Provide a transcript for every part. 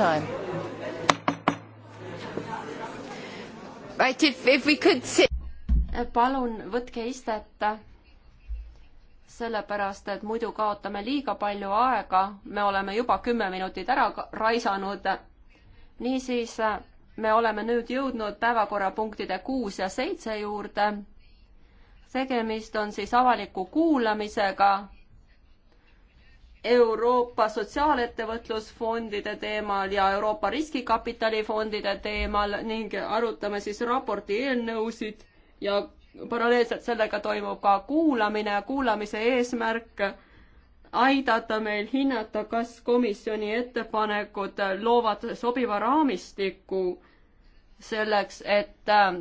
time. Right, if, if we could sit... palun võtke istet, sellepärast et muidu kaotame liiga palju aega, me oleme juba kümme minutit ära raisanud. niisiis, me oleme nüüd jõudnud päevakorrapunktide kuus ja seitse juurde. tegemist on siis avaliku kuulamisega Euroopa sotsiaalettevõtlusfondide teemal ja Euroopa riskikapitalifondide teemal ning arutame siis raporti eelnõusid ja paralleelselt sellega toimub ka kuulamine. kuulamise eesmärk aidata meil hinnata, kas komisjoni ettepanekud loovad sobiva raamistiku selleks, et äh,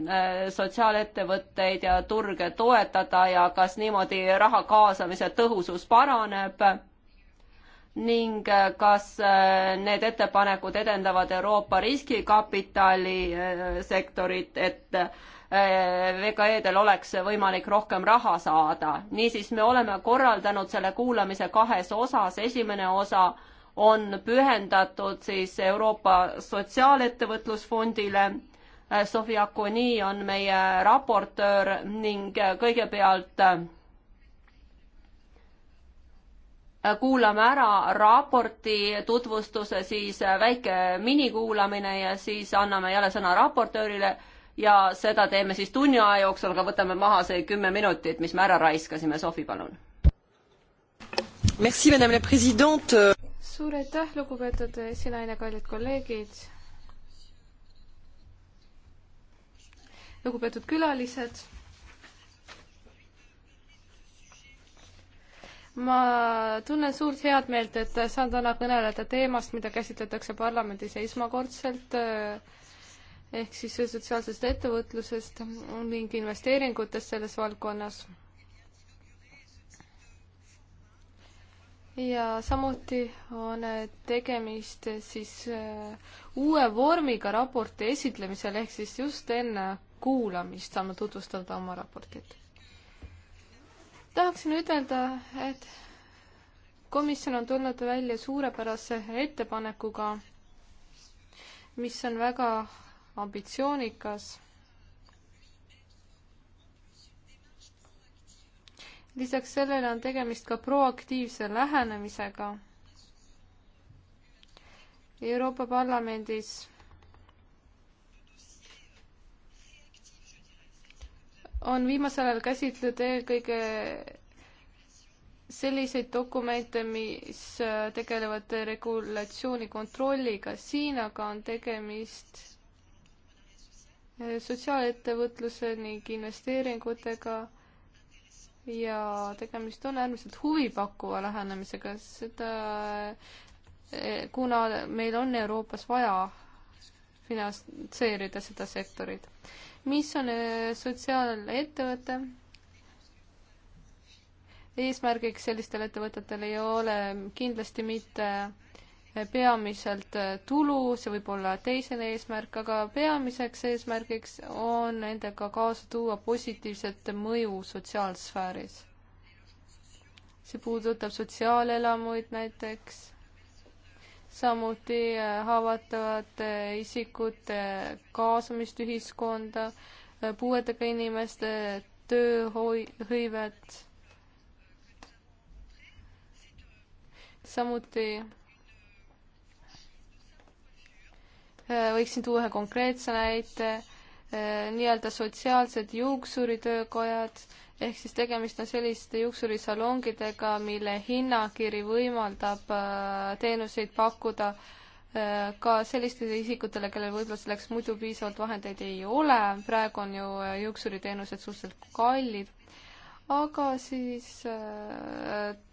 sotsiaalettevõtteid ja turge toetada ja kas niimoodi raha kaasamise tõhusus paraneb ning äh, kas äh, need ettepanekud edendavad Euroopa riskikapitali äh, sektorit, et VKE-del oleks võimalik rohkem raha saada. niisiis, me oleme korraldanud selle kuulamise kahes osas, esimene osa on pühendatud siis Euroopa Sotsiaalettevõtlusfondile, Sofia Koni on meie raportöör ning kõigepealt Äh, kuulame ära raporti tutvustuse, siis äh, väike minikuulamine ja siis anname jälle sõna raportöörile ja seda teeme siis tunni aja jooksul, aga võtame maha see kümme minutit, mis me ära raiskasime. Sofi, palun. suur aitäh, lugupeetud esinaine, kallid kolleegid. lugupeetud külalised ma tunnen suurt headmeelt, et saan täna kõneleda teemast, mida käsitletakse parlamendis esmakordselt eh, ehk siis sotsiaalsest ettevõtlusest ning investeeringutest selles valdkonnas. ja samuti on tegemist siis eh, uue vormiga raporti esitlemisel ehk siis just enne kuulamist saame tutvustada oma raportit tahaksin ütelda, et komisjon on tulnud välja suurepärase ettepanekuga, mis on väga ambitsioonikas lisaks sellele on tegemist ka proaktiivse lähenemisega. Euroopa Parlamendis on viimasel ajal käsitletud eelkõige selliseid dokumente, mis äh, tegelevad regulatsiooni kontrolliga. siin aga on tegemist äh, sotsiaalettevõtluse ning investeeringutega ja tegemist on äärmiselt huvipakkuva lähenemisega, seda äh, kuna meil on Euroopas vaja finantseerida seda sektorit mis on äh, sotsiaalettevõte? eesmärgiks sellistel ettevõtetel ei ole kindlasti mitte äh, peamiselt äh, tulu, see võib olla teisene eesmärk, aga peamiseks eesmärgiks on nendega kaasa tuua positiivset mõju sotsiaalsfääris. see puudutab sotsiaalelamuid näiteks samuti äh, haavatavate isikute kaasamist ühiskonda, äh, puuetega inimeste tööhõivet, samuti äh, võiksin tuua ühe konkreetse näite, nii-öelda sotsiaalsed juuksuritöökojad, ehk siis tegemist on selliste juuksurisalongidega, mille hinnakiri võimaldab äh, teenuseid pakkuda äh, ka sellistele isikutele, kellel võib-olla selleks muidu piisavalt vahendeid ei ole, praegu on ju äh, juuksuriteenused suhteliselt kallid, aga siis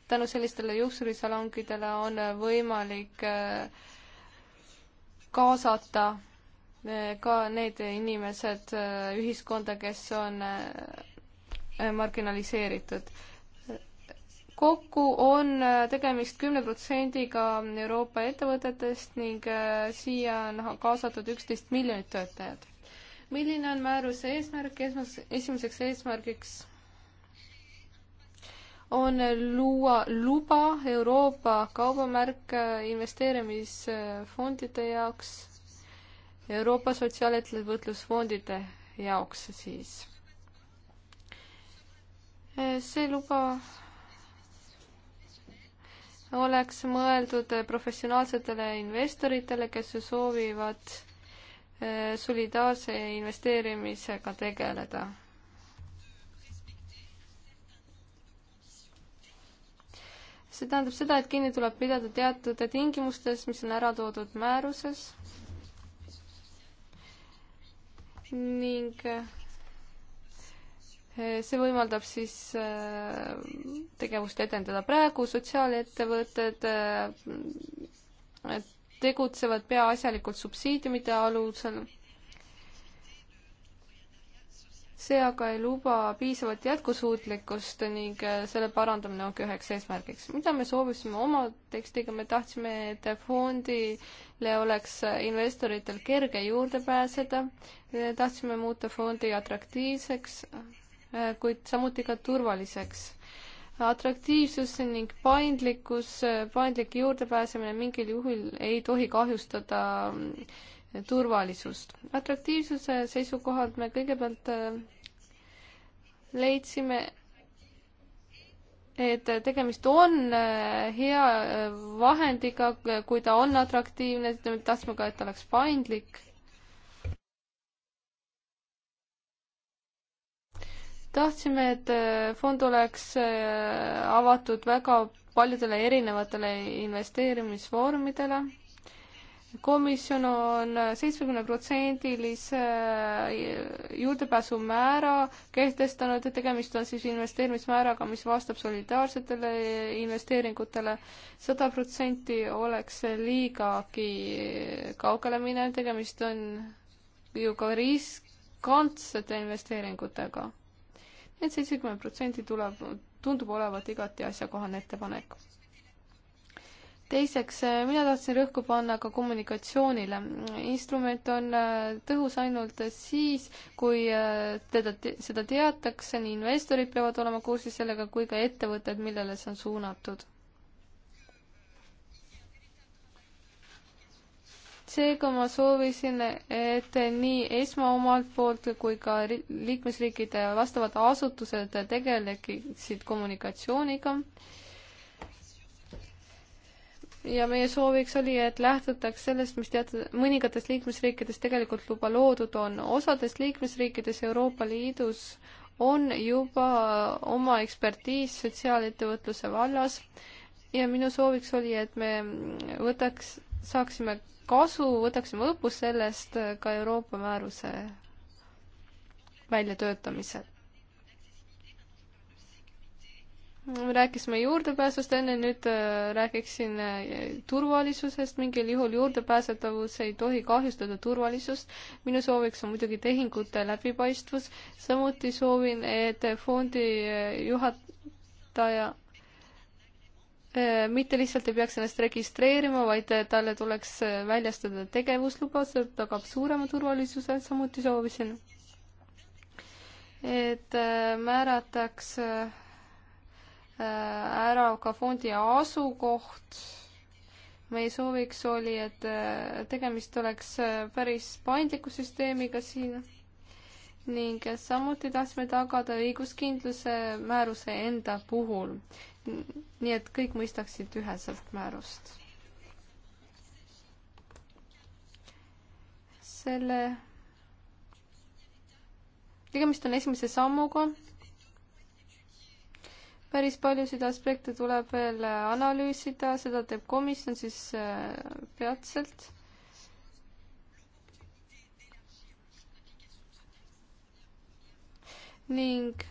tänu sellistele juuksurisalongidele on võimalik kaasata ka need inimesed ühiskonda, kes on Äh, marginaliseeritud. kokku on äh, tegemist kümne protsendiga Euroopa ettevõtetest ning äh, siia on kaasatud üksteist miljonit töötajat. milline on määruse eesmärk, esmas, esimeseks eesmärgiks on luua luba Euroopa kaubamärk investeerimisfondide jaoks, Euroopa Sotsiaalettevõtlusfondide jaoks siis see luba oleks mõeldud professionaalsetele investoritele, kes soovivad eh, solidaarse investeerimisega tegeleda. see tähendab seda, et kinni tuleb pidada teatud tingimustes, mis on ära toodud määruses ning eh, see võimaldab siis äh, tegevust edendada. praegu sotsiaalettevõtted äh, tegutsevad peaasjalikult subsiidiumide alusel. see aga ei luba piisavat jätkusuutlikkust ning äh, selle parandamine ongi üheks eesmärgiks. mida me soovisime oma tekstiga, me tahtsime, et fondile oleks investoritel kerge juurde pääseda, tahtsime muuta fondi atraktiivseks Äh, kuid samuti ka turvaliseks. atraktiivsus ning paindlikkus, äh, paindlik juurdepääsemine mingil juhul ei tohi kahjustada mm, turvalisust. atraktiivsuse seisukohalt me kõigepealt äh, leidsime, et tegemist on hea vahendiga, kui ta on atraktiivne, tahtsime ka, et ta oleks paindlik tahtsime, et äh, fond oleks äh, avatud väga paljudele erinevatele investeerimisvormidele. komisjon on seitsmekümneprotsendilise äh, juurdepääsumäära kehtestanud ja tegemist on siis investeerimismääraga, mis vastab solidaarsetele investeeringutele. sada protsenti oleks liigagi kaugele minev, tegemist on ju ka riskantsete investeeringutega et seitsekümmend protsenti tuleb, tundub olevat igati asjakohane ettepanek. teiseks, äh, mina tahtsin rõhku panna ka kommunikatsioonile. instrument on äh, tõhus ainult siis, kui äh, teda, seda teatakse, nii investorid peavad olema kursis sellega kui ka ettevõtted, millele see on suunatud seega ma soovisin, et nii ESMA omalt poolt kui ka liikmesriikide vastavad asutused tegeleksid kommunikatsiooniga. ja meie sooviks oli, et lähtutaks sellest, mis teatud, mõningates liikmesriikides tegelikult juba loodud on. osades liikmesriikides Euroopa Liidus on juba oma ekspertiis sotsiaalettevõtluse vallas ja minu sooviks oli, et me võtaks, saaksime kasu, võtaksime õppust sellest äh, ka Euroopa määruse väljatöötamisel. me rääkisime juurdepääsust enne, nüüd äh, räägiksin äh, turvalisusest, mingil juhul juurdepääsetavus ei tohi kahjustada turvalisust. minu sooviks on muidugi tehingute läbipaistvus, samuti soovin, et fondi juhataja Äh, mitte lihtsalt ei peaks ennast registreerima, vaid äh, talle tuleks äh, väljastada tegevusluba, see tagab suurema turvalisuse, samuti soovisin. et määrataks ära ka fondi asukoht. meie sooviks oli, et tegemist oleks päris paindliku süsteemiga siin ning samuti tahtsime tagada õiguskindluse määruse enda puhul nii et kõik mõistaksid üheselt määrust. selle, tegemist on esimese sammuga. päris paljusid aspekte tuleb veel analüüsida, seda teeb komisjon siis äh, peatselt ning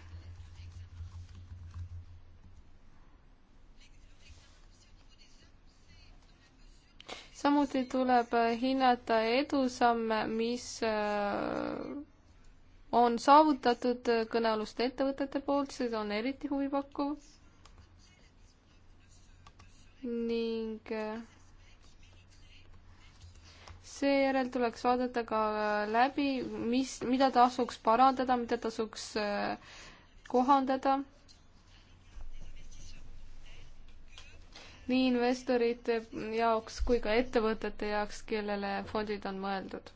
samuti tuleb hinnata edusamme, mis äh, on saavutatud kõnealuste ettevõtete poolt, see on eriti huvipakkuv. ning äh, seejärel tuleks vaadata ka äh, läbi, mis, mida tasuks parandada, mida tasuks kohandada nii investorite jaoks kui ka ettevõtete jaoks, kellele fondid on mõeldud,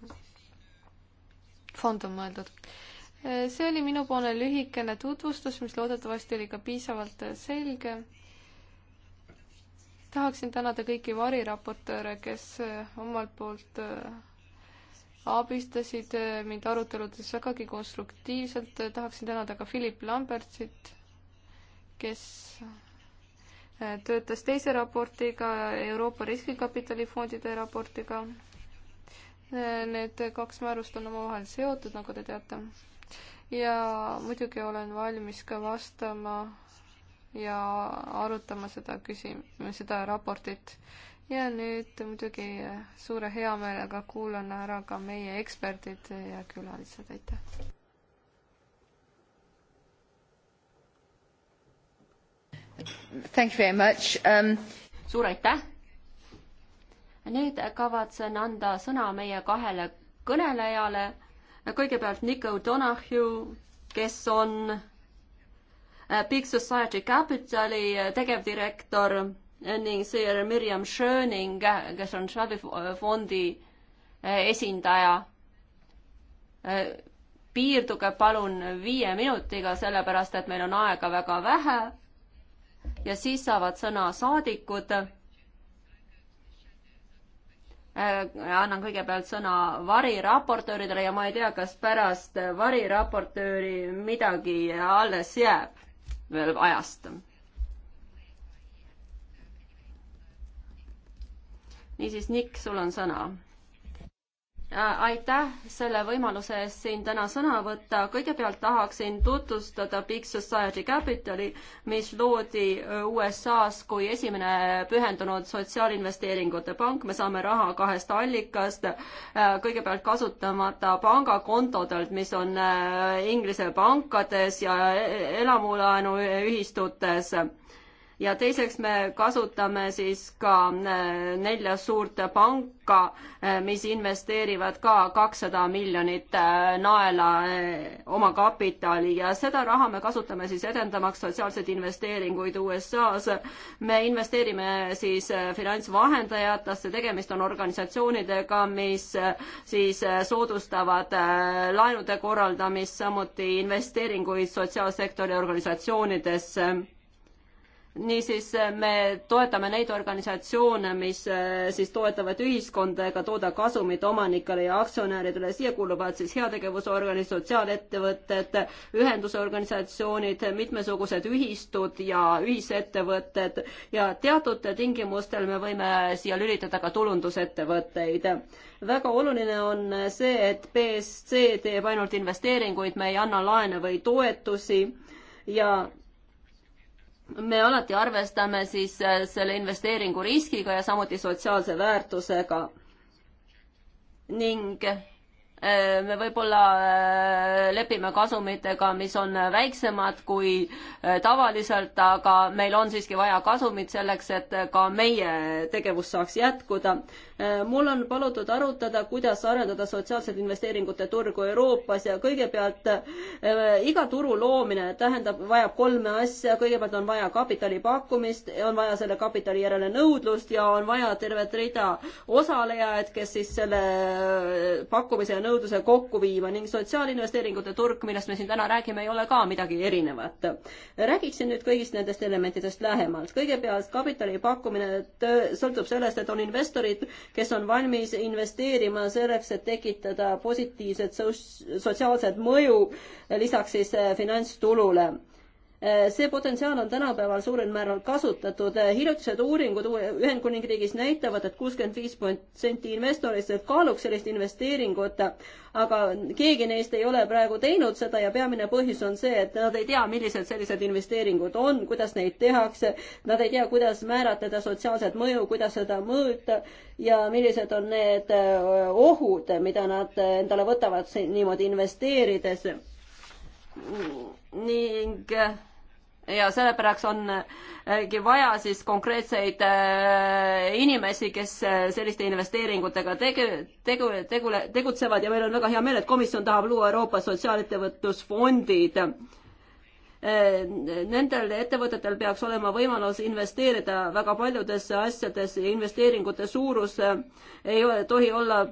fond on mõeldud. see oli minupoolne lühikene tutvustus, mis loodetavasti oli ka piisavalt selge. tahaksin tänada kõiki variraportööre, kes omalt poolt abistasid mind aruteludes vägagi konstruktiivselt, tahaksin tänada ka Philip Lambertsit, kes töötas teise raportiga, Euroopa riskikapitalifondide raportiga. Need kaks määrust on omavahel seotud, nagu te teate. ja muidugi olen valmis ka vastama ja arutama seda küsim-, seda raportit. ja nüüd muidugi suure heameelega kuulan ära ka meie eksperdid ja külalised, aitäh! Thank you very much um.... suur aitäh. nüüd kavatsen anda sõna meie kahele kõnelejale. kõigepealt Nico Donahue, kes on äh, Big Society Capitali äh, tegevdirektor äh, ning seejärel Mirjam Schöning, kes on Šavi fondi esindaja. piirduge palun viie minutiga, sellepärast et meil on aega väga vähe ja siis saavad sõna saadikud. Äh, annan kõigepealt sõna variraportööridele ja ma ei tea, kas pärast variraportööri midagi alles jääb veel ajast. niisiis, Nick, sul on sõna Äh, aitäh selle võimaluse eest siin täna sõna võtta. kõigepealt tahaksin tutvustada Big Society Capitali, mis loodi äh, USA-s kui esimene pühendunud sotsiaalinvesteeringute pank. me saame raha kahest allikast. Äh, kõigepealt kasutamata pangakontodelt, mis on Inglise pankades ja elamulaenuühistutes ja teiseks me kasutame siis ka äh, nelja suurt panka, äh, mis investeerivad ka kakssada miljonit äh, naela omakapitali ja seda raha me kasutame siis edendamaks sotsiaalseid investeeringuid USA-s. me investeerime siis finantsvahendajatesse, tegemist on organisatsioonidega, mis siis soodustavad laenude korraldamist, samuti investeeringuid sotsiaalsektori organisatsioonidesse niisiis me toetame neid organisatsioone, mis äh, siis toetavad ühiskonda ega tooda kasumit omanikele ja aktsionäridele. siia kuuluvad siis heategevusorganisatsioonid, sotsiaalettevõtted, ühenduse organisatsioonid, mitmesugused ühistud ja ühisettevõtted ja teatud tingimustel me võime siia lülitada ka tulundusettevõtteid. väga oluline on see, et BSC teeb ainult investeeringuid, me ei anna laene või toetusi ja me alati arvestame siis äh, selle investeeringu riskiga ja samuti sotsiaalse väärtusega ning Äh, me võib-olla äh, lepime kasumitega, mis on väiksemad kui äh, tavaliselt, aga meil on siiski vaja kasumit selleks, et ka meie tegevus saaks jätkuda. mul on palutud arutada, kuidas arendada sotsiaalsete investeeringute turgu Euroopas ja kõigepealt iga turu loomine tähendab, vajab kolme asja, kõigepealt on vaja kapitali pakkumist, on vaja selle kapitali järele nõudlust ja on vaja tervet rida osalejaid, kes siis selle pakkumise ja nõudluse nõudluse kokku viima ning sotsiaalinvesteeringute turg, millest me siin täna räägime, ei ole ka midagi erinevat. räägiksin nüüd kõigist nendest elementidest lähemalt. kõigepealt kapitali pakkumine sõltub sellest, et on investorid, kes on valmis investeerima selleks, et tekitada positiivset sotsiaalset mõju lisaks siis eh, finantstulule Eh, see potentsiaal on tänapäeval suurel määral kasutatud. Eh, hiljutised uuringud Ühendkuningriigis näitavad et, et kuuskümmend viis protsenti investoritest kaaluks sellist investeeringut, aga keegi neist ei ole praegu teinud seda ja peamine põhjus on see, et nad ei tea, millised sellised investeeringud on, kuidas neid tehakse, nad ei tea, kuidas määratleda sotsiaalset mõju, kuidas seda mõõta ja millised on need eh, ohud, mida nad endale võtavad niimoodi investeerides ning ja sellepärast ongi äh, vaja siis konkreetseid äh, inimesi, kes äh, selliste investeeringutega tege-, tegu-, tegule-, tegutsevad ja meil on väga hea meel, et komisjon tahab luua Euroopa sotsiaalettevõtlusfondid. Nendel ettevõtetel peaks olema võimalus investeerida väga paljudesse asjadesse ja investeeringute suurus ei tohi olla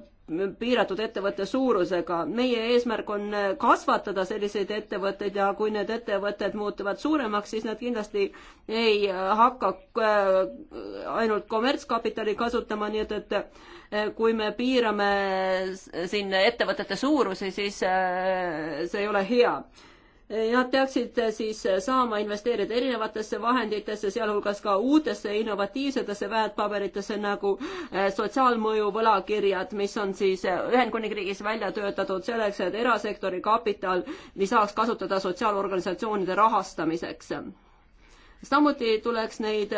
piiratud ettevõtte suurusega. meie eesmärk on äh, kasvatada selliseid ettevõtteid ja kui need ettevõtted muutuvad suuremaks, siis nad kindlasti ei äh, hakka äh, ainult kommertskapitali kasutama, nii et, et kui me piirame siin ettevõtete suurusi, siis see ei ole hea Nad peaksid eh, siis eh, saama investeerida erinevatesse vahenditesse, sealhulgas ka uutesse innovatiivsetesse väärtpaberitesse nagu eh, sotsiaalmõju võlakirjad, mis on siis Ühendkuningriigis välja töötatud selleks, et erasektori kapital, mis saaks kasutada sotsiaalorganisatsioonide rahastamiseks. samuti tuleks neid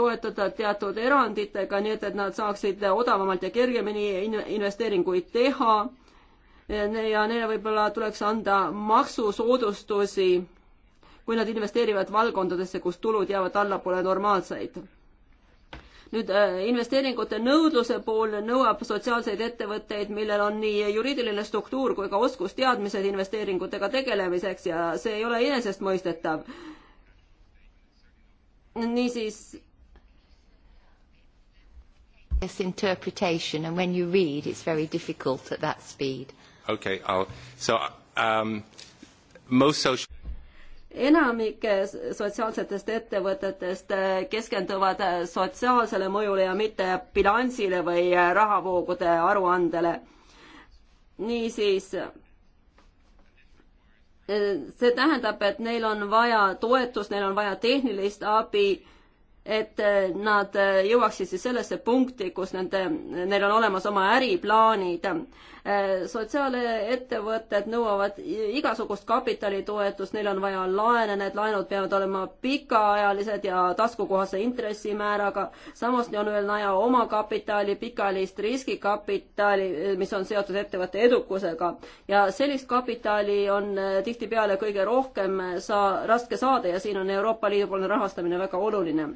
toetada teatud eranditega, nii et, et nad saaksid odavamalt ja kergemini investeeringuid teha ja neile võib-olla tuleks anda maksusoodustusi, kui nad investeerivad valdkondadesse, kus tulud jäävad allapoole normaalseid nüüd äh, investeeringute nõudluse pool nõuab sotsiaalseid ettevõtteid, millel on nii juriidiline struktuur kui ka oskusteadmised investeeringutega tegelemiseks ja see ei ole enesestmõistetav. niisiis. Yes, interpretation and when you read it's very difficult at that speed okay, I'll, so um, most social enamik sotsiaalsetest ettevõtetest keskenduvad sotsiaalsele mõjule ja mitte bilansile või rahavoogude aruandele. niisiis, see tähendab, et neil on vaja toetust, neil on vaja tehnilist abi, et nad jõuaksid siis sellesse punkti, kus nende, neil on olemas oma äriplaanid Äh, sotsiaalettevõtted nõuavad igasugust kapitalitoetust, neil on vaja laene, need laenud peavad olema pikaajalised ja taskukohase intressimääraga. samas on veel vaja omakapitali, pikaajalist riskikapitali, äh, mis on seotud ettevõtte edukusega. ja sellist kapitali on äh, tihtipeale kõige rohkem saa-, raske saada ja siin on Euroopa Liidu poolne rahastamine väga oluline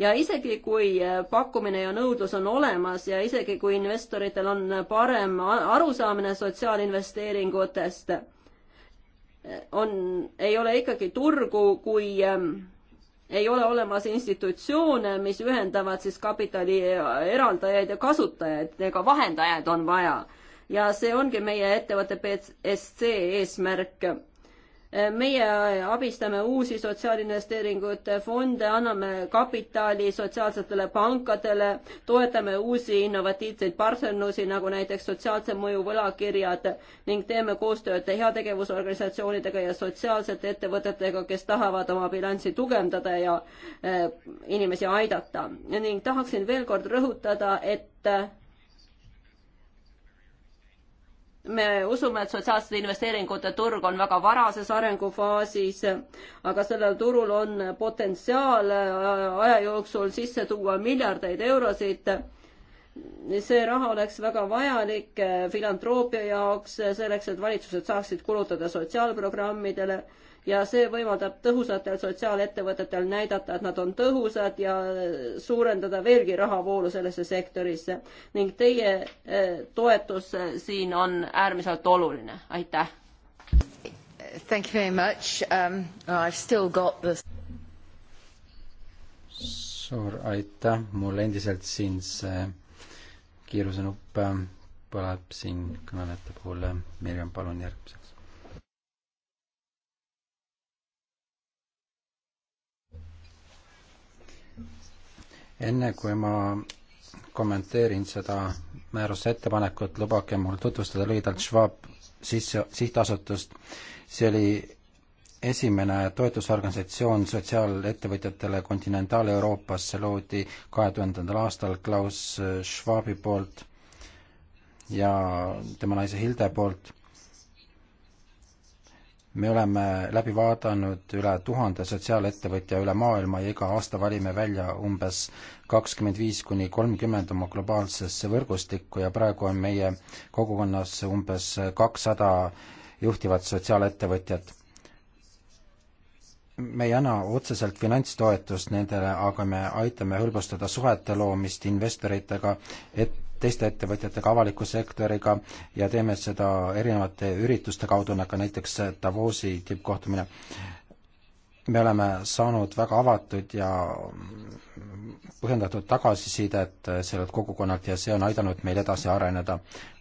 ja isegi, kui äh, pakkumine ja nõudlus on olemas ja isegi, kui investoritel on parem arusaamine sotsiaalinvesteeringutest, on, ei ole ikkagi turgu, kui ähm, ei ole olemas institutsioone, mis ühendavad siis kapitali äh, eraldajaid ja kasutajaid, ega vahendajaid on vaja. ja see ongi meie ettevõtte BSC eesmärk meie abistame uusi sotsiaalinvesteeringute fonde, anname kapitali sotsiaalsetele pankadele, toetame uusi innovatiivseid partnerlusi, nagu näiteks sotsiaalse mõju võlakirjad ning teeme koostööd heategevusorganisatsioonidega ja sotsiaalsete ettevõtetega, kes tahavad oma bilanssi tugevdada ja eh, inimesi aidata. ning tahaksin veel kord rõhutada, et me usume, et sotsiaalsete investeeringute turg on väga varases arengufaasis, aga sellel turul on potentsiaal äh, aja jooksul sisse tuua miljardeid eurosid. see raha oleks väga vajalik äh, filantroopia jaoks, äh, selleks, et valitsused saaksid kulutada sotsiaalprogrammidele ja see võimaldab tõhusatel sotsiaalettevõtetel näidata, et nad on tõhusad ja äh, suurendada veelgi rahavoolu sellesse sektorisse. ning teie äh, toetus äh, siin on äärmiselt oluline, aitäh! Thank you very much um,. I have still got this suur aitäh, mul endiselt siin see kiirusenupp põleb siin kõnelejate puhul. Mirjam, palun järgmise. enne kui ma kommenteerin seda määruse ettepanekut, lubage mul tutvustada lühidalt Schwab sisse, sihtasutust. see oli esimene toetusorganisatsioon sotsiaalettevõtjatele Kontinentaal-Euroopas, see loodi kahe tuhandendal aastal Klaus Schwabi poolt ja tema naise Hilde poolt me oleme läbi vaadanud üle tuhande sotsiaalettevõtja üle maailma ja iga aasta valime välja umbes kakskümmend viis kuni kolmkümmend oma globaalsesse võrgustikku ja praegu on meie kogukonnas umbes kakssada juhtivat sotsiaalettevõtjat. me ei anna otseselt finantstoetust nendele, aga me aitame hõlbustada suhete loomist investoritega, et teiste ettevõtjatega, avaliku sektoriga ja teeme seda erinevate ürituste kaudu, nagu näiteks Davosi tippkohtumine. me oleme saanud väga avatud ja põhjendatud tagasisidet sellelt kogukonnalt ja see on aidanud meil edasi areneda.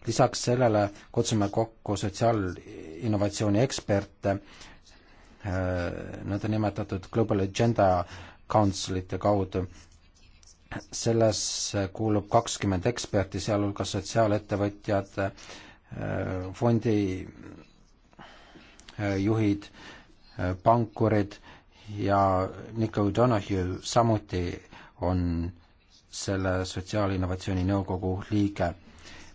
lisaks sellele kutsume kokku sotsiaalinnovatsiooni eksperte, äh, nõndanimetatud Global Agenda Councilite kaudu sellesse kuulub kakskümmend eksperti, sealhulgas sotsiaalettevõtjad, fondi äh, juhid, äh, pankurid ja Nico Donahue samuti on selle Sotsiaalinnovatsiooni Nõukogu liige.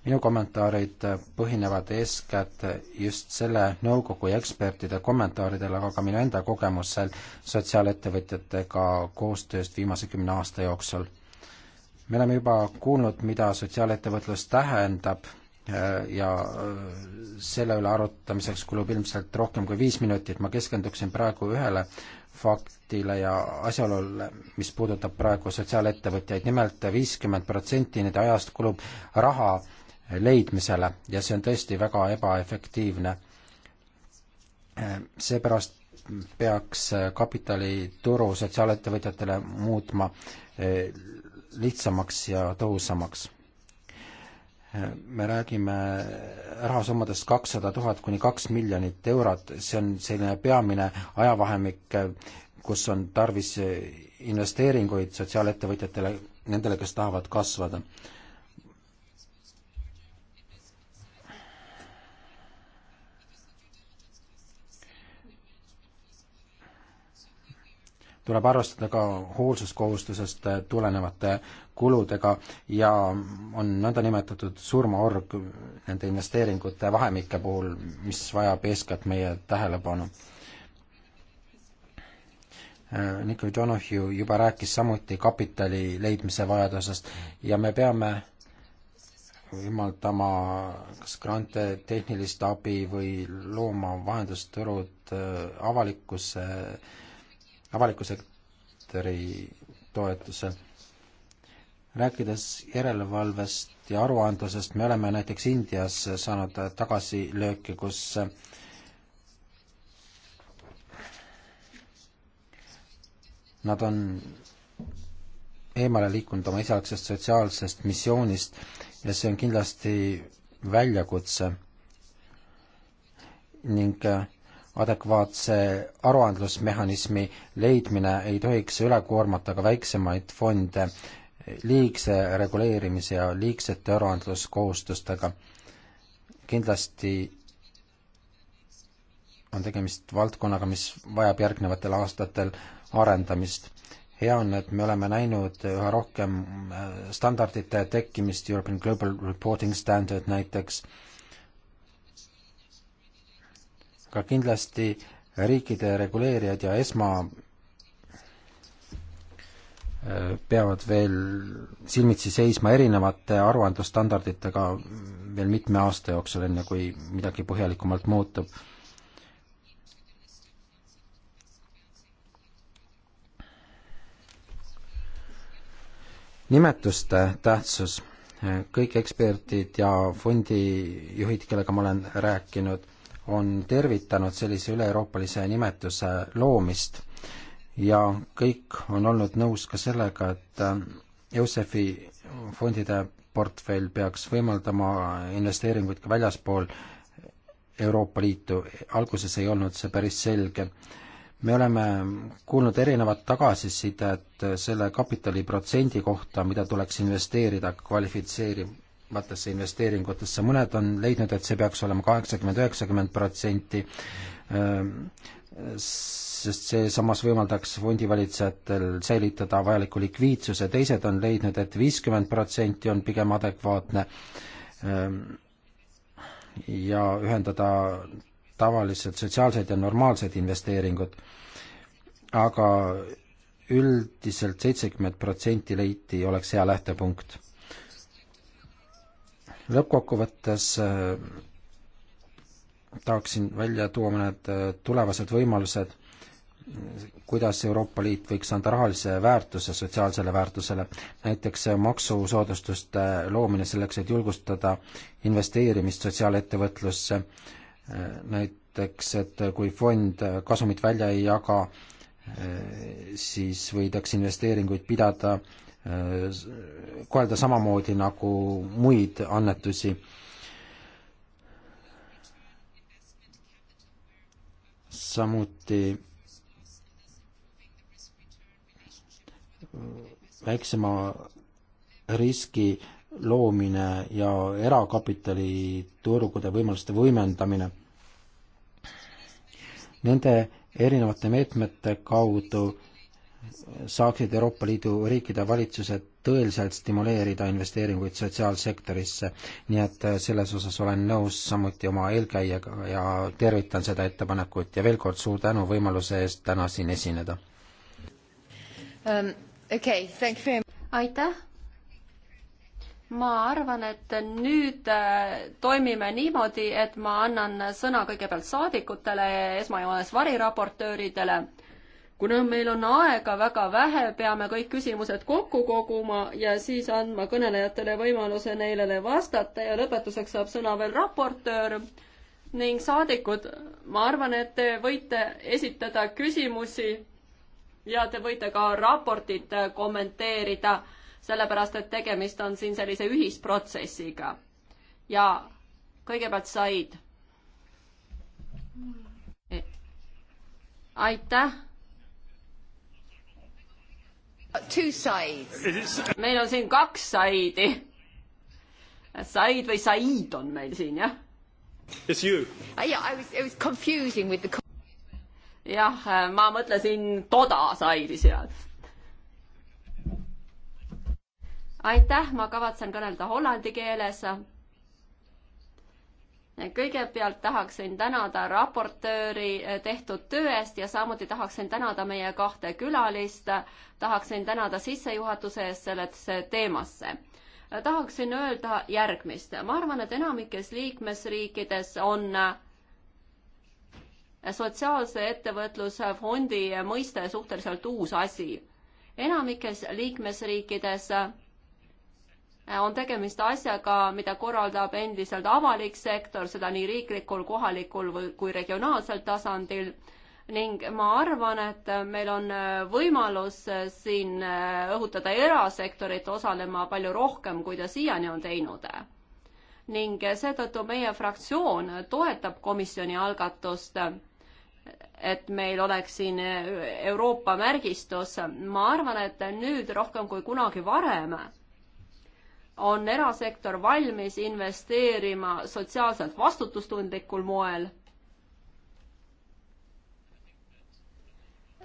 minu kommentaarid põhinevad eeskätt just selle nõukogu ja ekspertide kommentaaridel, aga ka minu enda kogemusel sotsiaalettevõtjatega koostööst viimase kümne aasta jooksul me oleme juba kuulnud, mida sotsiaalettevõtlus tähendab äh, ja äh, selle üle arutamiseks kulub ilmselt rohkem kui viis minutit, ma keskenduksin praegu ühele faktile ja asjaolule, mis puudutab praegu sotsiaalettevõtjaid nimelt, nimelt viiskümmend protsenti nende ajast kulub raha leidmisele ja see on tõesti väga ebaefektiivne. Äh, seepärast peaks kapitalituru sotsiaalettevõtjatele muutma lihtsamaks ja tõhusamaks. me räägime rahasummadest kakssada tuhat kuni kaks miljonit eurot, see on selline peamine ajavahemik, kus on tarvis investeeringuid sotsiaalettevõtjatele, nendele, kes tahavad kasvada tuleb arvestada ka hoolsuskohustusest tulenevate kuludega ja on nõndanimetatud surmaorg nende investeeringute vahemike puhul, mis vajab eeskätt meie tähelepanu. Nico Donohue juba rääkis samuti kapitali leidmise vajadusest ja me peame võimaldama kas grante, tehnilist abi või looma vahendusturud avalikkuse äh, avaliku sektori toetuse. rääkides järelevalvest ja aruandlusest, me oleme näiteks Indias saanud tagasilööki, kus nad on eemale liikunud oma esialgsest sotsiaalsest missioonist ja see on kindlasti väljakutse ning adekvaatse aruandlusmehhanismi leidmine ei tohiks üle koormata ka väiksemaid fonde liigse reguleerimise ja liigsete aruandluskohustustega. kindlasti on tegemist valdkonnaga, mis vajab järgnevatel aastatel arendamist. hea on, et me oleme näinud üha rohkem äh, standardite tekkimist, European Global Reporting Standard näiteks, aga kindlasti riikide reguleerijad ja ESMA äh, peavad veel silmitsi seisma erinevate aruandlusstandarditega veel mitme aasta jooksul, enne kui midagi põhjalikumalt muutub. nimetuste tähtsus, kõik eksperdid ja fondijuhid, kellega ma olen rääkinud, on tervitanud sellise üle-euroopalise nimetuse loomist ja kõik on olnud nõus ka sellega, et Josefi äh, fondide portfell peaks võimaldama investeeringuid ka väljaspool Euroopa Liitu, alguses ei olnud see päris selge. me oleme kuulnud erinevat tagasisidet selle kapitali protsendi kohta, mida tuleks investeerida kvalifitseeri-, vaatesse investeeringutesse, mõned on leidnud, et see peaks olema kaheksakümmend, üheksakümmend protsenti, ähm, sest see samas võimaldaks fondivalitsejatel säilitada vajaliku likviidsuse, teised on leidnud et, et viiskümmend protsenti on pigem adekvaatne ähm, ja ühendada tavalised sotsiaalsed ja normaalsed investeeringud aga, aga üldiselt seitsekümmend protsenti leiti oleks hea lähtepunkt lõppkokkuvõttes äh, tahaksin välja tuua mõned äh, tulevased võimalused, kuidas Euroopa Liit võiks anda rahalise väärtuse sotsiaalsele väärtusele, näiteks äh, maksusoodustuste loomine selleks, et julgustada investeerimist sotsiaalettevõtlusse, näiteks et kui fond kasumit välja ei jaga, siis võidakse investeeringuid pidada äh, Äh, kohelda samamoodi nagu muid annetusi. samuti väiksema riski loomine ja erakapitali turgude võimaluste võimendamine. Nende erinevate meetmete kaudu äh, saaksid Euroopa Liidu riikide valitsused tõeliselt stimuleerida investeeringuid sotsiaalsektorisse. nii et äh, selles osas olen nõus samuti oma eelkäijaga ja tervitan seda ettepanekut ja veel kord suur tänu võimaluse eest täna siin esineda um,. Okay, aitäh ma arvan, et nüüd äh, toimime niimoodi, et ma annan sõna kõigepealt saadikutele, esmajoones variraportööridele kuna meil on aega väga vähe, peame kõik küsimused kokku koguma ja siis andma kõnelejatele võimaluse neile vastata ja lõpetuseks saab sõna veel raportöör ning saadikud, ma arvan, et te võite esitada küsimusi ja te võite ka raportit kommenteerida, sellepärast et tegemist on siin sellise ühisprotsessiga. ja kõigepealt Said. aitäh Uh, meil on siin kaks saidi. Said või Said on meil siin, jah? It's you. jah, äh, ma mõtlesin toda saidi seal. aitäh, ma kavatsen kõnelda hollandi keeles kõigepealt tahaksin tänada raportööri eh, tehtud töö eest ja samuti tahaksin tänada meie kahte külalist. tahaksin tänada sissejuhatuse eest sellesse teemasse. tahaksin öelda järgmist. ma arvan, et enamikes liikmesriikides on eh, sotsiaalse ettevõtluse fondi mõiste suhteliselt uus asi. enamikes liikmesriikides Äh, on tegemist asjaga, mida korraldab endiselt avalik sektor, seda nii riiklikul, kohalikul või, kui regionaalsel tasandil ning ma arvan, et meil on äh, võimalus äh, siin õhutada erasektorit osalema palju rohkem, kui ta siiani on teinud. ning seetõttu meie fraktsioon toetab komisjoni algatust, et meil oleks siin Euroopa märgistus. ma arvan, et nüüd rohkem kui kunagi varem on erasektor valmis investeerima sotsiaalselt vastutustundlikul moel.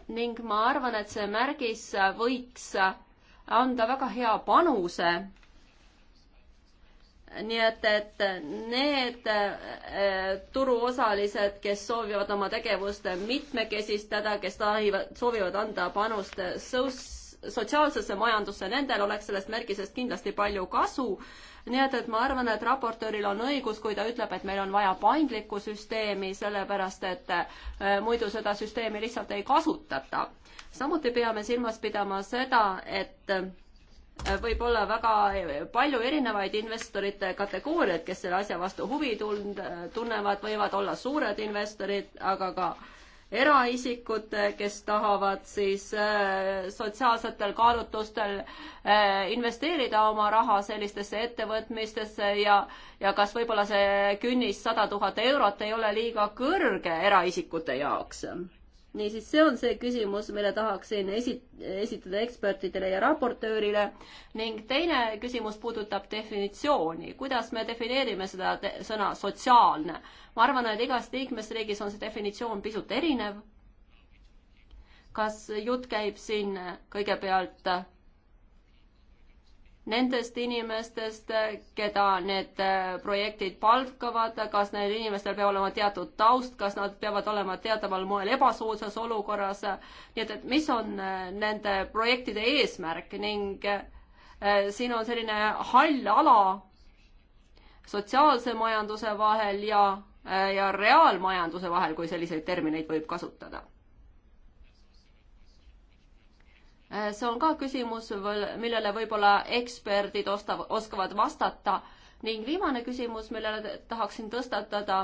ning ma arvan, et see märgis võiks anda väga hea panuse nii et, et need eh, turuosalised, kes soovivad oma tegevust mitmekesistada, kes tahivad, soovivad anda panust sõus sotsiaalsesse majandusse, nendel oleks sellest märgisest kindlasti palju kasu. nii et, et ma arvan, et raportööril on õigus, kui ta ütleb, et meil on vaja paindlikku süsteemi, sellepärast et äh, muidu seda süsteemi lihtsalt ei kasutata. samuti peame silmas pidama seda, et äh, võib olla väga äh, palju erinevaid investorite kategooriaid, kes selle asja vastu huvi tund-, tunnevad, võivad olla suured investorid, aga ka äh, eraisikud, kes tahavad siis äh, sotsiaalsetel kaalutlustel äh, investeerida oma raha sellistesse ettevõtmistesse ja, ja kas võib-olla see künnis sada tuhat eurot ei ole liiga kõrge eraisikute jaoks niisiis, see on see küsimus, mille tahaksin esi-, esitada ekspertidele ja raportöörile ning teine küsimus puudutab definitsiooni, kuidas me defineerime seda te sõna sotsiaalne. ma arvan, et igas liikmesriigis on see definitsioon pisut erinev. kas jutt käib siin kõigepealt nendest inimestest, keda need äh, projektid palkavad, kas neil inimestel peab olema teatud taust, kas nad peavad olema teataval moel ebasoodsas olukorras. nii et, et mis on äh, nende projektide eesmärk ning äh, siin on selline hall ala sotsiaalse majanduse vahel ja, ja reaalmajanduse vahel, kui selliseid termineid võib kasutada Äh, see on ka küsimus, millele võib-olla eksperdid osta-, oskavad vastata ning viimane küsimus, millele tahaksin tõstatada,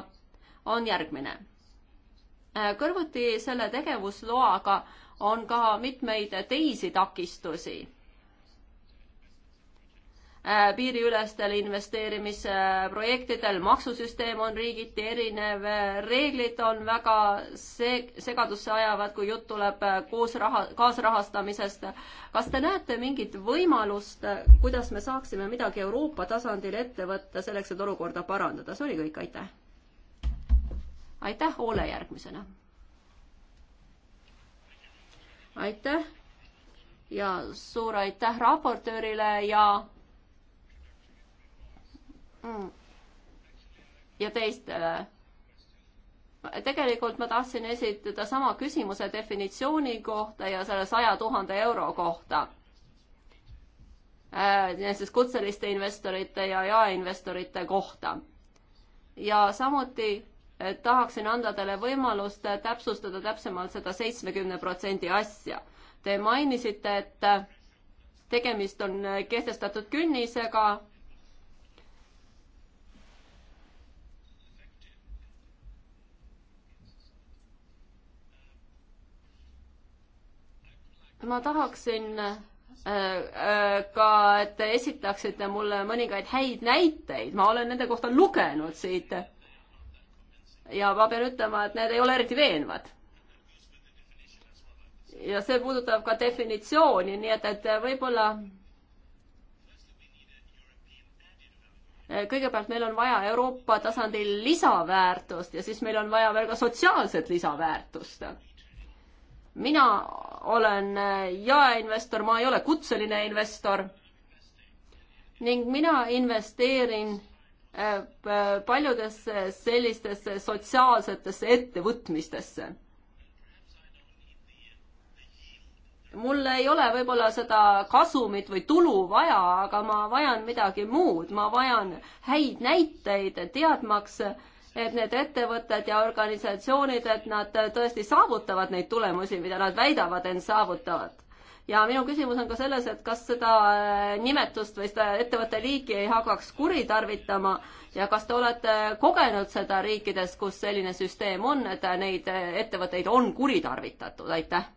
on järgmine. Äh, kõrvuti selle tegevusloaga on ka mitmeid teisi takistusi Äh, piiriülestel investeerimisprojektidel, maksusüsteem on riigiti erinev, reeglid on väga seg-, segadusse ajavad, kui jutt tuleb äh, koos raha, kaasrahastamisest. kas te näete mingit võimalust, kuidas me saaksime midagi Euroopa tasandil ette võtta selleks, et olukorda parandada? see oli kõik, aitäh! aitäh, Ole järgmisena! aitäh ja suur aitäh raportöörile ja Mm. ja teistele. tegelikult ma tahtsin esitada sama küsimuse definitsiooni kohta ja selle saja tuhande euro kohta siis äh, kutseliste investorite ja jaeinvestorite kohta. ja samuti äh, tahaksin anda teile võimalust täpsustada täpsemalt seda seitsmekümne protsendi asja. Te mainisite, et tegemist on äh, kehtestatud künnisega ma tahaksin äh, äh, ka, et te esitaksite mulle mõningaid häid näiteid, ma olen nende kohta lugenud siit. ja ma pean ütlema, et need ei ole eriti veenvad. ja see puudutab ka definitsiooni, nii et, et võib-olla äh, kõigepealt meil on vaja Euroopa tasandil lisaväärtust ja siis meil on vaja veel ka sotsiaalset lisaväärtust mina olen äh, jaeinvestor, ma ei ole kutseline investor. ning mina investeerin äh, paljudesse sellistesse sotsiaalsetesse ettevõtmistesse. mul ei ole võib-olla seda kasumit või tulu vaja, aga ma vajan midagi muud, ma vajan häid näiteid, teadmaks äh, et need ettevõtted ja organisatsioonid, et nad tõesti saavutavad neid tulemusi, mida nad väidavad end saavutavat. ja minu küsimus on ka selles, et kas seda äh, nimetust või seda ettevõtte liiki ei hakkaks kuritarvitama ja kas te olete kogenud seda riikides, kus selline süsteem on, et neid äh, ettevõtteid on kuritarvitatud, aitäh.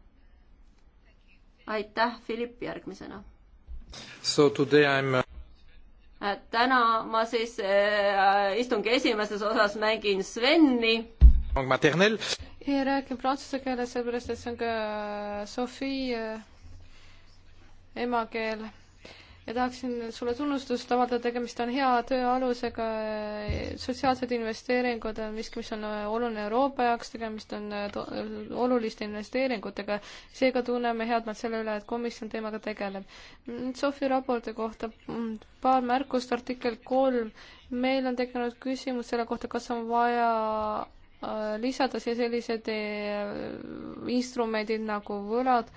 aitäh, Philipp, järgmisena. So today I am uh, Äh, täna ma siis äh, istungi esimeses osas mängin Sveni. ja räägin prantsuse keeles, sellepärast et see on ka äh, Sophie emakeel ja tahaksin sulle tunnustust avaldada, tegemist on hea töö alusega, eh, sotsiaalsed investeeringud on eh, miski, mis on eh, oluline Euroopa jaoks, tegemist on oluliste investeeringutega, seega tunneme headmalt selle üle, et komisjon teemaga tegeleb. Mm, Sofi raporti kohta mm, paar märkust, artikkel kolm, meil on tekkinud küsimus selle kohta, kas on vaja äh, lisada siia sellised instrumendid nagu võlad,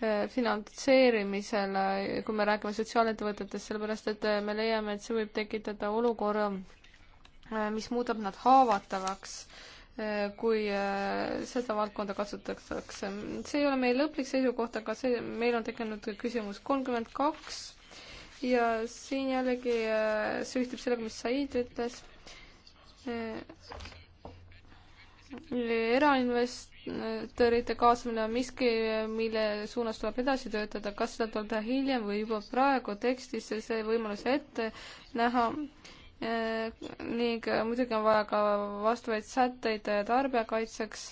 Äh, finantseerimisele, kui me räägime sotsiaalettevõtetest, sellepärast et äh, me leiame, et see võib tekitada olukorra, äh, mis muudab nad haavatavaks, kui seda valdkonda kasutatakse. see ei ole meie lõplik seisukoht, aga see, meil on tekkinud küsimus kolmkümmend kaks ja siin jällegi see ühtib sellega, mis Said ütles. erainvest-, tõrjete kaasamine on miski, mille suunas tuleb edasi töötada, kas seda tuleb teha hiljem või juba praegu tekstis see võimalus ette näha. ning muidugi on vaja ka vastavaid sätteid tarbijakaitseks.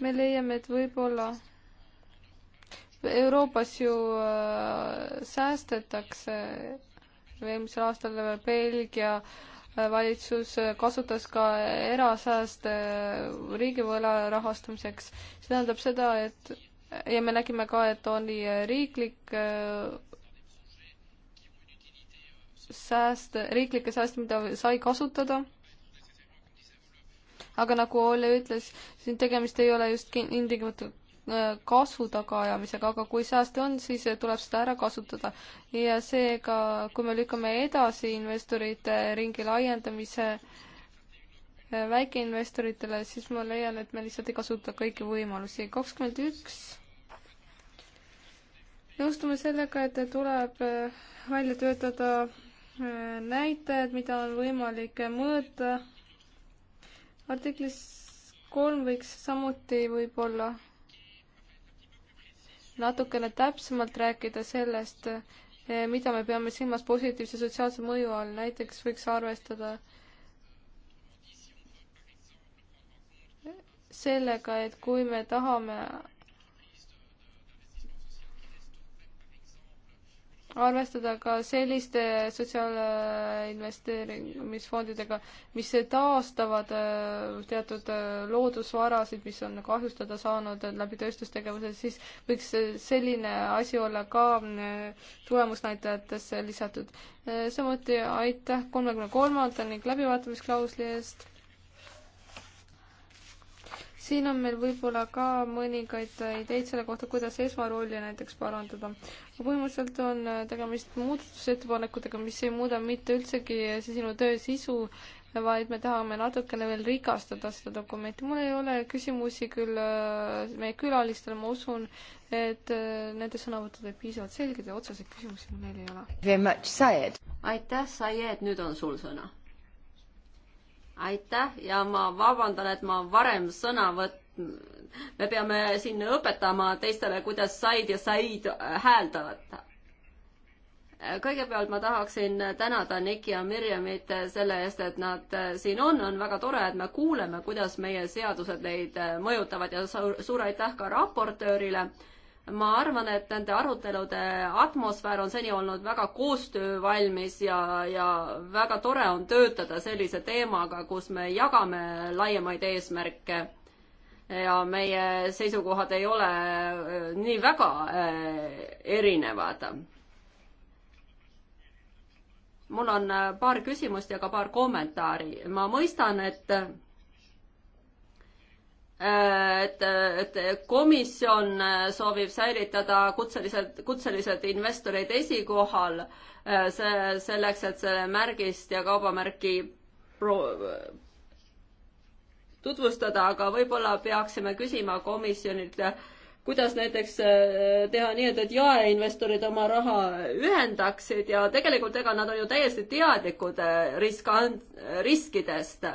me leiame, et võib-olla Euroopas ju äh, säästetakse eelmisel aastal Belgia äh, valitsus kasutas ka erasääste riigivõla rahastamiseks. see tähendab seda, et ja me nägime ka, et oli riiklik äh, sääst, riiklikke sääste, mida sai kasutada. aga nagu Olle ütles, siin tegemist ei ole just ilmtingimata Äh, kasvu tagaajamisega, aga kui sääste on, siis tuleb seda ära kasutada. ja seega, kui me lükkame edasi investorite ringi laiendamise äh, väikeinvestoritele, siis ma leian, et me lihtsalt ei kasuta kõiki võimalusi. kakskümmend üks. nõustume sellega, et tuleb äh, välja töötada näitajad, mida on võimalik mõõta. artiklis kolm võiks samuti võib-olla natukene täpsemalt rääkida sellest, eh, mida me peame silmas positiivse sotsiaalse mõju all, näiteks võiks arvestada sellega, et kui me tahame arvestada ka selliste sotsiaalinvesteerimisfondidega, mis taastavad äh, teatud äh, loodusvarasid, mis on kahjustada saanud äh, läbi tööstustegevuse, siis võiks selline asi olla ka tulemusnäitajatesse lisatud. samuti aitäh kolmekümne kolmanda ning läbivaatamisklausli eest siin on meil võib-olla ka mõningaid ideid selle kohta, kuidas esmarolli näiteks parandada. põhimõtteliselt on tegemist muudatusettepanekutega, mis ei muuda mitte üldsegi sinu töö sisu, vaid me tahame natukene veel rikastada seda dokumenti. mul ei ole küsimusi küll äh, meie külalistele, ma usun, et äh, nende sõnavõtud olid piisavalt selged ja otseseid küsimusi mul neil ei ole. aitäh, Saied, nüüd on sul sõna aitäh ja ma vabandan, et ma varem sõna võt-, me peame siin õpetama teistele, kuidas said ja said hääldavad. kõigepealt ma tahaksin tänada Niki ja Mirjamit selle eest, et nad siin on, on väga tore, et me kuuleme, kuidas meie seadused neid mõjutavad ja suur aitäh ka raportöörile ma arvan, et nende arutelude atmosfäär on seni olnud väga koostöövalmis ja, ja väga tore on töötada sellise teemaga, kus me jagame laiemaid eesmärke. ja meie seisukohad ei ole äh, nii väga äh, erinevad. mul on äh, paar küsimust ja ka paar kommentaari. ma mõistan, et et, et komisjon soovib säilitada kutselised, kutselised investorid esikohal, äh, see, selleks, et selle märgist ja kaubamärki pro-, tutvustada, aga võib-olla peaksime küsima komisjonilt, kuidas näiteks äh, teha nii, et, et jaeinvestorid oma raha ühendaksid ja tegelikult ega nad on ju täiesti teadlikud äh, risk, riskidest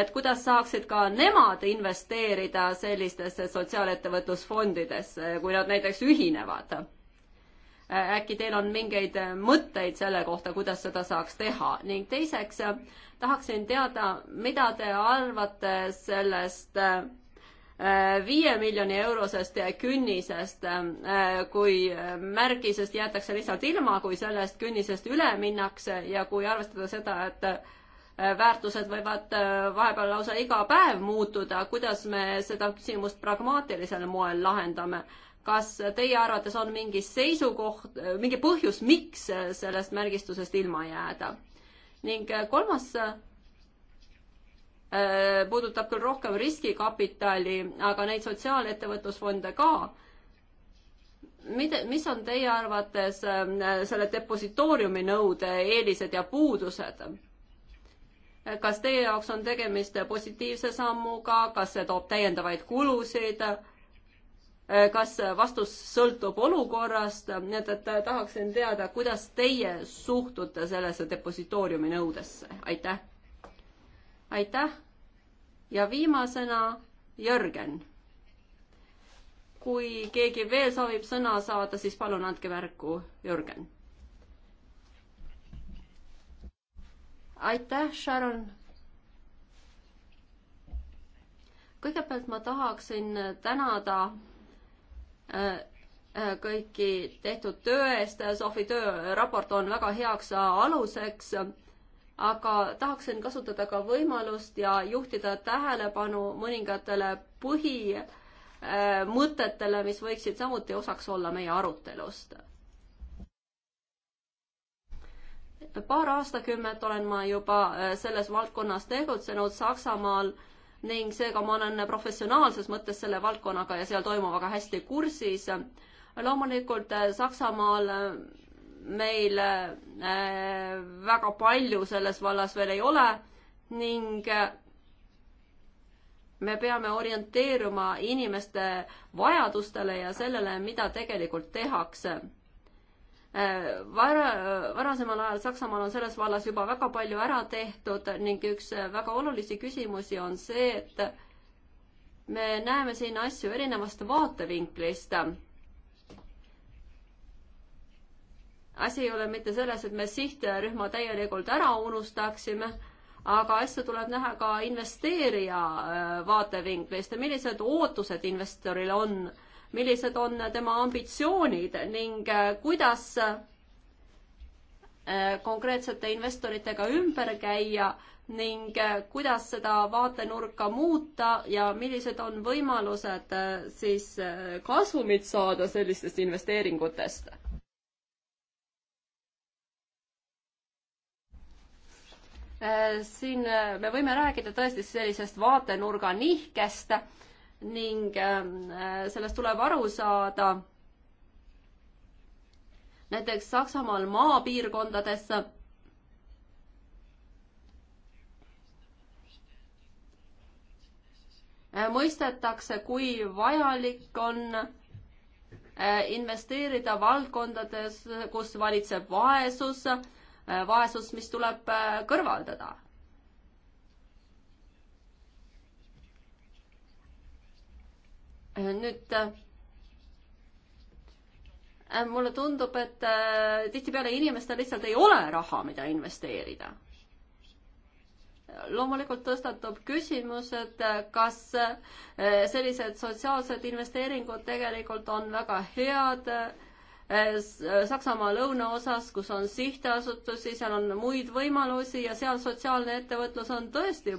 et kuidas saaksid ka nemad investeerida sellistesse sotsiaalettevõtlusfondidesse, kui nad näiteks ühinevad. äkki teil on mingeid mõtteid selle kohta, kuidas seda saaks teha ning teiseks tahaksin teada, mida te arvate sellest äh, viie miljoni eurosest künnisest, äh, kui märgisest jäetakse lihtsalt ilma, kui sellest künnisest üle minnakse ja kui arvestada seda, et Äh, väärtused võivad äh, vahepeal lausa iga päev muutuda, kuidas me seda küsimust pragmaatilisel moel lahendame? kas teie arvates on mingi seisukoht, äh, mingi põhjus, miks sellest märgistusest ilma jääda? ning kolmas puudutab küll rohkem riskikapitali, aga neid sotsiaalettevõtlusfonde ka mida, mis on teie arvates selle depositooriumi nõude eelised ja puudused? kas teie jaoks on tegemist positiivse sammuga, kas see toob täiendavaid kulusid? kas vastus sõltub olukorrast, nii et, et tahaksin teada, kuidas teie suhtute sellesse depositooriumi nõudesse, aitäh. aitäh. ja viimasena Jörgen. kui keegi veel soovib sõna saada, siis palun andke märku, Jörgen. aitäh, Sharon. kõigepealt ma tahaksin tänada äh, äh, kõiki tehtud töö eest, Sofi tööraport on väga heaks aluseks, aga tahaksin kasutada ka võimalust ja juhtida tähelepanu mõningatele põhimõtetele, mis võiksid samuti osaks olla meie arutelust paar aastakümmet olen ma juba äh, selles valdkonnas tegutsenud Saksamaal ning seega ma olen professionaalses mõttes selle valdkonnaga ja seal toimuvaga hästi kursis. loomulikult äh, Saksamaal äh, meil väga palju selles vallas veel ei ole ning me peame orienteeruma inimeste vajadustele ja sellele, mida tegelikult tehakse Vara, varasemal ajal Saksamaal on selles vallas juba väga palju ära tehtud ning üks väga olulisi küsimusi on see, et me näeme siin asju erinevast vaatevinklist. asi ei ole mitte selles, et me sihtrühma täielikult ära unustaksime, aga asja tuleb näha ka investeerija äh, vaatevinklist ja millised ootused investoril on millised on tema ambitsioonid ning äh, kuidas äh, konkreetsete investoritega ümber käia ning äh, kuidas seda vaatenurka muuta ja millised on võimalused siis kasumit saada sellistest investeeringutest? siin me võime rääkida tõesti sellisest vaatenurga nihkest ning ähm, äh, sellest tuleb aru saada. näiteks Saksamaal maapiirkondades äh, mõistetakse, kui vajalik on äh, investeerida valdkondades, kus valitseb vaesus, vaesus, mis tuleb kõrvaldada nüüd äh, äh, mulle tundub, et äh, tihtipeale inimestel lihtsalt ei ole raha, mida investeerida. loomulikult tõstatub küsimus, et kas sellised sotsiaalsed investeeringud tegelikult on väga head Saksamaa lõunaosas, kus on sihtasutusi, seal on muid võimalusi ja seal sotsiaalne ettevõtlus on tõesti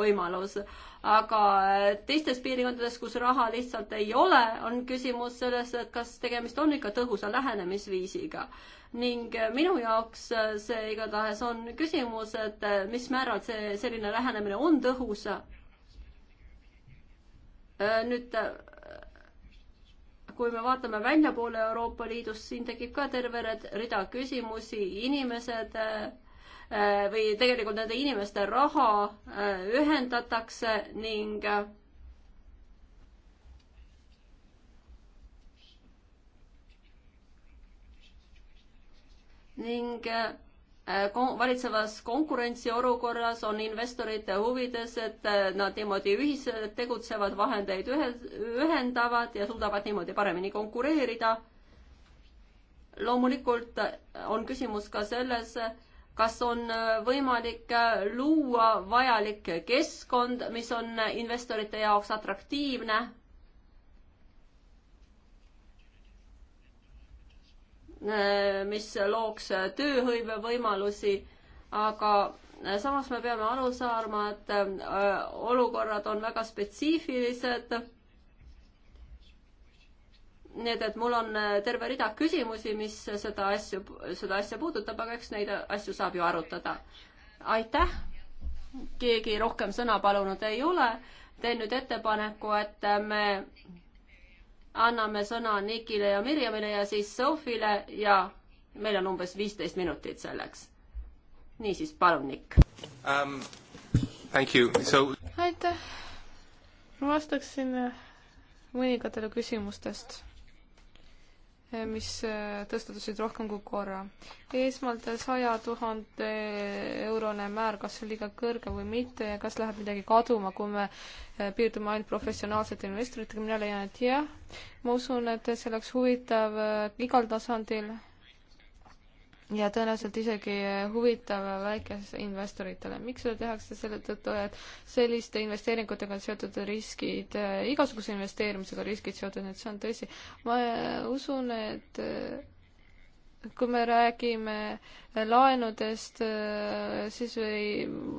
võimalus, aga teistes piirkondades, kus raha lihtsalt ei ole, on küsimus selles, et kas tegemist on ikka tõhusa lähenemisviisiga. ning minu jaoks see igatahes on küsimus, et mis määral see selline lähenemine on tõhus. nüüd kui me vaatame väljapoole Euroopa Liidust, siin tekib ka terve rida küsimusi, inimesed äh, Äh, või tegelikult nende inimeste raha äh, ühendatakse ning äh, ning valitsevas konkurentsiolukorras on investorite huvides, et nad niimoodi ühiselt tegutsevad, vahendeid ühe, ühendavad ja suudavad niimoodi paremini konkureerida. loomulikult on küsimus ka selles, kas on äh, võimalik äh, luua vajalik keskkond, mis on äh, investorite jaoks atraktiivne? mis looks tööhõive võimalusi, aga samas me peame aru saama, et olukorrad on väga spetsiifilised nii et, et mul on äh, terve rida küsimusi, mis seda asju, seda asja puudutab, aga eks neid asju saab ju arutada. aitäh, keegi rohkem sõna palunud ei ole, teen nüüd ettepaneku, et äh, me anname sõna Nikile ja Mirjamile ja siis Sofile ja meil on umbes viisteist minutit selleks. niisiis, palun, Nick um,. So... aitäh, ma vastaksin mõningatele küsimustest. Eh, mis eh, tõstatusid rohkem kui korra. esmalt saja tuhande eurone määr, kas see on liiga kõrge või mitte ja kas läheb midagi kaduma, kui me eh, piirdume ainult professionaalsete investoritega, mina leian, et jah. ma usun, et see oleks huvitav igal tasandil ja tõenäoliselt isegi huvitav väikeinvestoritele. miks seda tehakse? selle tõttu, et selliste investeeringutega on seotud riskid, igasuguse investeerimisega riskid seotud, et see on tõsi. ma usun, et kui me räägime laenudest, siis ei,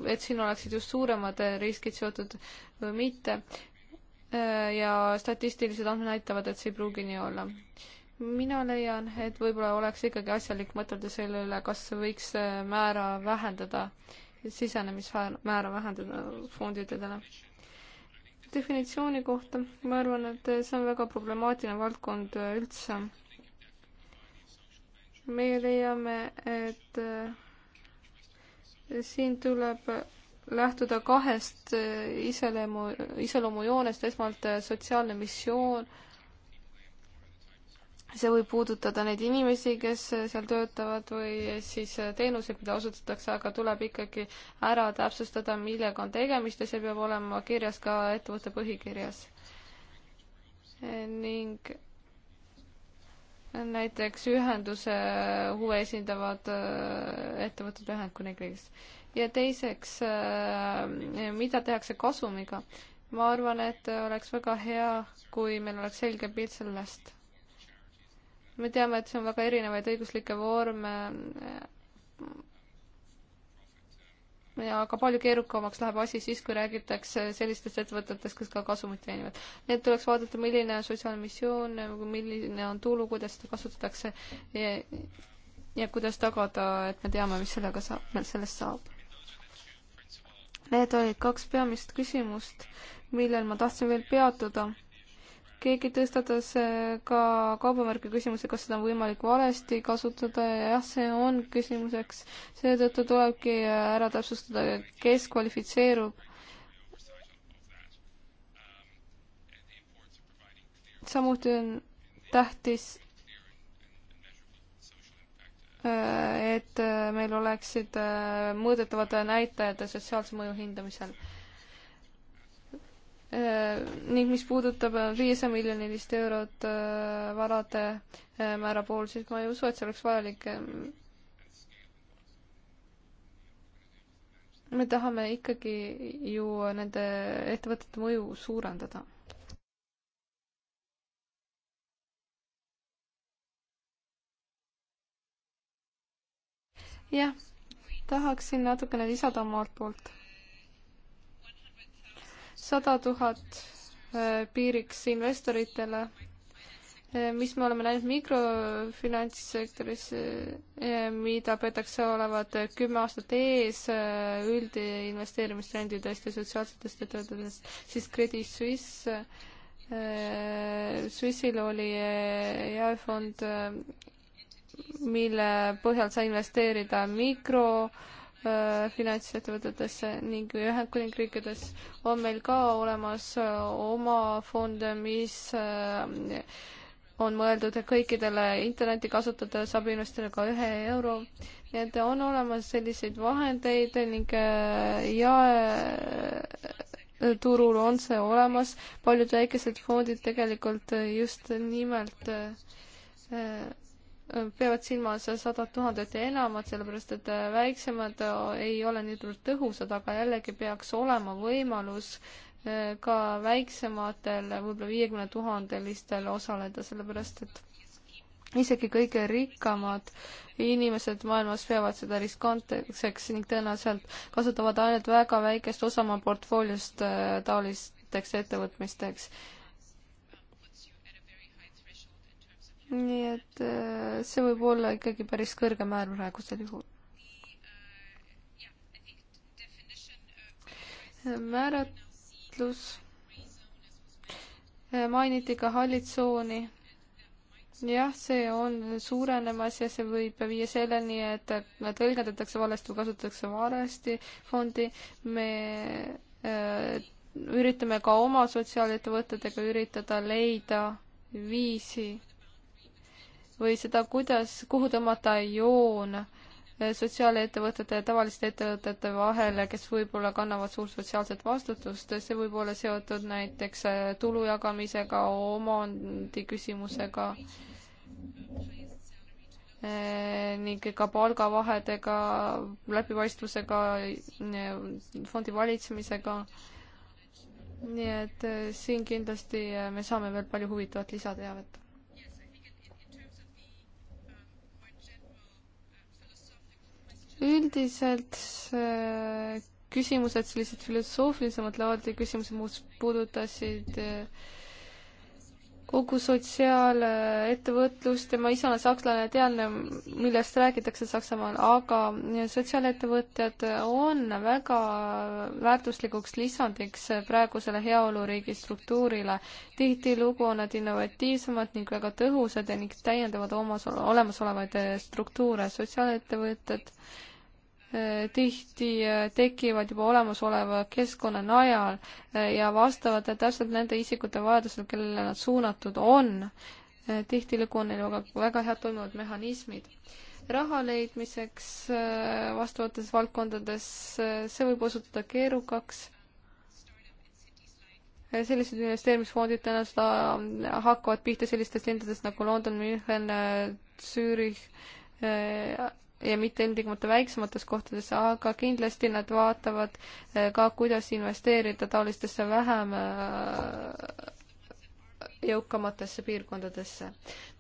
et siin oleksid just suuremad riskid seotud või mitte. ja statistilised andmed näitavad, et see ei pruugi nii olla mina leian, et võib-olla oleks ikkagi asjalik mõtelda selle üle, kas võiks äh, määra vähendada, sisenemismäära vähendada fondidele. definitsiooni kohta, ma arvan, et see on väga problemaatiline valdkond äh, üldse. meie leiame, et äh, siin tuleb lähtuda kahest iseloomu, iseloomujoonest, esmalt sotsiaalne missioon see võib puudutada neid inimesi, kes seal töötavad või siis teenuseid, mida osutatakse, aga tuleb ikkagi ära täpsustada, millega on tegemist ja see peab olema kirjas ka ettevõtte põhikirjas. ning näiteks ühenduse huve esindavad äh, ettevõtted Ühendkuningriigis. ja teiseks, äh, mida tehakse kasumiga? ma arvan, et oleks väga hea, kui meil oleks selge pilt sellest me teame, et see on väga erinevaid õiguslikke vorme. Eh, ja aga palju keerukamaks läheb asi siis, kui räägitakse sellistest ettevõtetest, kes ka kasumit teenivad. nii et tuleks vaadata, milline on sotsiaalne missioon, milline on tulu, kuidas seda kasutatakse ja, ja kuidas tagada, et me teame, mis sellega saab, sellest saab. Need olid kaks peamist küsimust, millel ma tahtsin veel peatuda keegi tõstatas eh, ka kaubamärgi küsimuse, kas seda on võimalik valesti kasutada ja jah, see on küsimuseks, seetõttu tulebki eh, ära täpsustada, kes kvalifitseerub. samuti on tähtis, eh, et meil oleksid mõõdetavad näitajad sotsiaalse mõju hindamisel Äh, ning mis puudutab äh, viiesaja miljonilist eurot äh, varade määra puhul, siis ma ei usu, et see oleks vajalik. me tahame ikkagi ju nende ettevõtete mõju suurendada. jah, tahaksin natukene lisada omalt poolt sada tuhat äh, piiriks investoritele, äh, mis me oleme näinud mikrofinantssektoris, äh, mida peetakse olevat kümme aastat ees üldinvesteerimistrendidest ja sotsiaalsetest ettevõtetest, siis Credit Suisse, Swissil oli jaefond, mille põhjal sai investeerida mikro- Äh, finantsettevõtetesse ning Ühendkuningriikides on meil ka olemas äh, oma fonde, mis äh, on mõeldud kõikidele interneti kasutada, saab investeerida ka ühe euro. nii et on olemas selliseid vahendeid ning jaeturul on see olemas. paljud väikesed fondid tegelikult just nimelt peavad silmas sadat tuhandet ja enamat, sellepärast et äh, väiksemad äh, ei ole niivõrd tõhusad, aga jällegi peaks olema võimalus äh, ka väiksematel, võib-olla viiekümne tuhandelistel osaleda, sellepärast et isegi kõige rikkamad inimesed maailmas peavad seda riskantseks ning tõenäoliselt kasutavad ainult väga väikest osa oma portfooliost taolisteks ettevõtmisteks nii et äh, see võib olla ikkagi päris kõrge määr praegusel juhul. määratlus äh, mainiti ka halli tsooni. jah, see on suurenemas ja see võib viia selleni, et tõlgendatakse valesti või kasutatakse valesti fondi. me äh, üritame ka oma sotsiaalettevõtetega üritada leida viisi või seda, kuidas, kuhu tõmmata joon eh, sotsiaalettevõtete ja tavaliste ettevõtete vahele, kes võib-olla kannavad suurt sotsiaalset vastutust, see võib olla seotud näiteks eh, tulu jagamisega, omandi küsimusega eh, ning ka palgavahedega, läbipaistvusega, fondi valitsemisega. nii et siin kindlasti me saame veel palju huvitavat lisateavet üldiselt küsimused, sellised filosoofilisemad laadi küsimused, mis puudutasid eh, kogu sotsiaalettevõtlust ja ma isana sakslane tean, millest räägitakse Saksamaal, aga sotsiaalettevõtjad on väga väärtuslikuks lisandiks praegusele heaoluriigi struktuurile. tihtilugu on nad innovatiivsemad ning väga tõhusad ning täiendavad oma olemasolevaid eh, struktuure. sotsiaalettevõtted Äh, tihti äh, tekivad juba olemasoleva keskkonna najal äh, ja vastavad täpselt nende isikute vajadusele, kellele nad suunatud on. tihtilugu on neil väga, väga head toimivad mehhanismid. raha leidmiseks vastavates valdkondades, see võib osutuda keerukaks. sellised investeerimisfondid tõenäoliselt hakkavad pihta sellistest lindadest nagu London, München, Zürich ja mitte ilmtingimata väiksemates kohtades, aga kindlasti nad vaatavad eh, ka, kuidas investeerida taolistesse vähem eh, jõukamatesse piirkondadesse.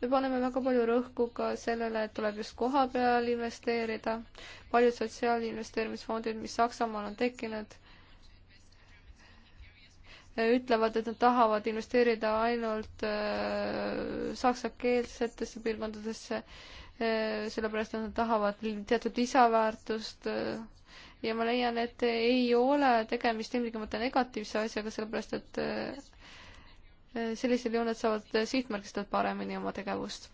me paneme väga palju rõhku ka sellele, et tuleb just koha peal investeerida. paljud sotsiaalinvesteerimisfondid, mis Saksamaal on tekkinud, eh, ütlevad, et nad tahavad investeerida ainult saksakeelsetesse piirkondadesse Äh, sellepärast et nad tahavad teatud lisaväärtust äh, ja ma leian, et ei ole tegemist ilmtingimata negatiivse asjaga, sellepärast et äh, sellisel juhul nad saavad sihtmärgistada paremini oma tegevust.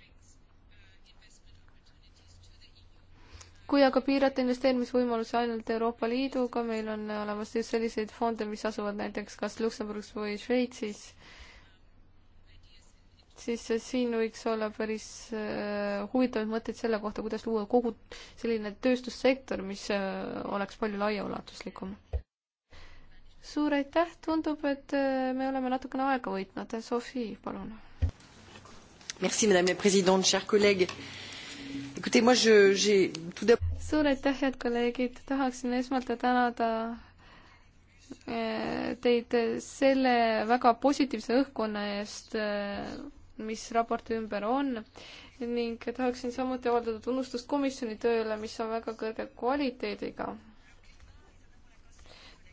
kui aga piirata investeerimisvõimalusi ainult Euroopa Liiduga, meil on olemas just selliseid fonde, mis asuvad näiteks kas Luksemburgis või Šveitsis, siis siin võiks olla päris äh, huvitavaid mõtteid selle kohta, kuidas luua kogu selline tööstussektor, mis äh, oleks palju laiaulatuslikum. suur aitäh, tundub, et äh, me oleme natukene aega võitnud. Sofi, palun. Merci, madame la présidente, chers collègues. Écoutez, moi je, j'ai tout d'abord. suur aitäh, head kolleegid, tahaksin esmalt tänada teid selle väga positiivse õhkkonna eest mis raporti ümber on ning tahaksin samuti avaldada tunnustust komisjoni tööle, mis on väga kõrge kvaliteediga.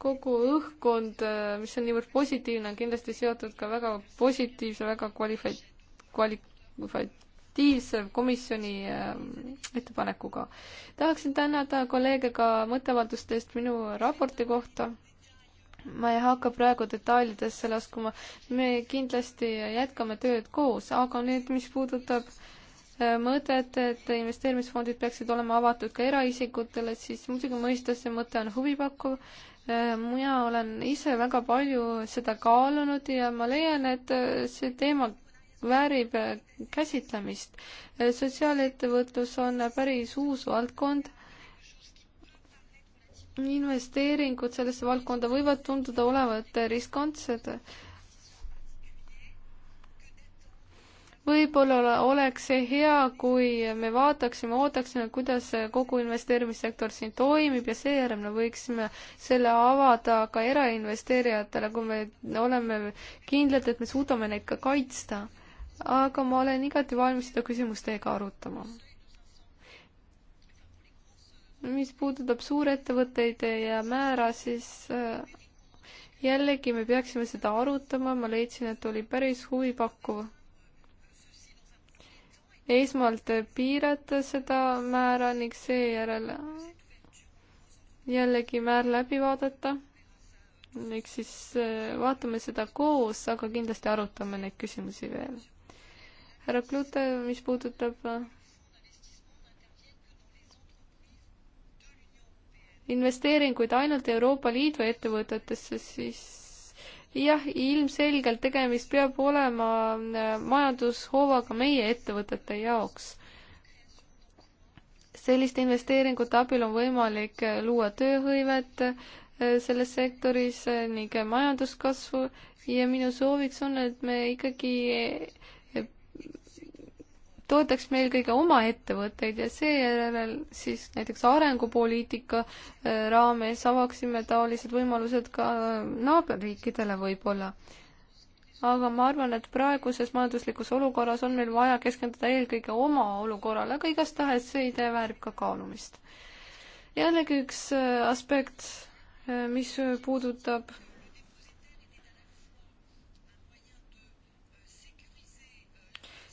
kogu õhkkond, äh, mis on niivõrd positiivne, on kindlasti seotud ka väga positiivse, väga kvalifa-, kvalifikatiivse komisjoni äh, ettepanekuga. tahaksin tänada kolleege ka mõtteavalduste eest minu raporti kohta ma ei hakka praegu detailidesse laskuma, me kindlasti jätkame tööd koos, aga nüüd, mis puudutab äh, mõtet, et investeerimisfondid peaksid olema avatud ka eraisikutele, siis muidugi mõistes see mõte on huvipakkuv. Äh, mina olen ise väga palju seda kaalunud ja ma leian, et äh, see teema väärib käsitlemist. sotsiaalettevõtlus on päris uus valdkond investeeringud sellesse valdkonda võivad tunduda olevat riskantsed. võib-olla oleks see hea, kui me vaataksime, ootaksime, kuidas kogu investeerimissektor siin toimib ja seejärel me võiksime selle avada ka erainvesteerijatele, kui me oleme kindlad, et me suudame neid ka kaitsta. aga ma olen igati valmis seda küsimust teiega arutama mis puudutab suurettevõtteid ja määra, siis äh, jällegi me peaksime seda arutama, ma leidsin, et oli päris huvipakkuv. esmalt piirata seda määra ning seejärel jällegi määr läbi vaadata. eks siis äh, vaatame seda koos, aga kindlasti arutame neid küsimusi veel. härra Klute, mis puudutab äh, investeeringuid ainult Euroopa Liidu ettevõtetesse, siis jah, ilmselgelt tegemist peab olema äh, majandushoovaga meie ettevõtete jaoks. selliste investeeringute abil on võimalik äh, luua tööhõivet äh, selles sektoris ning majanduskasvu ja minu sooviks on, et me ikkagi toodaks meil kõige oma ettevõtteid ja seejärel siis näiteks arengupoliitika äh, raames avaksime taolised võimalused ka äh, naaberriikidele võib-olla. aga ma arvan, et praeguses majanduslikus olukorras on meil vaja keskenduda eelkõige oma olukorrale, aga igastahes see idee väärib ka kaalumist. jällegi üks äh, aspekt, mis puudutab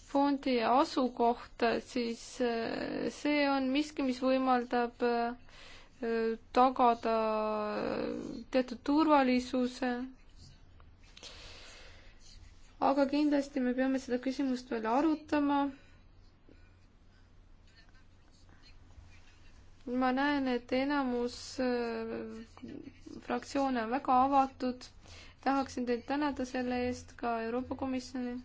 fondi asukoht, siis eh, see on miski, mis võimaldab eh, tagada eh, teatud turvalisuse. aga kindlasti me peame seda küsimust veel arutama. ma näen, et enamus fraktsioone on väga avatud. tahaksin teid tänada selle eest ka Euroopa Komisjoni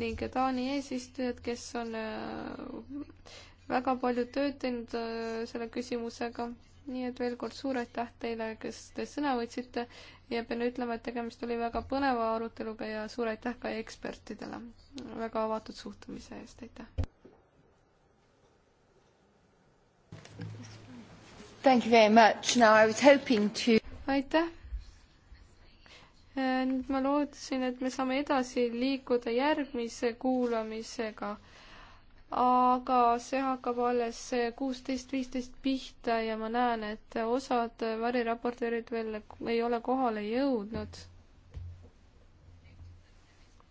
ning Taani eesistujad, kes on äh, väga palju tööd teinud äh, selle küsimusega. nii et veel kord suur aitäh teile, kes te sõna võtsite ja pean ütlema, et tegemist oli väga põneva aruteluga ja suur aitäh ka ekspertidele väga avatud suhtumise eest, aitäh! Thank you very much. Now I was hoping to aitäh! nüüd ma lootsin, et me saame edasi liikuda järgmise kuulamisega. aga see hakkab alles kuusteist, viisteist pihta ja ma näen, et osad variraportöörid veel ei ole kohale jõudnud.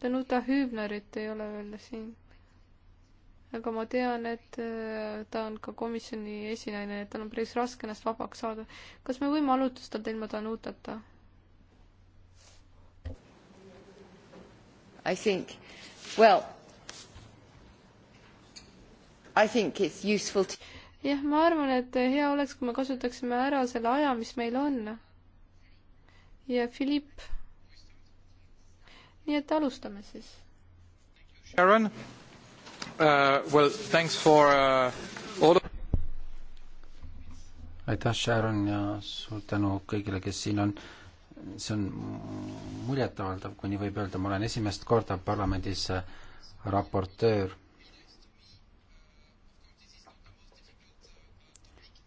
Danuta Hübnerit ei ole veel siin. aga ma tean, et äh, ta on ka komisjoni esinaine, et tal on päris raske ennast vabaks saada. kas me võime alustada ilma Danutata? I think, well, I think it's useful to jah, ma arvan, et hea oleks, kui me kasutaksime ära selle aja, mis meil on. ja Philipp. nii et alustame siis. Sharon uh,, well thanks for uh, all aitäh, Sharon ja suur tänu kõigile, kes siin on uh, see on muljetavaldav, kui nii võib öelda, ma olen esimest korda parlamendis äh, raportöör.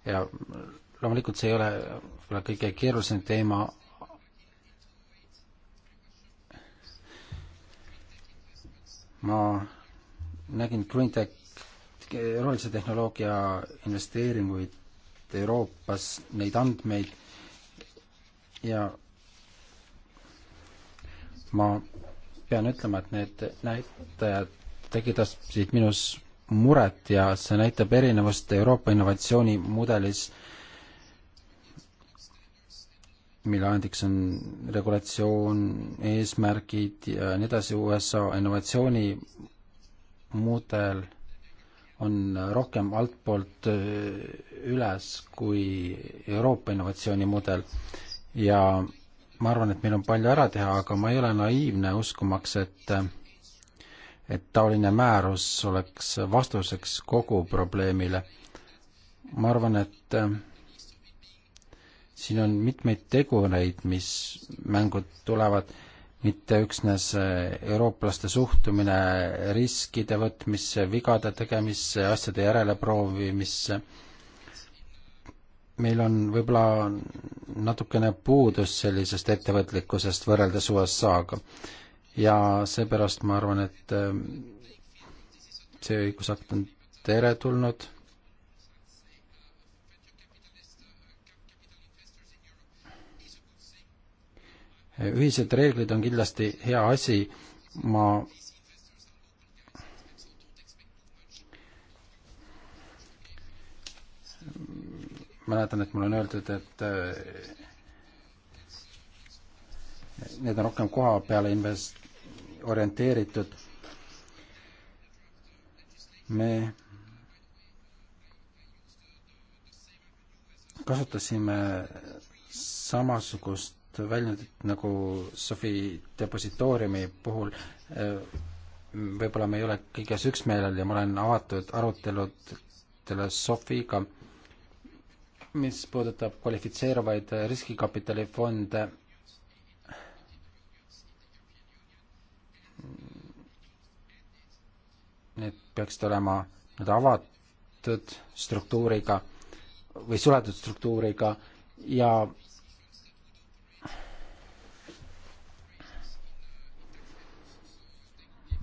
ja loomulikult see ei ole võib-olla kõige keerulisem teema, ma nägin GreenTech rohelise tehnoloogia investeeringuid Euroopas, neid andmeid ja ma pean ütlema, et need näitajad tekitasid minus muret ja see näitab erinevust Euroopa innovatsioonimudelis, mille ajendiks on regulatsioon, eesmärgid ja nii edasi, USA innovatsioonimudel on rohkem altpoolt äh, üles kui Euroopa innovatsioonimudel ja ma arvan, et meil on palju ära teha, aga ma ei ole naiivne uskumaks, et et taoline määrus oleks vastuseks kogu probleemile. ma arvan, et siin on mitmeid tegureid, mis mängud tulevad, mitte üksnes eurooplaste suhtumine riskide võtmisse, vigade tegemisse, asjade järeleproovimisse meil on võib-olla natukene puudus sellisest ettevõtlikkusest võrreldes USA-ga. ja seepärast ma arvan, et äh, see õigusakt on teretulnud. ühised reeglid on kindlasti hea asi, ma mäletan, et mulle on öeldud, et äh, need on rohkem koha peale invest-, orienteeritud. me kasutasime samasugust väljundit nagu Sofi depositooriumi puhul. Äh, võib-olla me ei ole kõiges üksmeelel ja ma olen avatud aruteludele Sofiga mis puudutab kvalifitseeruvaid riskikapitalifonde, need peaksid olema nii-öelda avatud struktuuriga või suletud struktuuriga ja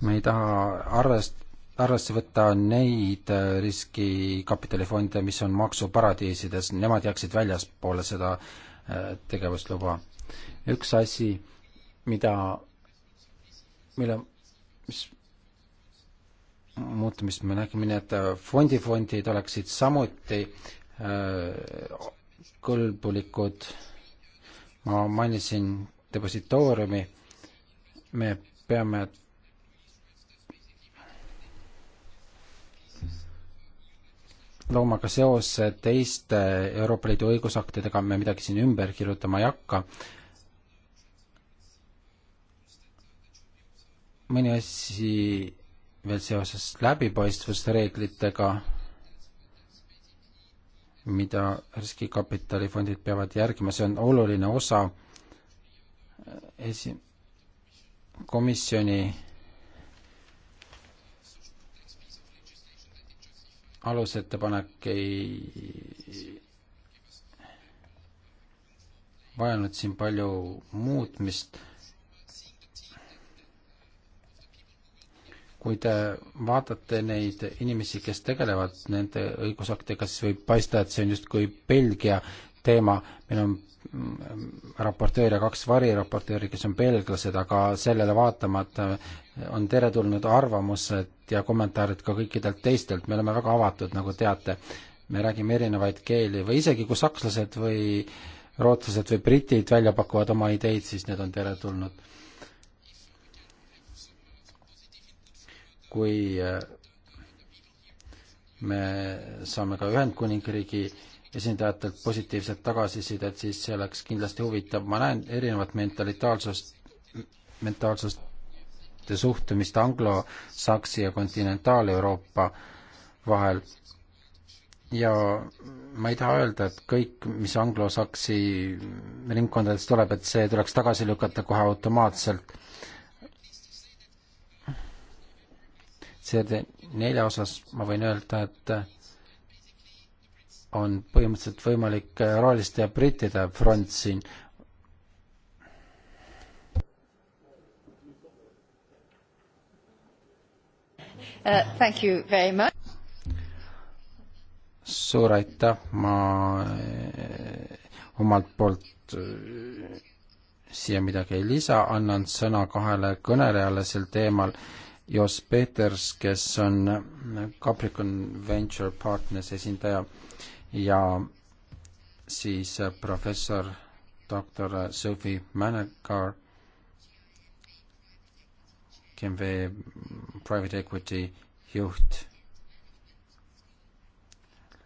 me ei taha arvest-, arvesse võtta neid äh, riskikapitalifonde, mis on maksuparadiisides, nemad jääksid väljaspoole seda äh, tegevusluba. üks asi, mida, mille, mis muutumist me nägime, nii et äh, fondifondid oleksid samuti äh, kõlbulikud, ma mainisin depositooriumi, me peame looma ka seos teiste Euroopa Liidu õigusaktidega, me midagi siin ümber kirjutama ei hakka. mõni asi veel seoses läbipaistvusreeglitega, mida riskikapitalifondid peavad järgima, see on oluline osa esi-, komisjoni alusettepanek ei vajanud siin palju muutmist. kui te vaatate neid inimesi, kes tegelevad nende õigusaktidega, siis võib paista, et see on justkui Belgia teema, meil on raportöör ja kaks variraportööri, kes on belglased, aga sellele vaatamata on teretulnud arvamused ja kommentaarid ka kõikidelt teistelt, me oleme väga avatud, nagu teate. me räägime erinevaid keeli või isegi kui sakslased või rootslased või britid välja pakuvad oma ideid, siis need on teretulnud. kui äh, me saame ka Ühendkuningriigi esindajatelt positiivset tagasisidet, siis see oleks kindlasti huvitav. ma näen erinevat mentalitaalsust, mentaalsust ja suhtumist anglosaksi ja kontinentaal-Euroopa vahel. ja ma ei taha öelda, et kõik, mis anglosaksi ringkondadest tuleb, et see tuleks tagasi lükata kohe automaatselt. CD nelja osas ma võin öelda, et on põhimõtteliselt võimalik äh, roheliste ja brittide front siin. Uh, thank you very much. suur aitäh, ma äh, omalt poolt äh, siia midagi ei lisa, annan sõna kahele kõnelejale sel teemal Jos Peters, kes on Capricorn Venture Partners esindaja ja siis äh, professor doktor äh, Sophie Manekar, KMV Private Equity juht,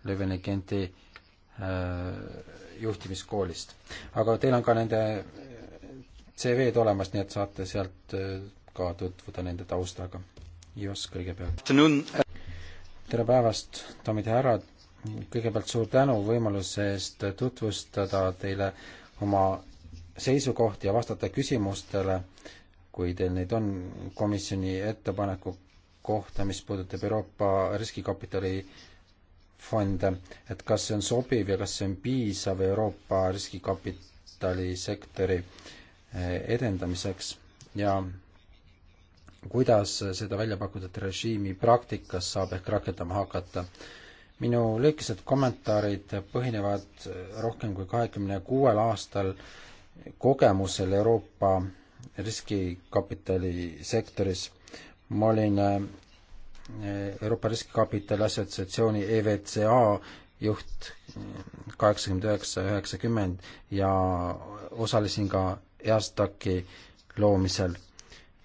Leveni Genti äh, juhtimiskoolist. aga teil on ka nende CV-d olemas, nii et saate sealt ka tutvuda nende taustaga. Jos kõigepealt. tere päevast, daamid ja härrad, kõigepealt suur tänu võimaluse eest tutvustada teile oma seisukohti ja vastata küsimustele, kui teil neid on, komisjoni ettepaneku kohta, mis puudutab Euroopa riskikapitali fonde, et kas see on sobiv ja kas see on piisav Euroopa riskikapitalisektori eh, edendamiseks ja kuidas seda välja pakutud režiimi praktikas saab ehk rakendama hakata minu lühikesed kommentaarid põhinevad rohkem kui kahekümne kuuel aastal kogemusel Euroopa riskikapitali sektoris. ma olin eh, Euroopa Riskikapitali Assotsiatsiooni EVCA juht kaheksakümmend üheksa, üheksakümmend ja osalesin ka EASTAC-i loomisel.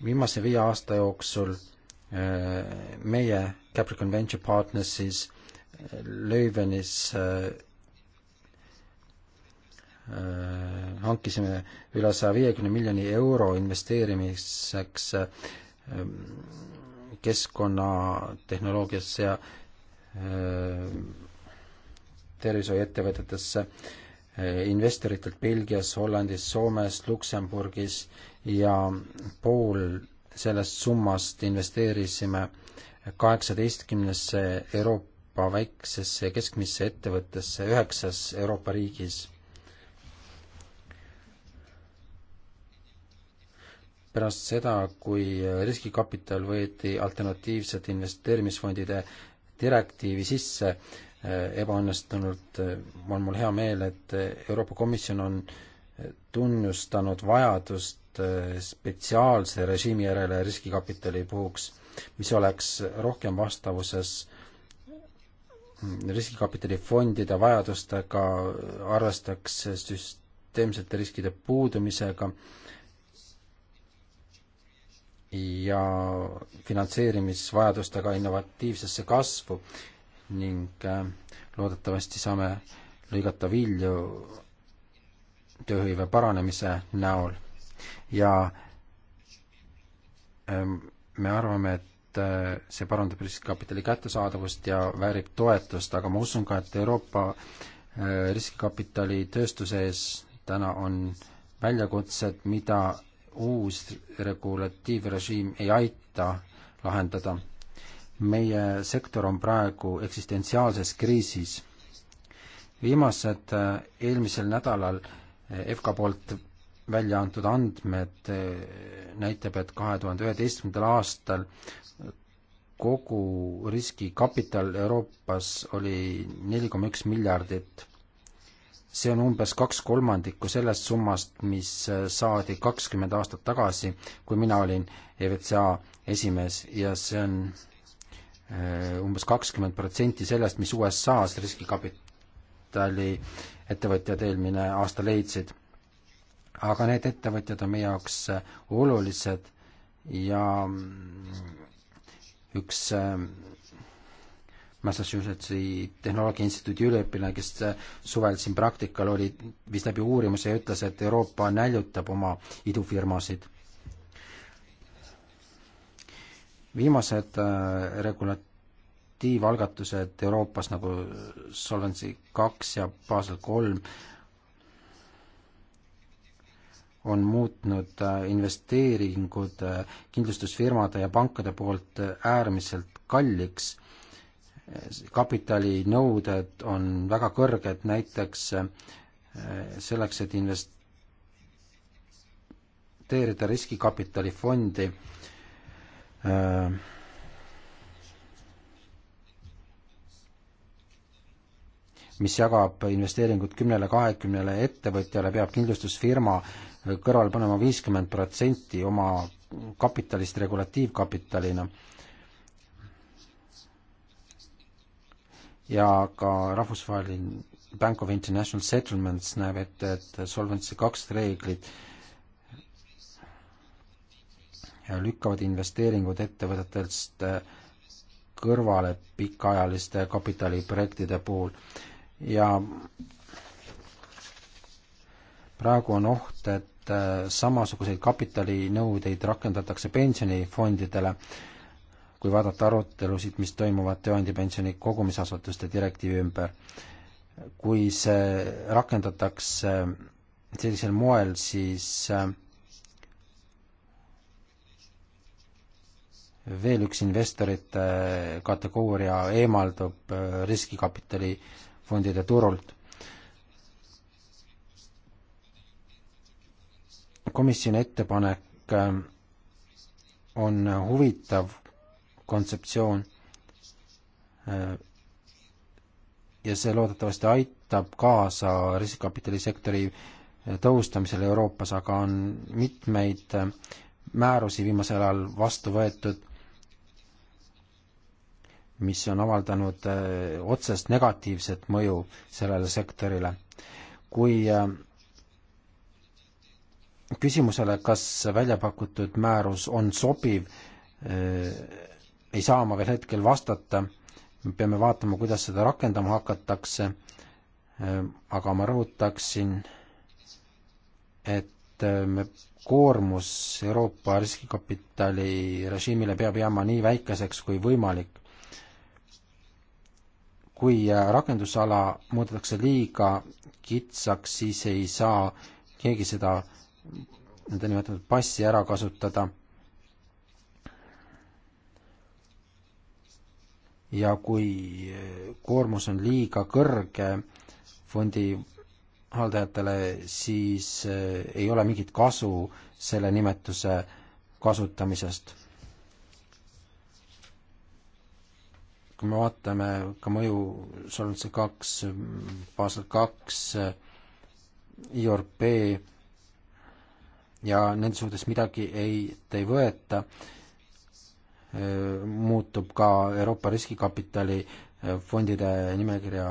viimase viie aasta jooksul eh, meie Capricorn Venture Partnersis Löövenis äh, äh, hankisime üle saja viiekümne miljoni euro investeerimiseks äh, keskkonnatehnoloogiasse ja tervishoiuettevõtetesse investoritelt Belgias, Hollandis, Soomes, Luksemburgis ja pool sellest summast investeerisime kaheksateistkümnesse Euroopa Euroopa väiksesse ja keskmisse ettevõttesse üheksas Euroopa riigis. pärast seda, kui riskikapital võeti alternatiivsete investeerimisfondide direktiivi sisse, eh, ebaõnnestunult eh, on mul hea meel, et eh, Euroopa Komisjon on tunnustanud vajadust spetsiaalse režiimi järele riskikapitali puhuks, mis oleks rohkem vastavuses riskikapitalifondide vajadustega, arvestaks süsteemsete riskide puudumisega ja finantseerimisvajadustega innovatiivsesse kasvu ning äh, loodetavasti saame lõigata vilju tööhõive paranemise näol. ja ähm, me arvame, et et äh, see parandab riskikapitali kättesaadavust ja väärib toetust, aga ma usun ka, et Euroopa äh, riskikapitali tööstuse ees täna on väljakutsed, mida uus regulatiivrežiim ei aita lahendada. meie sektor on praegu eksistentsiaalses kriisis. viimased äh, eelmisel nädalal EFKA poolt välja antud andmed eh, näitab, et kahe tuhande üheteistkümnendal aastal kogu riskikapital Euroopas oli neli koma üks miljardit. see on umbes kaks kolmandikku sellest summast, mis eh, saadi kakskümmend aastat tagasi, kui mina olin EVCA esimees ja see on eh, umbes kakskümmend protsenti sellest, mis USA-s riskikapitali ettevõtjad eelmine aasta leidsid aga need ettevõtjad on meie jaoks äh, olulised ja mm, üks ähm, Massachusettsi Tehnoloogia Instituudi üliõpilane, kes äh, suvel siin praktikal oli, viis läbi uurimuse ja ütles, et Euroopa näljutab oma idufirmasid. viimased äh, regulatiivalgatused Euroopas nagu Solvency kaks ja Basel kolm on muutnud äh, investeeringud äh, kindlustusfirmade ja pankade poolt äh, äärmiselt kalliks. kapitalinõuded on väga kõrged, näiteks selleks, et investeerida riskikapitalifondi mis jagab investeeringut kümnele-kahekümnele ettevõtjale, peab kindlustusfirma kõrvale panema viiskümmend protsenti oma kapitalist regulatiivkapitalina. ja ka rahvusvaheline Bank of International Settlements näeb ette, et Solvency kaks reeglid lükkavad investeeringud ettevõtetest kõrvale pikaajaliste kapitaliprojektide puhul ja praegu on oht, et Äh, samasuguseid kapitalinõudeid rakendatakse pensionifondidele, kui vaadata arutelusid, mis toimuvad tööandjapensioni kogumisasutuste direktiivi ümber. kui see rakendatakse sellisel moel, siis äh, veel üks investorite kategooria eemaldub äh, riskikapitali fondide turult komisjoni ettepanek äh, on huvitav kontseptsioon äh, ja see loodetavasti aitab kaasa riskikapitalisektori äh, tõhustamisele Euroopas, aga on mitmeid määrusi viimasel ajal vastu võetud, mis on avaldanud otsest negatiivset mõju sellele sektorile. kui küsimusele, kas välja pakutud määrus on sobiv, eh, ei saa ma veel hetkel vastata, me peame vaatama, kuidas seda rakendama hakatakse, eh, aga ma rõhutaksin, et eh, me koormus Euroopa riskikapitali režiimile peab jääma nii väikeseks kui võimalik. kui rakendusala muudetakse liiga kitsaks, siis ei saa keegi seda nõndanimetatud passi ära kasutada. ja kui koormus on liiga kõrge fondi haldajatele, siis eh, ei ole mingit kasu selle nimetuse kasutamisest kui me vaatame ka mõju Solvency kaks, Basel kaks, IORP ja nende suhtes midagi ei, ei võeta, muutub ka Euroopa riskikapitali fondide nimekirja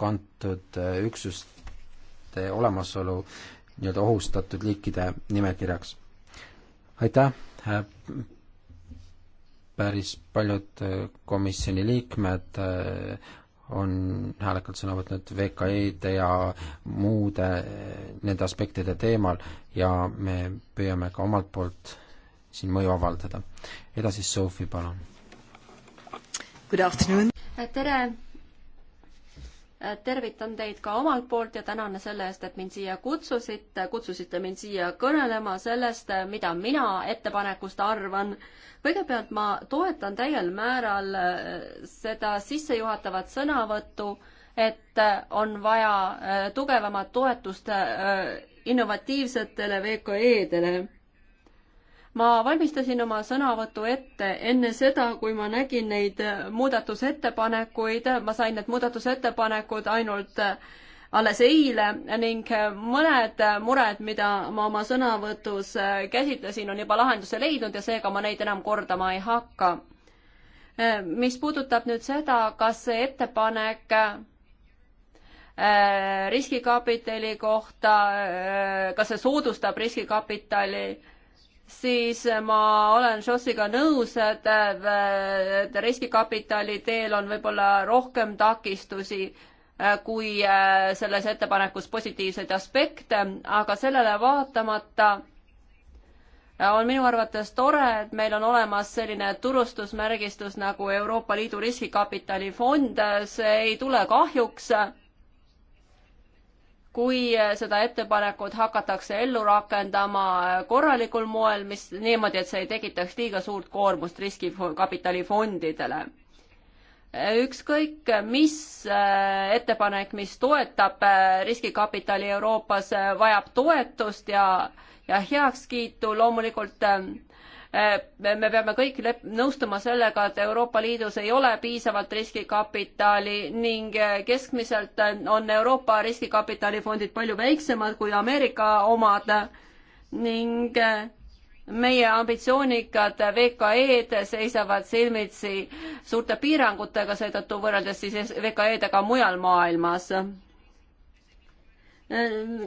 kantud üksuste olemasolu nii-öelda ohustatud liikide nimekirjaks. aitäh, päris paljud komisjoni liikmed on häälekalt sõna võtnud VKE-de ja muude eh, nende aspektide teemal ja me püüame ka omalt poolt siin mõju avaldada. edasi Sophie, palun. tere Äh, tervitan teid ka omalt poolt ja tänan selle eest, et mind siia kutsusite, kutsusite mind siia kõnelema sellest, äh, mida mina ettepanekust arvan. kõigepealt ma toetan täiel määral äh, seda sissejuhatavat sõnavõttu, et on vaja tugevamat toetust innovatiivsetele VKE-dele ma valmistasin oma sõnavõtu ette enne seda, kui ma nägin neid muudatusettepanekuid, ma sain need muudatusettepanekud ainult alles eile ning mõned mured, mida ma oma sõnavõtus käsitlesin, on juba lahenduse leidnud ja seega ma neid enam kordama ei hakka. mis puudutab nüüd seda, kas see ettepanek äh, riskikapitali kohta, äh, kas see soodustab riskikapitali siis ma olen Šossiga nõus, et, et riskikapitali teel on võib-olla rohkem takistusi äh, kui äh, selles ettepanekus positiivseid aspekte, aga sellele vaatamata äh, on minu arvates tore, et meil on olemas selline turustusmärgistus nagu Euroopa Liidu riskikapitali fond, see ei tule kahjuks kui äh, seda ettepanekut hakatakse ellu rakendama äh, korralikul moel, mis niimoodi, et see ei tekitaks liiga suurt koormust riskikapitalifondidele. Äh, ükskõik, mis ettepanek, mis toetab riskikapitali Euroopas, vajab toetust ja, ja heakskiitu loomulikult Äh, me peame kõik nõustuma sellega, et Euroopa Liidus ei ole piisavalt riskikapitali ning äh, keskmiselt on Euroopa riskikapitalifondid palju väiksemad kui Ameerika omad ning äh, meie ambitsioonikad VKE-d seisavad silmitsi suurte piirangutega, seetõttu võrreldes siis VKE-dega mujal maailmas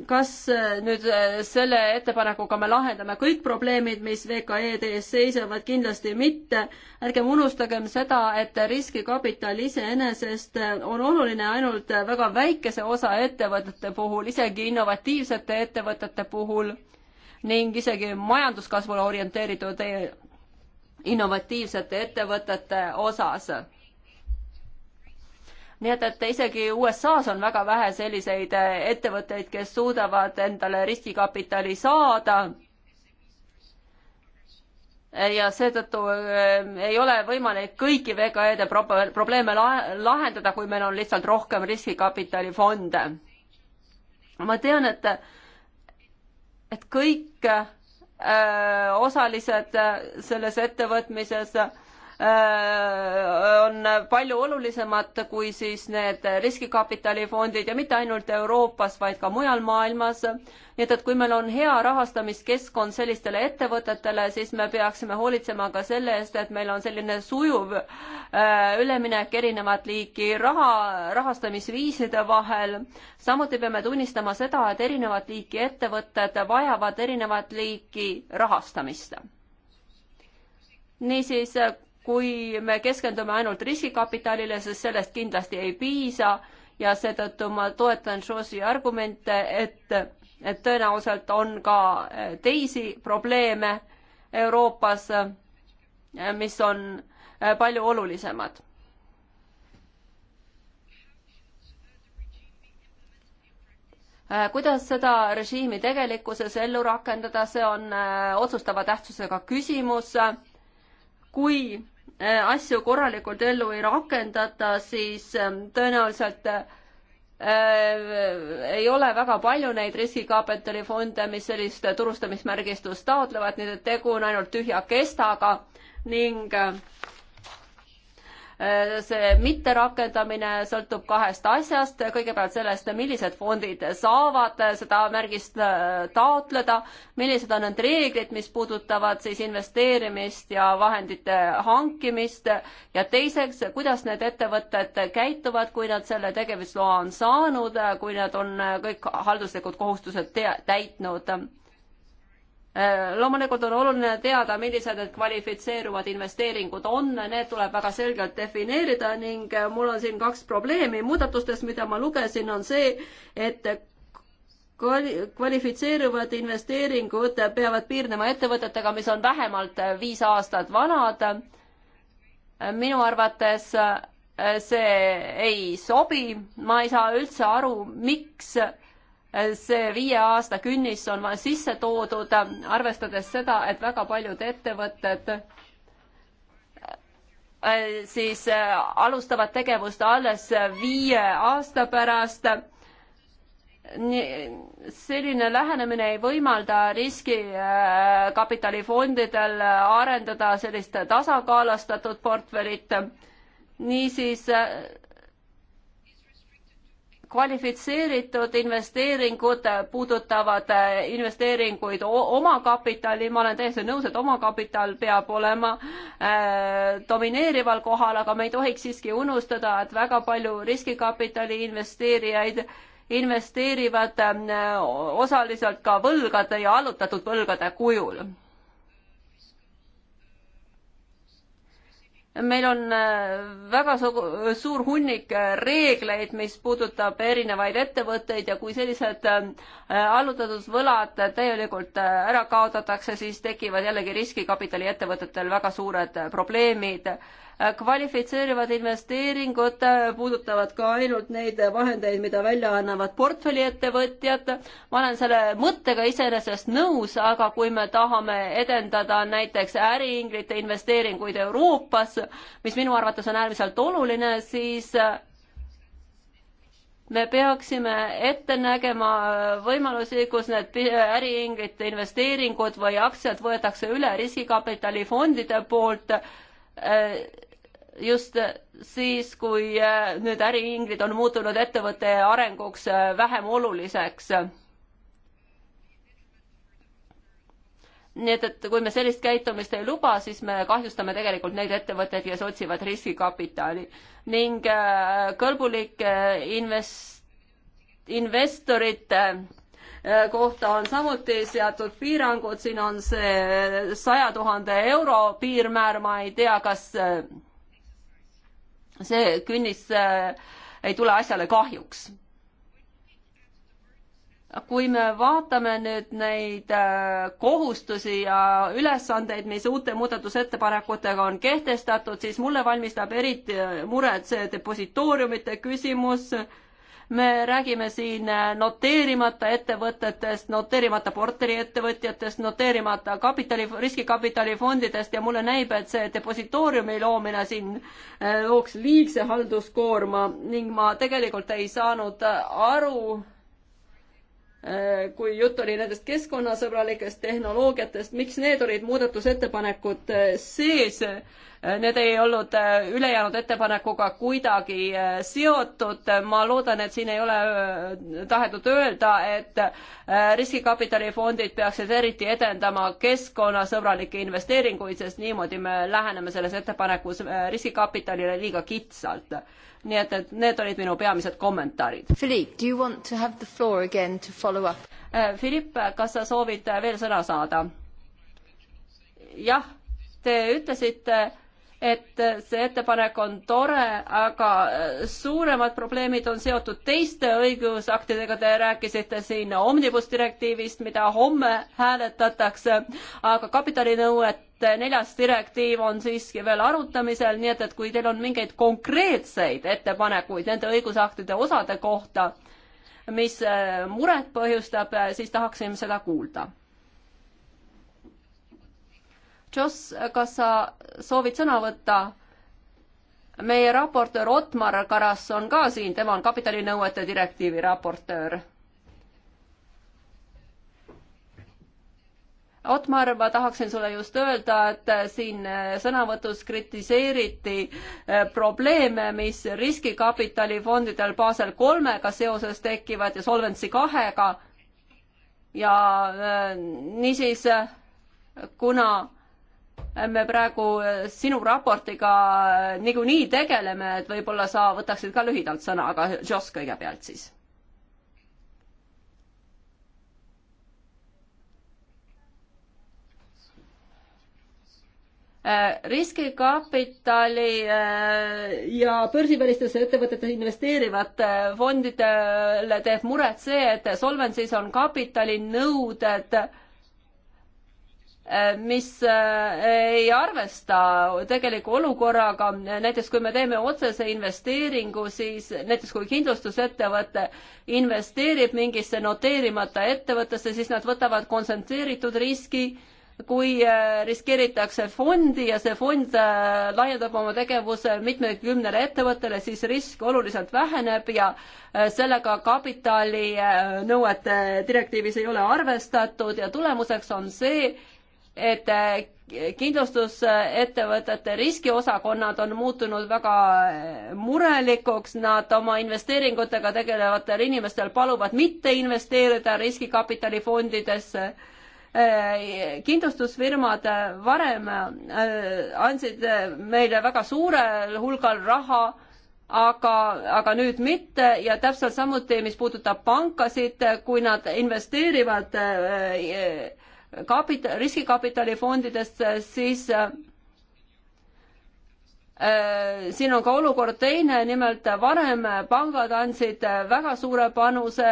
kas äh, nüüd äh, selle ettepanekuga me lahendame kõik probleemid, mis VKE-d ees seisavad, kindlasti mitte. ärgem unustagem seda, et riskikapital iseenesest äh, on oluline ainult väga väikese osa ettevõtete puhul, isegi innovatiivsete ettevõtete puhul ning isegi majanduskasvule orienteeritud innovatiivsete ettevõtete osas nii et, et isegi USA-s on väga vähe selliseid äh, ettevõtteid, kes suudavad endale riskikapitali saada. ja seetõttu äh, ei ole võimalik kõiki VKE-de probleeme lahendada, kui meil on lihtsalt rohkem riskikapitalifonde. ma tean, et, et kõik äh, osalised selles ettevõtmises äh, Äh, on palju olulisemad kui siis need riskikapitalifondid ja mitte ainult Euroopas, vaid ka mujal maailmas. nii et, et kui meil on hea rahastamiskeskkond sellistele ettevõtetele, siis me peaksime hoolitsema ka selle eest, et meil on selline sujuv äh, üleminek erinevat liiki raha, rahastamisviiside vahel. samuti peame tunnistama seda, et erinevat liiki ettevõtted vajavad erinevat liiki rahastamist niisiis kui me keskendume ainult riskikapitalile, sest sellest kindlasti ei piisa ja seetõttu ma toetan Šosi argumente, et, et tõenäoliselt on ka eh, teisi probleeme Euroopas, eh, mis on eh, palju olulisemad. kuidas seda režiimi tegelikkuses ellu rakendada, see on otsustava tähtsusega küsimus. kui Äh, asju korralikult ellu ei rakendata, siis ähm, tõenäoliselt äh, äh, ei ole väga palju neid riskikapitalifonde, mis sellist turustamismärgistust taotlevad, nii et tegu on ainult tühja kestaga ning äh, Äh, see mitterakendamine sõltub kahest asjast, kõigepealt sellest, millised fondid saavad seda märgist äh, taotleda, millised on need reeglid, mis puudutavad siis investeerimist ja vahendite hankimist ja teiseks, kuidas need ettevõtted käituvad, kui nad selle tegevusloa on saanud, äh, kui nad on kõik halduslikud kohustused täitnud Äh, loomulikult on oluline teada, millised need kvalifitseeruvad investeeringud on, need tuleb väga selgelt defineerida ning äh, mul on siin kaks probleemi. muudatustest, mida ma lugesin, on see, et kvalifitseeruvad investeeringud peavad piirnema ettevõtetega, mis on vähemalt äh, viis aastat vanad. minu arvates see ei sobi, ma ei saa üldse aru, miks äh, see viie aasta künnis on sisse toodud, arvestades seda, et väga paljud ettevõtted äh, siis äh, alustavad tegevust alles viie aasta pärast. nii, selline lähenemine ei võimalda riskikapitalifondidel äh, arendada sellist tasakaalustatud portfellit. niisiis kvalifitseeritud investeeringud puudutavad äh, investeeringuid omakapitali, ma olen täiesti nõus, et omakapital peab olema äh, domineerival kohal, aga me ei tohiks siiski unustada, et väga palju riskikapitali investeerijaid investeerivad äh, osaliselt ka võlgade ja allutatud võlgade kujul meil on äh, väga suur hunnik äh, reegleid, mis puudutab erinevaid ettevõtteid ja kui sellised äh, allutatud võlad täielikult ära kaotatakse, siis tekivad jällegi riskikapitali ettevõtetel väga suured probleemid kvalifitseerivad investeeringud puudutavad ka ainult neid vahendeid, mida välja annavad portfelliettevõtjad. ma olen selle mõttega iseenesest nõus, aga kui me tahame edendada näiteks äriinglite investeeringuid Euroopas, mis minu arvates on äärmiselt oluline, siis me peaksime ette nägema võimalusi, kus need äriinglite investeeringud või aktsiad võetakse üle riskikapitalifondide poolt äh, just siis, kui äh, nüüd äriinglid on muutunud ettevõtte arenguks äh, vähem oluliseks. nii et, et kui me sellist käitumist ei luba, siis me kahjustame tegelikult neid ettevõtteid, kes otsivad riskikapitali ning äh, kõlbulike invest-, investorite kohta on samuti seatud piirangud, siin on see saja tuhande euro piirmäär, ma ei tea, kas see künnis äh, ei tule asjale kahjuks. kui me vaatame nüüd neid äh, kohustusi ja ülesandeid, mis uute muudatusettepanekutega on kehtestatud, siis mulle valmistab eriti äh, muret see depositooriumite küsimus me räägime siin äh, noteerimata ettevõtetest, noteerimata korteriettevõtjatest, noteerimata kapitali, riskikapitalifondidest ja mulle näib, et see depositooriumi loomine siin äh, looks liigse halduskoorma ning ma tegelikult ei saanud äh, aru, kui jutt oli nendest keskkonnasõbralikest tehnoloogiatest, miks need olid muudatusettepanekud sees Need ei olnud äh, ülejäänud ettepanekuga kuidagi äh, seotud. ma loodan, et siin ei ole äh, tahetud öelda, et riskikapitalifondid peaksid eriti edendama keskkonnasõbralikke investeeringuid, sest niimoodi me läheneme selles ettepanekus riskikapitalile liiga kitsalt. nii et, et need olid minu peamised kommentaarid. Philippe, do you want to have the floor again to follow up? Philippe, kas sa soovid veel sõna saada? jah, te ütlesite et see ettepanek on tore, aga suuremad probleemid on seotud teiste õigusaktidega, te rääkisite siin omnibus direktiivist, mida homme hääletatakse, aga kapitalinõuete neljas direktiiv on siiski veel arutamisel, nii et, et kui teil on mingeid konkreetseid ettepanekuid nende õigusaktide osade kohta, mis eh, muret põhjustab, eh, siis tahaksime seda kuulda Jos, kas sa soovid sõna võtta? meie raportöör Otmar Karas on ka siin, tema on kapitalinõuete direktiivi raportöör. Otmar, ma tahaksin sulle just öelda, et siin sõnavõtus kritiseeriti eh, probleeme, mis riskikapitalifondidel Basel kolmega seoses tekivad ja Solvency kahega. ja eh, niisiis, kuna me praegu sinu raportiga niikuinii tegeleme, et võib-olla sa võtaksid ka lühidalt sõna, aga Jos kõigepealt siis. riskikapitali eh, ja börsivälistesse ettevõtete investeerivate fondidele teeb muret see, et Solvency's on kapitalinõuded et Äh, mis äh, ei arvesta tegeliku olukorraga, näiteks kui me teeme otsese investeeringu, siis näiteks kui kindlustusettevõte investeerib mingisse noteerimata ettevõttesse, siis nad võtavad kontsentreeritud riski, kui äh, riskeeritakse fondi ja see fond laiendab oma tegevuse mitmekümnele ettevõttele, siis risk oluliselt väheneb ja sellega kapitalinõuete direktiivis ei ole arvestatud ja tulemuseks on see, et äh, kindlustusettevõtete riskiosakonnad on muutunud väga äh, murelikuks, nad oma investeeringutega tegelevatel inimestel paluvad mitte investeerida riskikapitalifondidesse. Äh, kindlustusfirmad varem andsid meile väga suurel hulgal raha aga, aga nüüd mitte ja täpselt samuti, mis puudutab pankasid, kui nad investeerivad kapita-, riskikapitalifondidest, siis äh, siin on ka olukord teine, nimelt varem pangad andsid väga suure panuse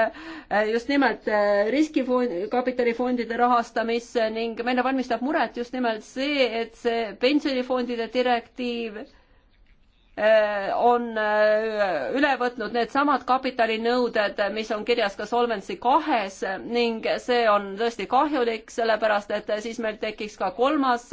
äh, just nimelt äh, riskifond, kapitalifondide rahastamisse ning meile valmistab muret just nimelt see, et see pensionifondide direktiiv Äh, on äh, üle võtnud needsamad kapitalinõuded, mis on kirjas ka Solvency kahes ning see on tõesti kahjulik, sellepärast et siis meil tekiks ka kolmas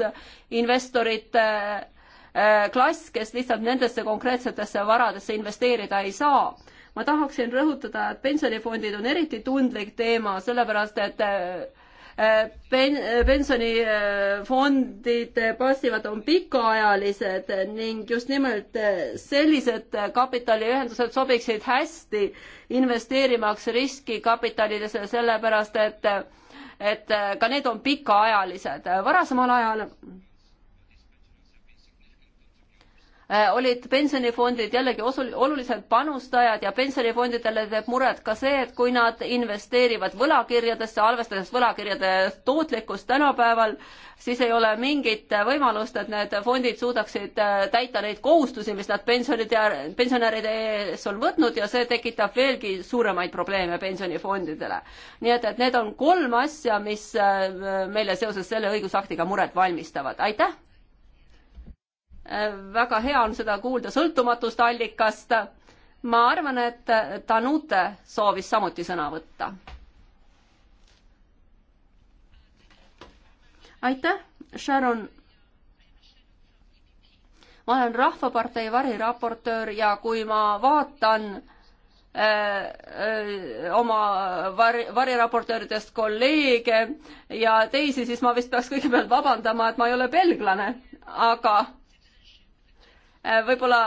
investorite äh, klass, kes lihtsalt nendesse konkreetsetesse varadesse investeerida ei saa. ma tahaksin rõhutada, et pensionifondid on eriti tundlik teema, sellepärast et pen-, pensionifondid passivad on pikaajalised ning just nimelt sellised kapitaliühendused sobiksid hästi investeerimaks riskikapitalidesse, sellepärast et et ka need on pikaajalised. varasemal ajal Äh, olid pensionifondid jällegi osul, olulised panustajad ja pensionifondidele teeb muret ka see, et kui nad investeerivad võlakirjadesse, arvestades võlakirjade tootlikkust tänapäeval, siis ei ole mingit võimalust, et need fondid suudaksid äh, täita neid kohustusi, mis nad pensionide, pensionäride ees on võtnud ja see tekitab veelgi suuremaid probleeme pensionifondidele. nii et, et need on kolm asja, mis äh, meile seoses selle õigusaktiga muret valmistavad. aitäh! väga hea on seda kuulda sõltumatust allikast. ma arvan, et Danute soovis samuti sõna võtta. aitäh, Sharon. ma olen Rahvapartei variraportöör ja kui ma vaatan eh, eh, oma vari, variraportööridest kolleege ja teisi, siis ma vist peaks kõigepealt vabandama, et ma ei ole belglane, aga Äh, võib-olla,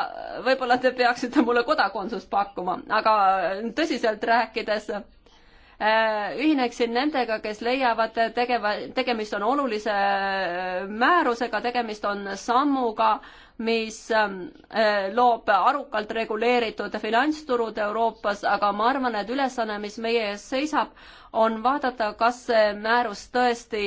võib-olla te peaksite mulle kodakondsust pakkuma, aga äh, tõsiselt rääkides äh, ühineksin nendega, kes leiavad, tegeva, tegemist on olulise määrusega, tegemist on sammuga, mis ähm, loob arukalt reguleeritud finantsturud Euroopas, aga ma arvan, et ülesanne, mis meie ees seisab, on vaadata, kas see määrus tõesti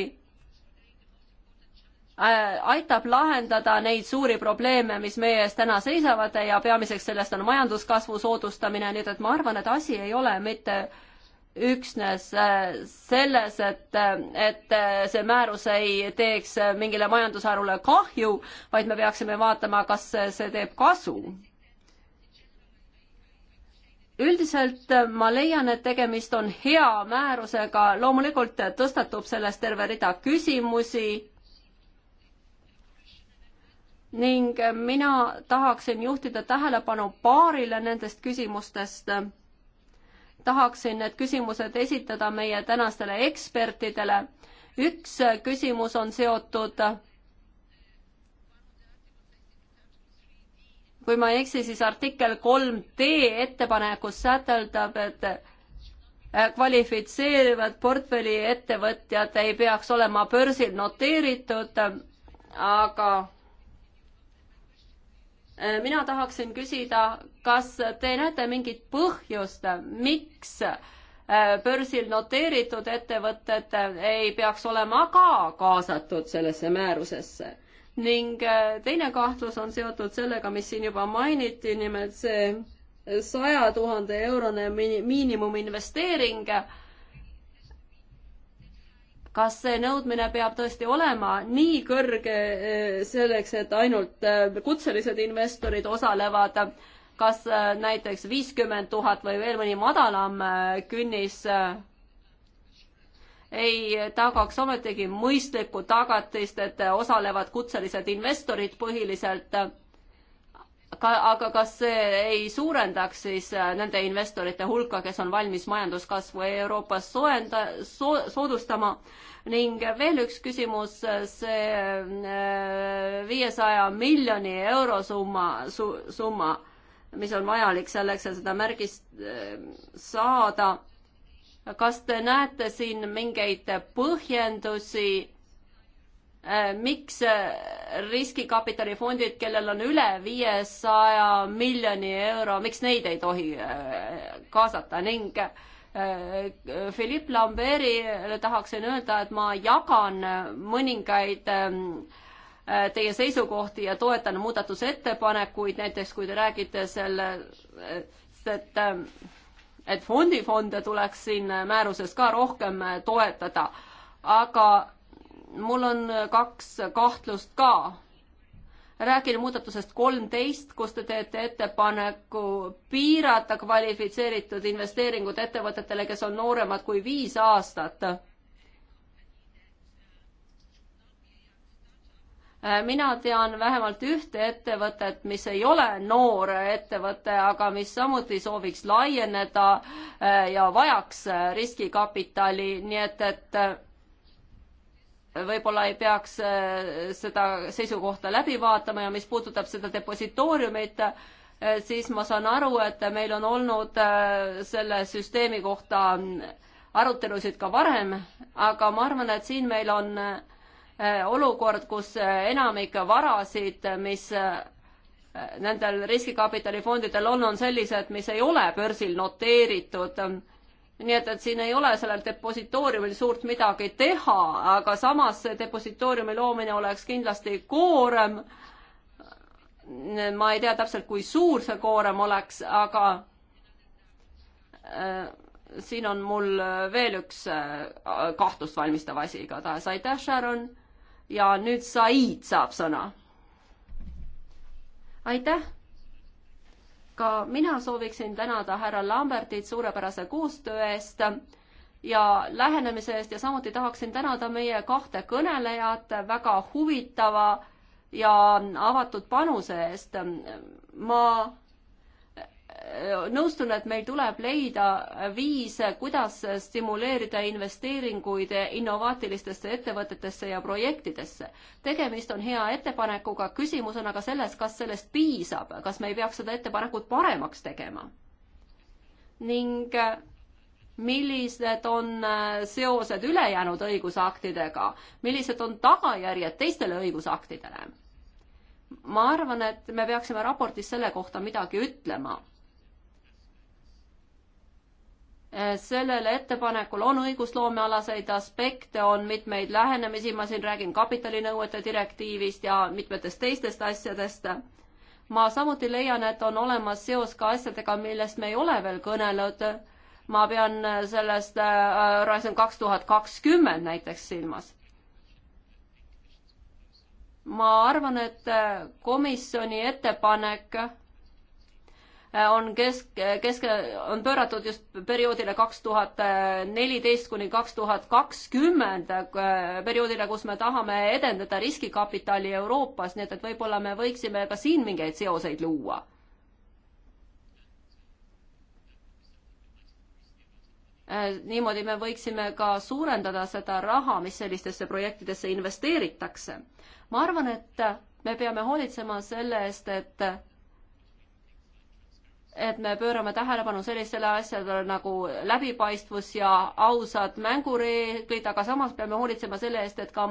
Äh, aitab lahendada neid suuri probleeme, mis meie ees täna seisavad ja peamiseks sellest on majanduskasvu soodustamine, nii et, et ma arvan, et asi ei ole mitte üksnes äh, selles, et, et äh, see määrus ei teeks mingile majandusharule kahju, vaid me peaksime vaatama, kas see teeb kasu. üldiselt ma leian, et tegemist on hea määrusega, loomulikult tõstatub sellest terve rida küsimusi ning mina tahaksin juhtida tähelepanu paarile nendest küsimustest. tahaksin need küsimused esitada meie tänastele ekspertidele. üks küsimus on seotud, kui ma ei eksi, siis artikkel kolm D ettepanekus säteldab, et äh, kvalifitseerivad portfelli ettevõtjad ei peaks olema börsil noteeritud, aga Äh, mina tahaksin küsida, kas te näete mingit põhjust, miks äh, börsil noteeritud ettevõtted äh, ei peaks olema ka kaasatud sellesse määrusesse? ning teine kahtlus on seotud sellega, mis siin juba mainiti, nimelt see saja tuhande eurone miinimuminvesteering, miinimum kas see nõudmine peab tõesti olema nii kõrge eh, selleks, et ainult eh, kutselised investorid osalevad, kas eh, näiteks viiskümmend tuhat või veel mõni madalam künnis ei tagaks ometigi mõistlikku tagatist, et osalevad kutselised investorid põhiliselt ka, aga kas see ei suurendaks siis äh, nende investorite hulka, kes on valmis majanduskasvu Euroopas soojenda, so, soodustama? ning veel üks küsimus, äh, see äh, viiesaja miljoni euro summa su,, summa, mis on vajalik selleks, et seda märgist saada. kas te näete siin mingeid põhjendusi Äh, miks äh, riskikapitalifondid, kellel on üle viiesaja miljoni euro, miks neid ei tohi äh, kaasata ning Philippe Lambert'ile tahaksin öelda, et ma jagan mõningaid ähm, teie seisukohti ja toetan muudatusettepanekuid, näiteks kui te räägite sellest, et ähm, et fondifonde tuleks siin määruses ka rohkem toetada, aga mul on äh, kaks äh, kahtlust ka. räägin muudatusest kolmteist, kus te teete ettepaneku piirata kvalifitseeritud investeeringud ettevõtetele, kes on nooremad kui viis aastat. Äh, mina tean vähemalt ühte ettevõtet, mis ei ole noor ettevõte, aga mis samuti sooviks laieneda ja vajaks riskikapitali, nii et, et võib-olla ei peaks äh, seda seisukohta läbi vaatama ja mis puudutab seda depositooriumit, äh, siis ma saan aru, et meil on olnud äh, selle süsteemi kohta arutelusid ka varem, aga ma arvan, et siin meil on olukord, kus enamik varasid, mis nendel riskikapitalifondidel on, on sellised, mis ei ole börsil noteeritud nii et, et siin ei ole sellel depositooriumil suurt midagi teha, aga samas see depositooriumi loomine oleks kindlasti koorem. ma ei tea täpselt, kui suur see koorem oleks, aga äh, siin on mul veel üks äh, kahtlust valmistav asi igatahes. aitäh, Sharon. ja nüüd Said saab sõna. aitäh ka mina sooviksin tänada härra Lambertit suurepärase koostöö eest ja lähenemise eest ja samuti tahaksin tänada meie kahte kõnelejat väga huvitava ja avatud panuse eest. ma nõustun, et meil tuleb leida viis, kuidas stimuleerida investeeringuid innovaatilistesse ettevõtetesse ja projektidesse. tegemist on hea ettepanekuga, küsimus on aga selles, kas sellest piisab, kas me ei peaks seda ettepanekut paremaks tegema. ning millised on äh, seosed ülejäänud õigusaktidega, millised on tagajärjed teistele õigusaktidele? ma arvan, et me peaksime raportis selle kohta midagi ütlema sellel ettepanekul on õigusloomealaseid aspekte, on mitmeid lähenemisi, ma siin räägin kapitalinõuete direktiivist ja mitmetest teistest asjadest. ma samuti leian, et on olemas seos ka asjadega, millest me ei ole veel kõnelenud. ma pean sellest äh, Horizon kaks tuhat kakskümmend näiteks silmas. ma arvan, et äh, komisjoni ettepanek Äh, on kesk, kesk, on pööratud just perioodile kaks tuhat äh, neliteist kuni kaks tuhat kakskümmend, äh, perioodile, kus me tahame edendada riskikapitali Euroopas, nii et, et võib-olla me võiksime ka siin mingeid seoseid luua. niimoodi me võiksime ka suurendada seda raha, mis sellistesse projektidesse investeeritakse. ma arvan, et me peame hoolitsema selle eest, et et me pöörame tähelepanu sellistele asjadele nagu läbipaistvus ja ausad mängureeglid, aga samas peame hoolitsema selle eest, et ka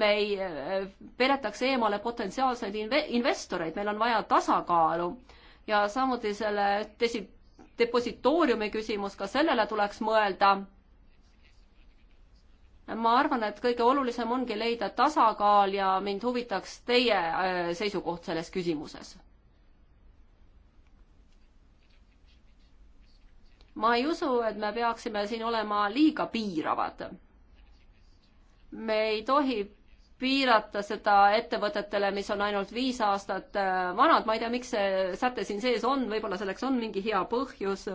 me ei äh, peletaks eemale potentsiaalseid inve-, investoreid, meil on vaja tasakaalu ja samuti selle desi-, depositooriumi küsimus, ka sellele tuleks mõelda ma arvan, et kõige olulisem ongi leida tasakaal ja mind huvitaks teie äh, seisukoht selles küsimuses ma ei usu, et me peaksime siin olema liiga piiravad. me ei tohi piirata seda ettevõtetele, mis on ainult viis aastat äh, vanad, ma ei tea, miks see säte siin sees on, võib-olla selleks on mingi hea põhjus.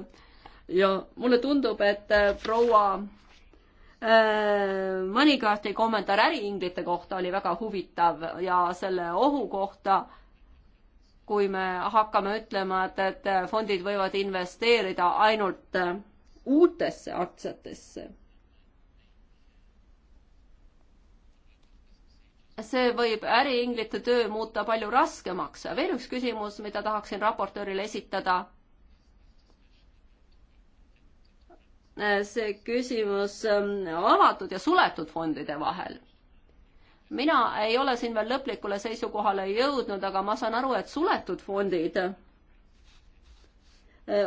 ja mulle tundub, et äh, proua äh, Moneycarti kommentaar äriinglite kohta oli väga huvitav ja selle ohu kohta kui me hakkame ütlema, et, et fondid võivad investeerida ainult äh, uutesse aktsiatesse. see võib äriinglite töö muuta palju raskemaks. veel üks küsimus, mida tahaksin raportöörile esitada. Äh, see küsimus ähm, avatud ja suletud fondide vahel mina ei ole siin veel lõplikule seisukohale jõudnud, aga ma saan aru, et suletud fondid eh,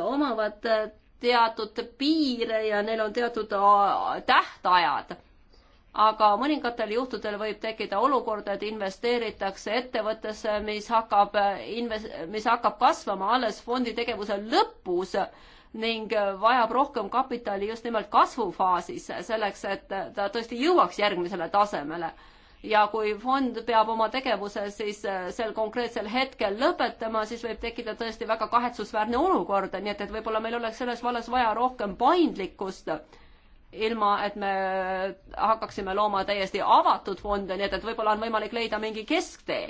omavad eh, teatud piire ja neil on teatud tähtajad. aga mõningatel juhtudel võib tekkida olukord, et investeeritakse ettevõttesse, mis hakkab eh, inves-, mis hakkab kasvama alles fondi tegevuse lõpus ning vajab rohkem kapitali just nimelt kasvufaasis, selleks et ta tõesti jõuaks järgmisele tasemele ja kui fond peab oma tegevuse siis äh, sel konkreetsel hetkel lõpetama, siis võib tekkida tõesti väga kahetsusväärne olukord, nii et, et võib-olla meil oleks selles vallas vaja rohkem paindlikkust, ilma et me äh, hakkaksime looma täiesti avatud fonde, nii et, et võib-olla on võimalik leida mingi kesktee.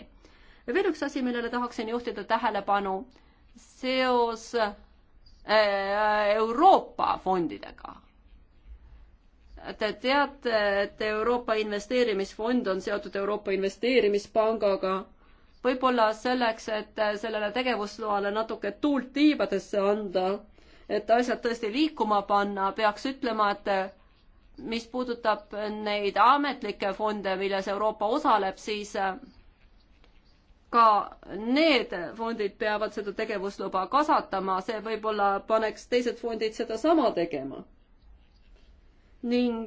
veel üks asi, millele tahaksin juhtida tähelepanu, seos äh, Euroopa fondidega Te teate, et Euroopa Investeerimisfond on seotud Euroopa Investeerimispangaga. võib-olla selleks, et sellele tegevusloale natuke tuult tiibadesse anda, et asjad tõesti liikuma panna, peaks ütlema, et mis puudutab neid ametlikke fonde, milles Euroopa osaleb, siis ka need fondid peavad seda tegevusluba kasvatama, see võib-olla paneks teised fondid sedasama tegema ning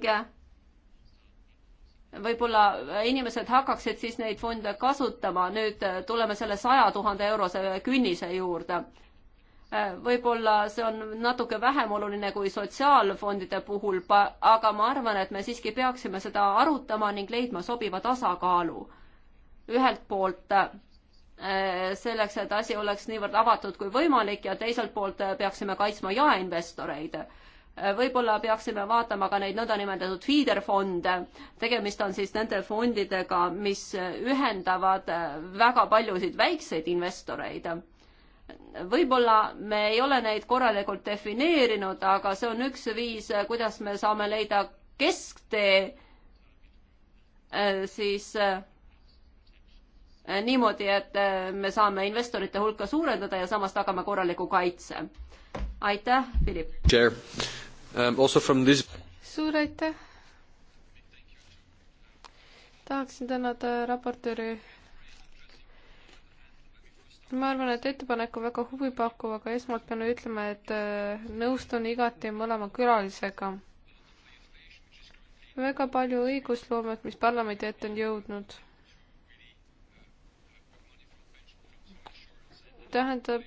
võib-olla inimesed hakkaksid siis neid fonde kasutama, nüüd tuleme selle saja tuhande eurose künnise juurde. võib-olla see on natuke vähem oluline kui sotsiaalfondide puhul, aga ma arvan, et me siiski peaksime seda arutama ning leidma sobiva tasakaalu. ühelt poolt eh, selleks, et asi oleks niivõrd avatud kui võimalik ja teiselt poolt eh, peaksime kaitsma jaeinvestoreid võib-olla peaksime vaatama ka neid nõndanimetatud feederfonde. tegemist on siis nende fondidega, mis ühendavad äh, väga paljusid väikseid investoreid. võib-olla me ei ole neid korralikult defineerinud, aga see on üks viis, äh, kuidas me saame leida kesktee äh, siis niimoodi, et me saame investorite hulka suurendada ja samas tagame korraliku kaitse. aitäh, Philip! um,. Also from this. suur aitäh. tahaksin tänada raportööri. ma arvan, et ettepanek on väga huvipakkuv, aga esmalt pean ütlema, et äh, nõustun igati mõlema külalisega. väga palju õigusloomet, mis parlamendi ette on jõudnud tähendab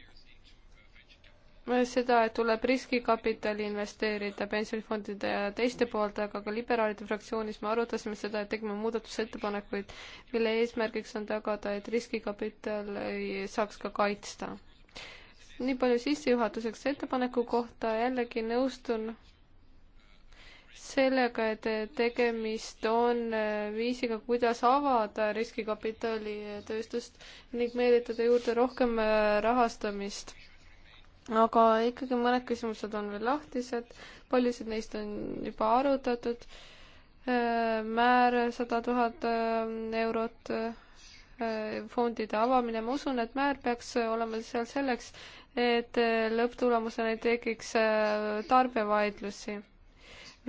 seda, et tuleb riskikapitali investeerida pensionifondide ja teiste poolt, aga ka liberaalide fraktsioonis me arutasime seda, et tegime muudatusettepanekuid, mille eesmärgiks on tagada, et riskikapital saaks ka kaitsta. nii palju sissejuhatuseks ettepaneku kohta, jällegi nõustun sellega, et tegemist on viisiga, kuidas avada riskikapitali tööstust ning meelitada juurde rohkem rahastamist aga ikkagi mõned küsimused on veel lahtised, paljusid neist on juba arutatud. Äh, määr sada tuhat äh, eurot, äh, fondide avamine, ma usun, et määr peaks olema seal selleks, et lõpptulemusena ei tekiks tarbijavaidlusi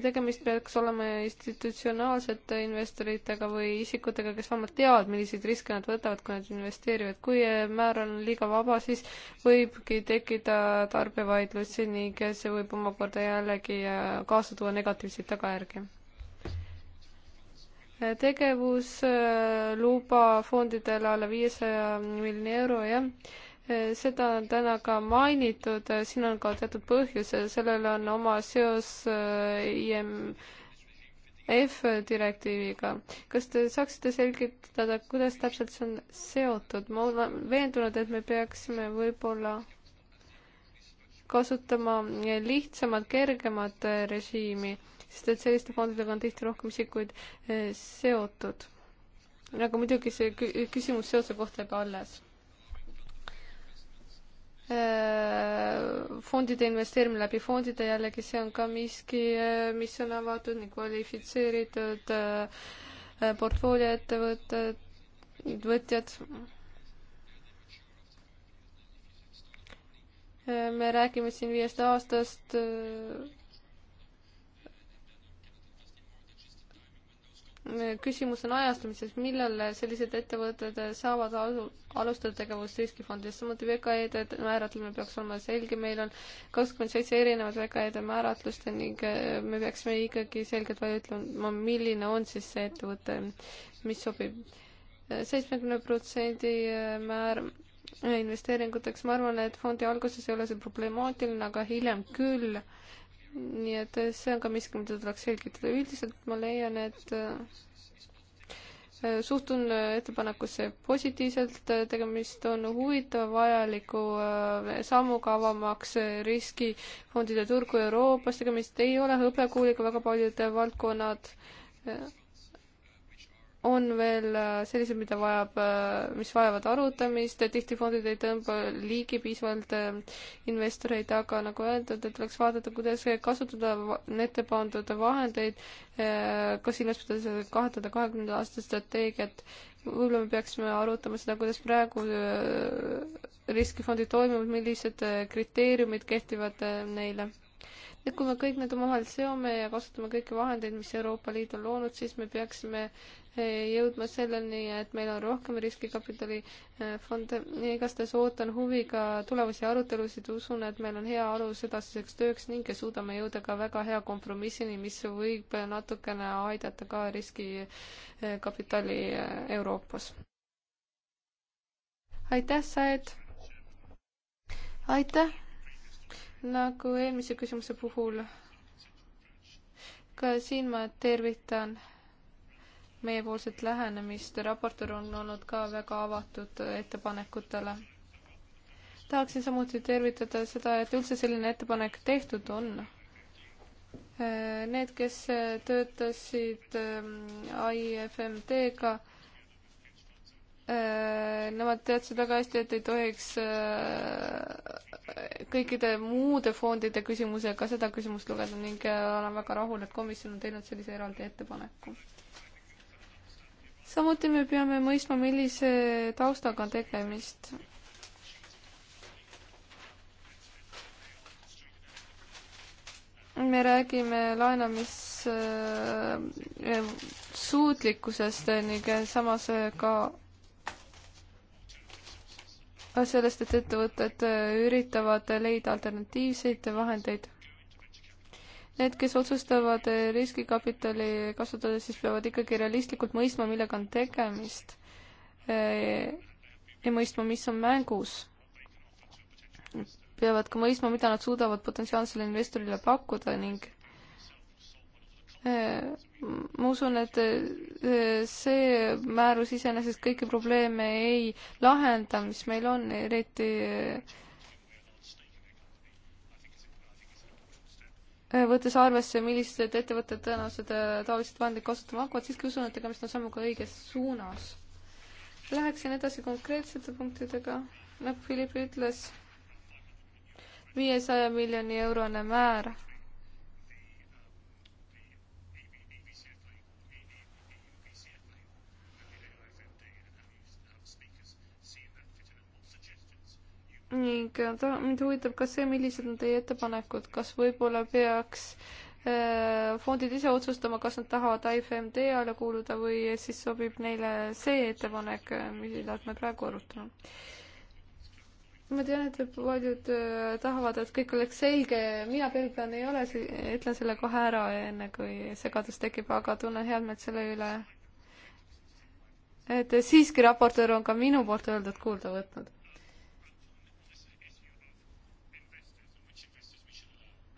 tegemist peaks olema institutsionaalsete investoritega või isikutega, kes vähemalt teavad, milliseid riske nad võtavad, kui nad investeerivad. kui määr on liiga vaba, siis võibki tekkida tarbijavaidlusi ning see võib omakorda jällegi äh, kaasa tuua negatiivseid tagajärgi. Äh, tegevusluba äh, fondidele alla viiesaja miljoni euro, jah Eh, seda on täna ka mainitud, eh, siin on ka teatud põhjus ja sellel on oma seos eh, IMF direktiiviga. kas te saaksite selgitada, kuidas täpselt see on seotud? ma olen veendunud, et me peaksime võib-olla kasutama lihtsamat, kergemat režiimi, sest et selliste fondidega on tihti rohkem isikuid seotud. aga muidugi see küsimus seose kohta jääb alles Äh, fondide investeerimine läbi fondide jällegi, see on ka miski, äh, mis on avatud nii kvalifitseeritud äh, portfoolioettevõtted, võtjad. me räägime siin viiest aastast küsimus on ajastamises, millal sellised ettevõtted saavad alu, alustada tegevust riskifondidest, samuti VKE-de määratlemine peaks olema selge, meil on kakskümmend seitse erinevat VKE-de määratlust ning äh, me peaksime ikkagi selgelt välja ütlema, milline on siis see ettevõte, mis sobib. seitsmekümne protsendi äh, määr investeeringuteks, ma arvan, et fondi alguses ei ole see problemaatiline, aga hiljem küll nii et eh, see on ka miski, mida tuleks selgitada. üldiselt ma leian, et eh, suhtun eh, ettepanekusse positiivselt, tegemist on huvitava vajaliku sammuga avamaks riskifondide turgu Euroopas, tegemist ei ole hõbekuuliga, väga paljud valdkonnad on veel äh, sellised, mida vajab, äh, mis vajavad arutamist, tihti fondid ei tõmba liigi piisavalt äh, investoreid, aga nagu öeldud, et tuleks vaadata, kuidas kasutada ette pandud vahendeid, kas silmas pidades kahe tuhande kahekümnenda aasta strateegiat, võib-olla me peaksime arutama seda, kuidas praegu riskifondid toimivad, millised kriteeriumid kehtivad neile et kui me kõik need omavahel seome ja kasutame kõiki vahendeid, mis Euroopa Liit on loonud, siis me peaksime jõudma selleni, et meil on rohkem riskikapitali äh, fonde. igastahes ootan huviga tulevasi arutelusid, usun, et meil on hea alus edasiseks tööks ning suudame jõuda ka väga hea kompromissini, mis võib natukene aidata ka riskikapitali äh, äh, Euroopas. aitäh, Saed! aitäh! nagu eelmise küsimuse puhul, ka siin ma tervitan meiepoolset lähenemist, raportöör on olnud ka väga avatud ettepanekutele. tahaksin samuti tervitada seda, et üldse selline ettepanek tehtud on. Need, kes töötasid ehm, IFMD-ga, ehm, nemad teadsid väga hästi, et ei tohiks ehm, kõikide muude fondide küsimusega seda küsimust lugeda ning olen väga rahul, et komisjon on teinud sellise eraldi ettepaneku samuti me peame mõistma, millise taustaga on tegemist. me räägime laenamissuutlikkusest äh, ning samas ka sellest, et ettevõtted üritavad leida alternatiivseid vahendeid Need, kes otsustavad eh, riskikapitali kasutada, siis peavad ikkagi realistlikult mõistma, millega on tegemist eh, ja mõistma, mis on mängus. peavad ka mõistma, mida nad suudavad potentsiaalsele investorile pakkuda ning eh, ma usun, et see määrus iseenesest kõiki probleeme ei lahenda, mis meil on, eriti Äh, võttes arvesse, millised ettevõtted tõenäoliselt äh, taolised vahendid kasutama hakkavad, siiski usun, et tegemist on sammuga õiges suunas. Läheksin edasi konkreetsete punktidega, nagu Philipp ütles, viiesaja miljoni eurone määr ning ta, mind huvitab ka see, millised on teie ettepanekud, kas võib-olla peaks äh, fondid ise otsustama, kas nad tahavad IFMD alla kuuluda või siis sobib neile see ettepanek, äh, mida me praegu arutame. ma tean, et paljud äh, tahavad, et kõik oleks selge, mina pelgan ei ole, ütlen selle kohe ära, enne kui segadus tekib, aga tunnen heameelt selle üle, et siiski raportöör on ka minu poolt öeldud kuulda võtnud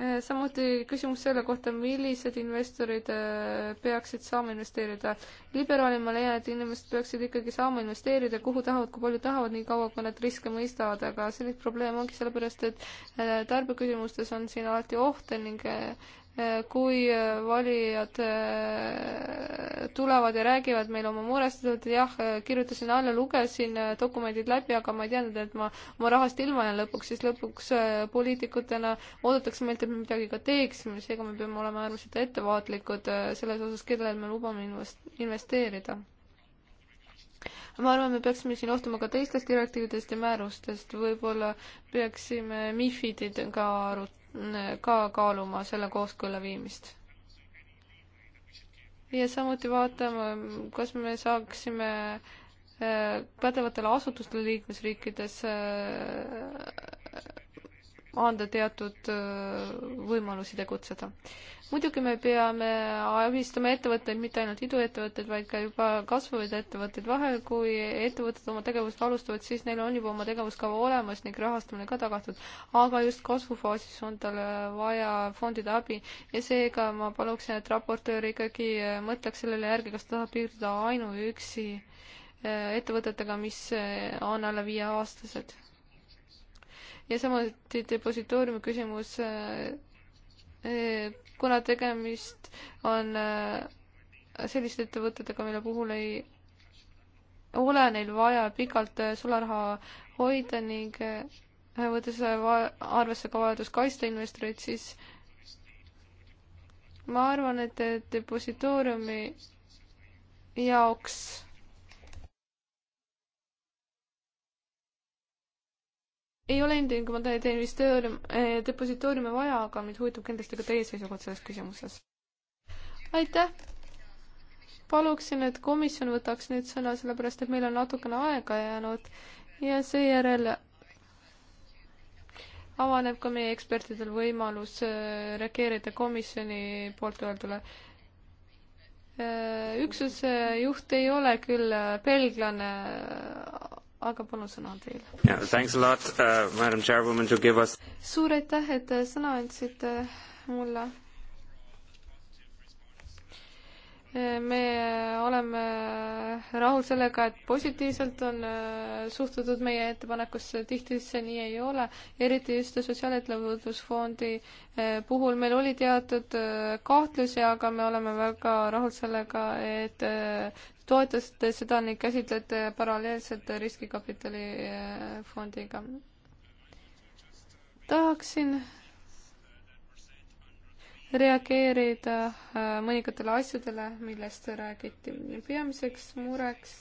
Äh, samuti küsimus selle kohta, millised investorid äh, peaksid saama investeerida. liberaalina ma leian, et inimesed peaksid ikkagi saama investeerida, kuhu tahavad, kui palju tahavad, nii kaua, kui nad riske mõistavad, aga selline probleem ongi sellepärast, et äh, tarbeküsimustes on siin alati ohte ning kui äh, valijad äh, tulevad ja räägivad meile oma muresid, jah, äh, kirjutasin alla, lugesin dokumendid läbi, aga ma ei teadnud, et ma oma rahast ilma jään lõpuks, siis lõpuks poliitikutena oodatakse meilt, et me midagi ka teeksime, seega me peame olema äärmiselt ettevaatlikud selles osas, kellele me lubame investeerida ma arvan, me peaksime siin ohtuma ka teistest direktiividest ja määrustest, võib-olla peaksime MIFIDid ka arut-, ka kaaluma selle kooskõlla viimist. ja samuti vaatama, kas me saaksime äh, pädevatele asutustele liikmesriikides äh, anda teatud äh, võimalusi tegutseda. muidugi me peame abistama ettevõtteid, mitte ainult iduettevõtteid, vaid ka juba kasvavaid ettevõtteid. vahel, kui ettevõtted oma tegevust alustavad, siis neil on juba oma tegevuskava olemas ning rahastamine ka tagatud. aga just kasvufaasis on tal vaja fondide abi ja seega ma paluksin, et raportöör ikkagi äh, mõtleks sellele järgi, kas ta tahab piirduda ainuüksi äh, ettevõtetega, mis on alla viieaastased ja samuti depositooriumi küsimus, äh, äh, kuna tegemist on äh, selliste ettevõtetega, mille puhul ei ole neil vaja pikalt sularaha hoida ning võttes arvesse ka vajadus kaitsta investoreid, siis ma arvan, et depositooriumi jaoks ei ole ilmtingimata neid investeerium-, eh, depositooriume vaja, aga mind huvitab kindlasti ka teie seisukoht selles küsimuses. aitäh! paluksin, et komisjon võtaks nüüd sõna, sellepärast et meil on natukene aega jäänud ja seejärel avaneb ka meie ekspertidel võimalus eh, reageerida komisjoni poolt öeldule. Eh, üksuse juht ei ole küll belglane, aga palun sõna on teil yeah,. Thanks a lot uh,, madam chairwoman to give us. suur aitäh, et sõna andsite mulle. me oleme rahul sellega, et positiivselt on uh, suhtutud meie ettepanekusse, tihti see nii ei ole, eriti just Sotsiaalettevõtlusfondi uh, puhul meil oli teatud uh, kahtlusi, aga me oleme väga rahul sellega, et toetasite seda ning käsitlete paralleelselt riskikapitali äh, fondiga. tahaksin reageerida äh, mõningatele asjadele, millest räägiti. peamiseks mureks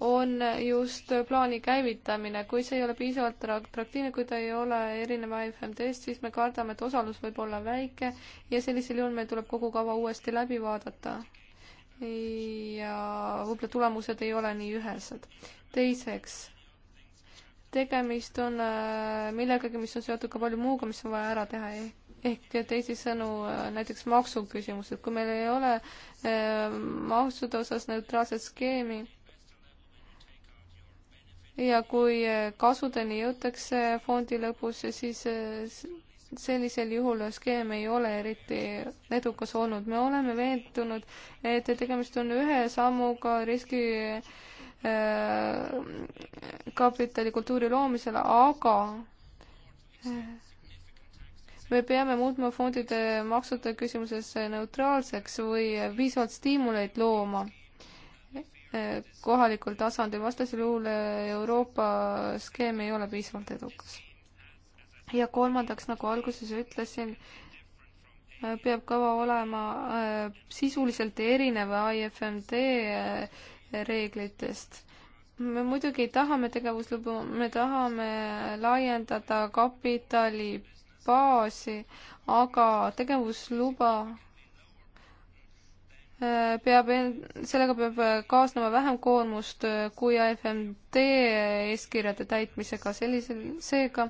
on just plaani käivitamine, kui see ei ole piisavalt atraktiivne, kui ta ei ole erineva FMD-st, siis me kardame, et osalus võib olla väike ja sellisel juhul meil tuleb kogu kava uuesti läbi vaadata. ja võib-olla tulemused ei ole nii ühesed. teiseks, tegemist on äh, millegagi, mis on seotud ka palju muuga, mis on vaja ära teha ehk teisisõnu äh, näiteks maksuküsimused, kui meil ei ole äh, maksude osas neutraalset skeemi ja kui eh, kasudeni jõutakse fondi lõpus, siis eh, sellisel juhul skeem ei ole eriti edukas olnud. me oleme veendunud, et tegemist on ühe sammuga riski eh, kapitali kultuuri loomisele, aga me peame muutma fondide maksude küsimuses neutraalseks või piisavalt stiimuleid looma kohalikul tasandil, vastasel juhul eh, Euroopa skeem ei ole piisavalt edukas. ja kolmandaks, nagu alguses ütlesin, eh, peab kava olema eh, sisuliselt erinev IFMD reeglitest me muidugi tahame tegevuslubu, me tahame laiendada kapitali baasi, aga tegevusluba peab, sellega peab kaasnema vähem koormust äh, kui AFMD eeskirjade täitmisega, sellisel, seega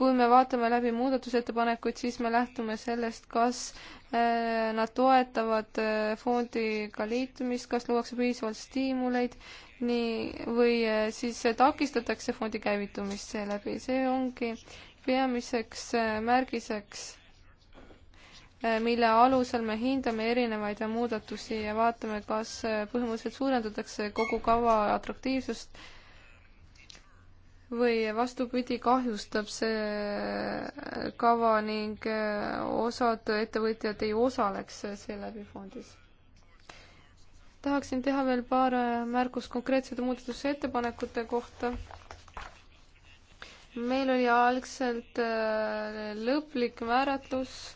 kui me vaatame läbi muudatusettepanekuid, siis me lähtume sellest, kas äh, nad toetavad äh, fondiga liitumist, kas luuakse piisavalt stiimuleid nii, või siis takistatakse fondi käivitumist seeläbi, see ongi peamiseks märgiseks Äh, mille alusel me hindame erinevaid muudatusi ja vaatame, kas äh, põhimõtteliselt suurendatakse kogu kava atraktiivsust või vastupidi, kahjustab see äh, kava ning osad ettevõtjad ei osaleks seeläbi fondis. tahaksin teha veel paar märkust konkreetsete muudatusettepanekute kohta. meil oli algselt lõplik määratlus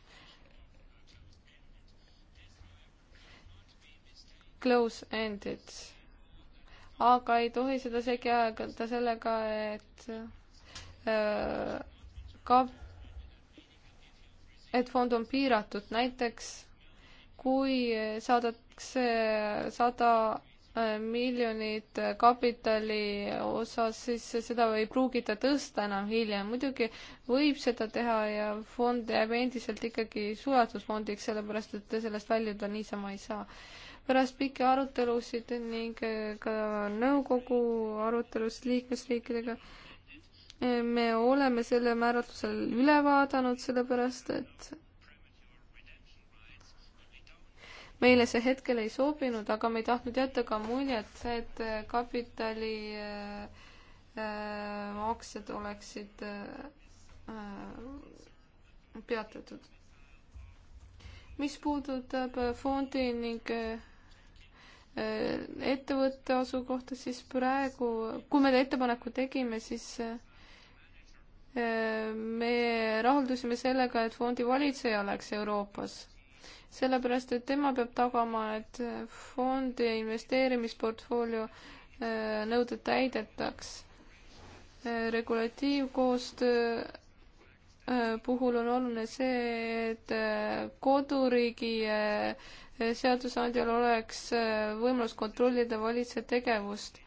close-ended. aga ei tohi seda segi ajada sellega, et äh, ka, et fond on piiratud, näiteks kui saadakse sada äh, miljonit kapitali osas, siis seda ei pruugi ta tõsta enam hiljem. muidugi võib seda teha ja fond jääb endiselt ikkagi sulatusfondiks, sellepärast et sellest väljuda niisama ei saa pärast pikki arutelusid ning eh, ka nõukogu arutelusid liikmesriikidega eh, me oleme selle määratlusel üle vaadanud, sellepärast et meile see hetkel ei sobinud, aga me ei tahtnud jätta ka muljet, et eh, kapitali maksed oleksid peatatud mis puudutab fondi ning ettevõtte asukohta, siis praegu, kui me ettepaneku tegime, siis äh, me rahuldusime sellega, et fondi valitseja oleks Euroopas. sellepärast, et tema peab tagama, et fondi investeerimisportfoolio äh, nõuded täidetaks. Äh, regulatiivkoostöö Äh, puhul on oluline see, et äh, koduriigi äh, seadusandjal oleks võimalus kontrollida valitsuse tegevust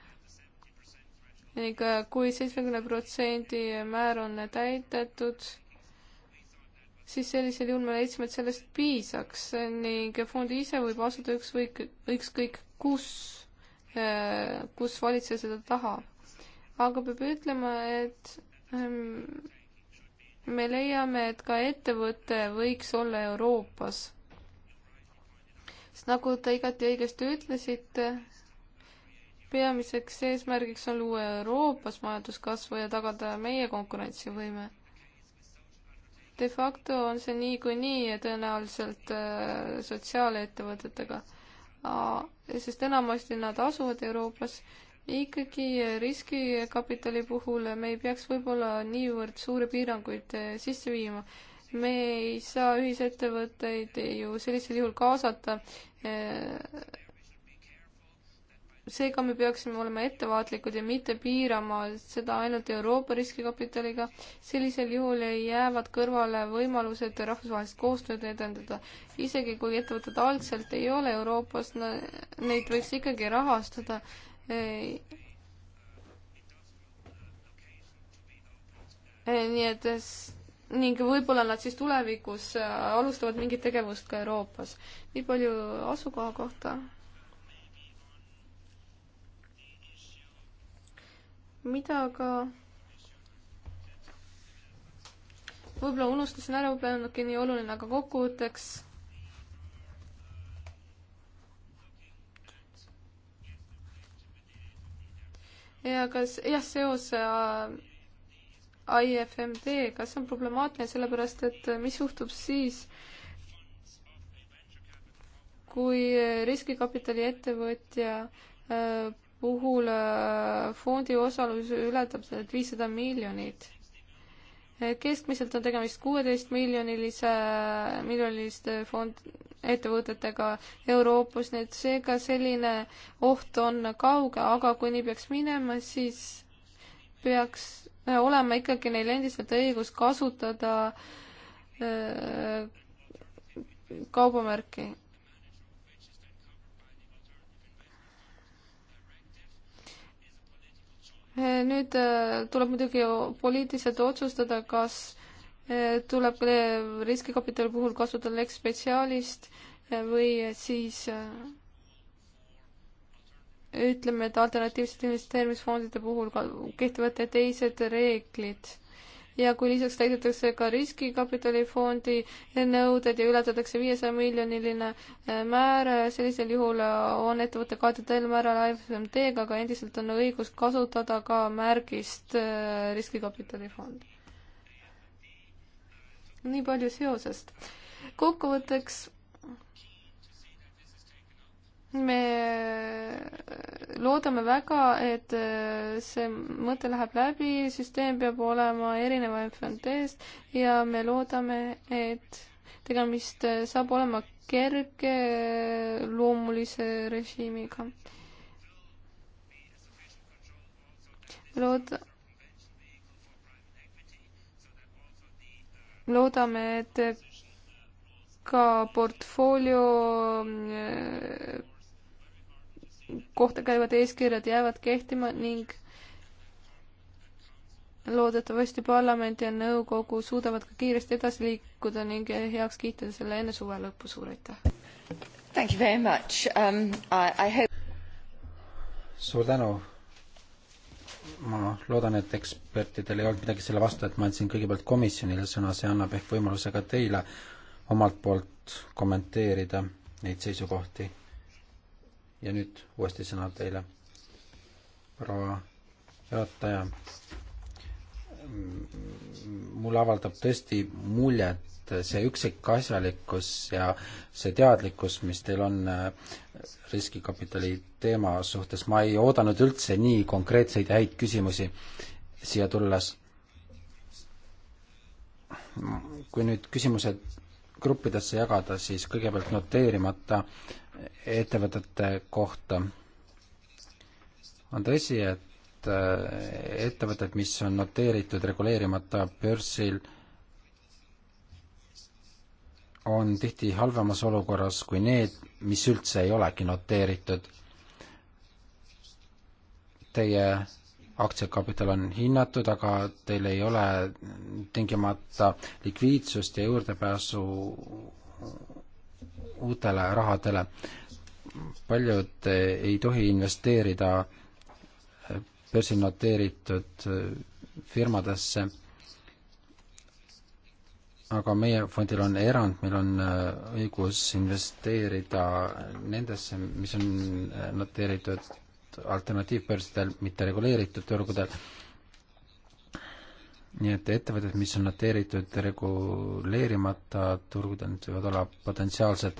ning kui seitsmekümne protsendi määr on täidetud, siis sellisel juhul me leidsime, et sellest piisaks ning fond ise võib asuda ükskõik, ükskõik kus, kus valitseja seda tahab. aga peab ütlema, et ehm, me leiame, et ka ettevõte võiks olla Euroopas. sest nagu te igati õigesti ütlesite, peamiseks eesmärgiks on luua Euroopas majanduskasvu ja tagada meie konkurentsivõime. De facto on see niikuinii tõenäoliselt äh, sotsiaalettevõtetega, sest enamasti nad asuvad Euroopas ikkagi riskikapitali puhul me ei peaks võib-olla niivõrd suuri piiranguid eh, sisse viima. me ei saa ühisettevõtteid ju sellisel juhul kaasata. Eh, seega me peaksime olema ettevaatlikud ja mitte piirama seda ainult Euroopa riskikapitaliga. sellisel juhul jäävad kõrvale võimalused rahvusvahelist koostööd edendada. isegi kui ettevõtted algselt ei ole Euroopas, neid võiks ikkagi rahastada nii et ning võib-olla nad siis tulevikus äh, alustavad mingit tegevust ka Euroopas. nii palju asukoha kohta. mida ka võib-olla unustasin ära, võib-olla ei olnudki nii oluline, aga kokkuvõtteks ja kas, jah, seos äh, IFMD-ga, see on problemaatiline, sellepärast et äh, mis juhtub siis, kui äh, riskikapitali ettevõtja puhul fondi osalus ületab viissada miljonit. keskmiselt on tegemist kuueteist miljonilise, miljoniliste fond, ettevõtetega Euroopas, nii et seega selline oht on kauge, aga kui nii peaks minema, siis peaks äh, olema ikkagi neil endiselt õigus kasutada öö, äh, kaubamärki. Äh, nüüd tuleb muidugi poliitiliselt otsustada, kas tuleb eh, riskikapitali puhul kasutada Lex Specialist eh, või siis eh, ütleme, et alternatiivsete investeerimisfondide puhul kehtivad teised reeglid. ja kui lisaks täidetakse ka riskikapitalifondi nõuded ja ületatakse viiesaja miljoniline määr, sellisel juhul on ettevõte kaetud täiel määral FMT-ga, aga endiselt on õigus kasutada ka märgist riskikapitalifondi nii palju seosest. kokkuvõtteks me loodame väga, et äh, see mõte läheb läbi, süsteem peab olema erineva FNT-st ja me loodame, et tegemist äh, saab olema kerge äh, loomulise režiimiga. looda-, loodame, et ka portfoolio mm, eh, kohta käivad eeskirjad jäävad kehtima ning loodetavasti parlament ja nõukogu suudavad ka kiiresti edasi liikuda ning heaks kiita selle enne suve lõppu, suur aitäh! Thank you very much um,, I, I hope suur tänu, ma loodan, et ekspertidel ei olnud midagi selle vastu, et ma andsin kõigepealt komisjonile sõna, see annab ehk võimaluse ka teile omalt poolt kommenteerida neid seisukohti. ja nüüd uuesti sõna teile, proua juhataja. mulle avaldab tõesti muljet, sest see üksikasjalikkus ja see teadlikkus, mis teil on äh, riskikapitali teema suhtes, ma ei oodanud üldse nii konkreetseid ja häid küsimusi siia tulles. kui nüüd küsimused gruppidesse jagada, siis kõigepealt noteerimata ettevõtete kohta. on tõsi, et äh, ettevõtted, mis on noteeritud reguleerimata börsil, on tihti halvemas olukorras kui need, mis üldse ei olegi noteeritud. Teie aktsiakapital on hinnatud, aga teil ei ole tingimata likviidsust ja juurdepääsu uutele rahadele. paljud ei tohi investeerida börsil noteeritud firmadesse aga meie fondil on erand, meil on äh, õigus investeerida nendesse, mis on äh, noteeritud alternatiivbörsidel, mitte reguleeritud turgudel. nii et ettevõtted, mis on noteeritud reguleerimata turgudel, need võivad olla potentsiaalsed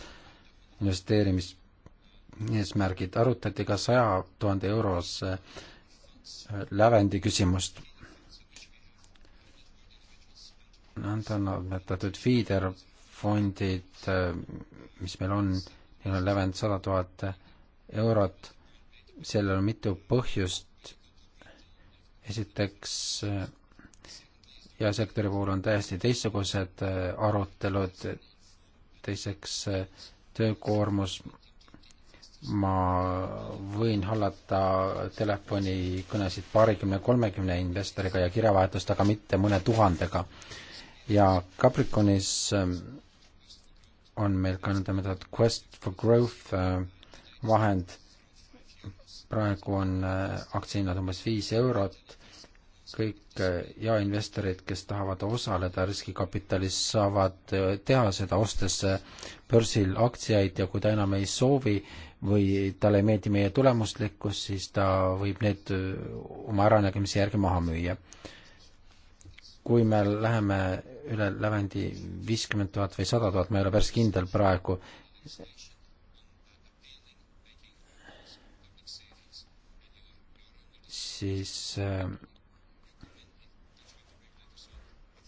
investeerimiseesmärgid. arutati ka saja tuhande eurose äh, lävendi küsimust nõndanimetatud feederfondid, mis meil on, neil on lävend sada tuhat eurot, sellel on mitu põhjust. esiteks erasektori puhul on täiesti teistsugused arutelud, teiseks töökoormus, ma võin hallata telefonikõnesid paarikümne-kolmekümne investoriga ja kirjavahetust, aga mitte mõne tuhandega ja Capricornis ähm, on meil ka nõndanimetatud Quest for Growth äh, vahend, praegu on äh, aktsiahinnad umbes viis eurot, kõik äh, jaeinvestorid, kes tahavad osaleda riskikapitalis, saavad teha seda, ostes börsil aktsiaid ja kui ta enam ei soovi või talle ei meeldi meie tulemuslikkus, siis ta võib need oma äranägemise järgi maha müüa kui me läheme üle lävendi viiskümmend tuhat või sada tuhat, ma ei ole päris kindel praegu, siis äh,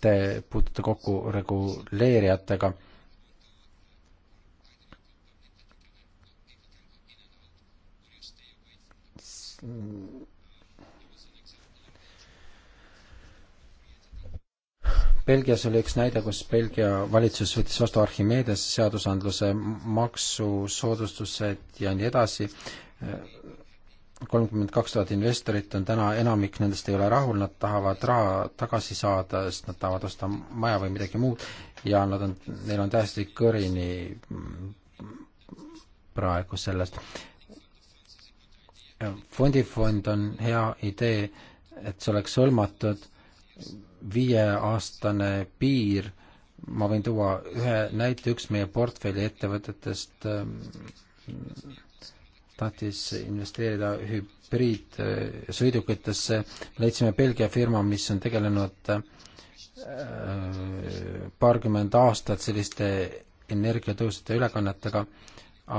te puutute kokku reguleerijatega Belgias oli üks näide, kus Belgia valitsus võttis vastu Archimedes seadusandluse, maksusoodustused ja nii edasi, kolmkümmend kaks tuhat investorit on täna, enamik nendest ei ole rahul, nad tahavad raha tagasi saada, sest nad tahavad osta maja või midagi muud ja nad on, neil on täiesti kõrini praegu sellest. fondifond on hea idee, et see oleks hõlmatud viieaastane piir, ma võin tuua ühe näite, üks meie portfelli ettevõtetest ähm, tahtis investeerida hübriidsõidukitesse, äh, leidsime Belgia firma, mis on tegelenud äh, paarkümmend aastat selliste energiatõusude ülekannetega,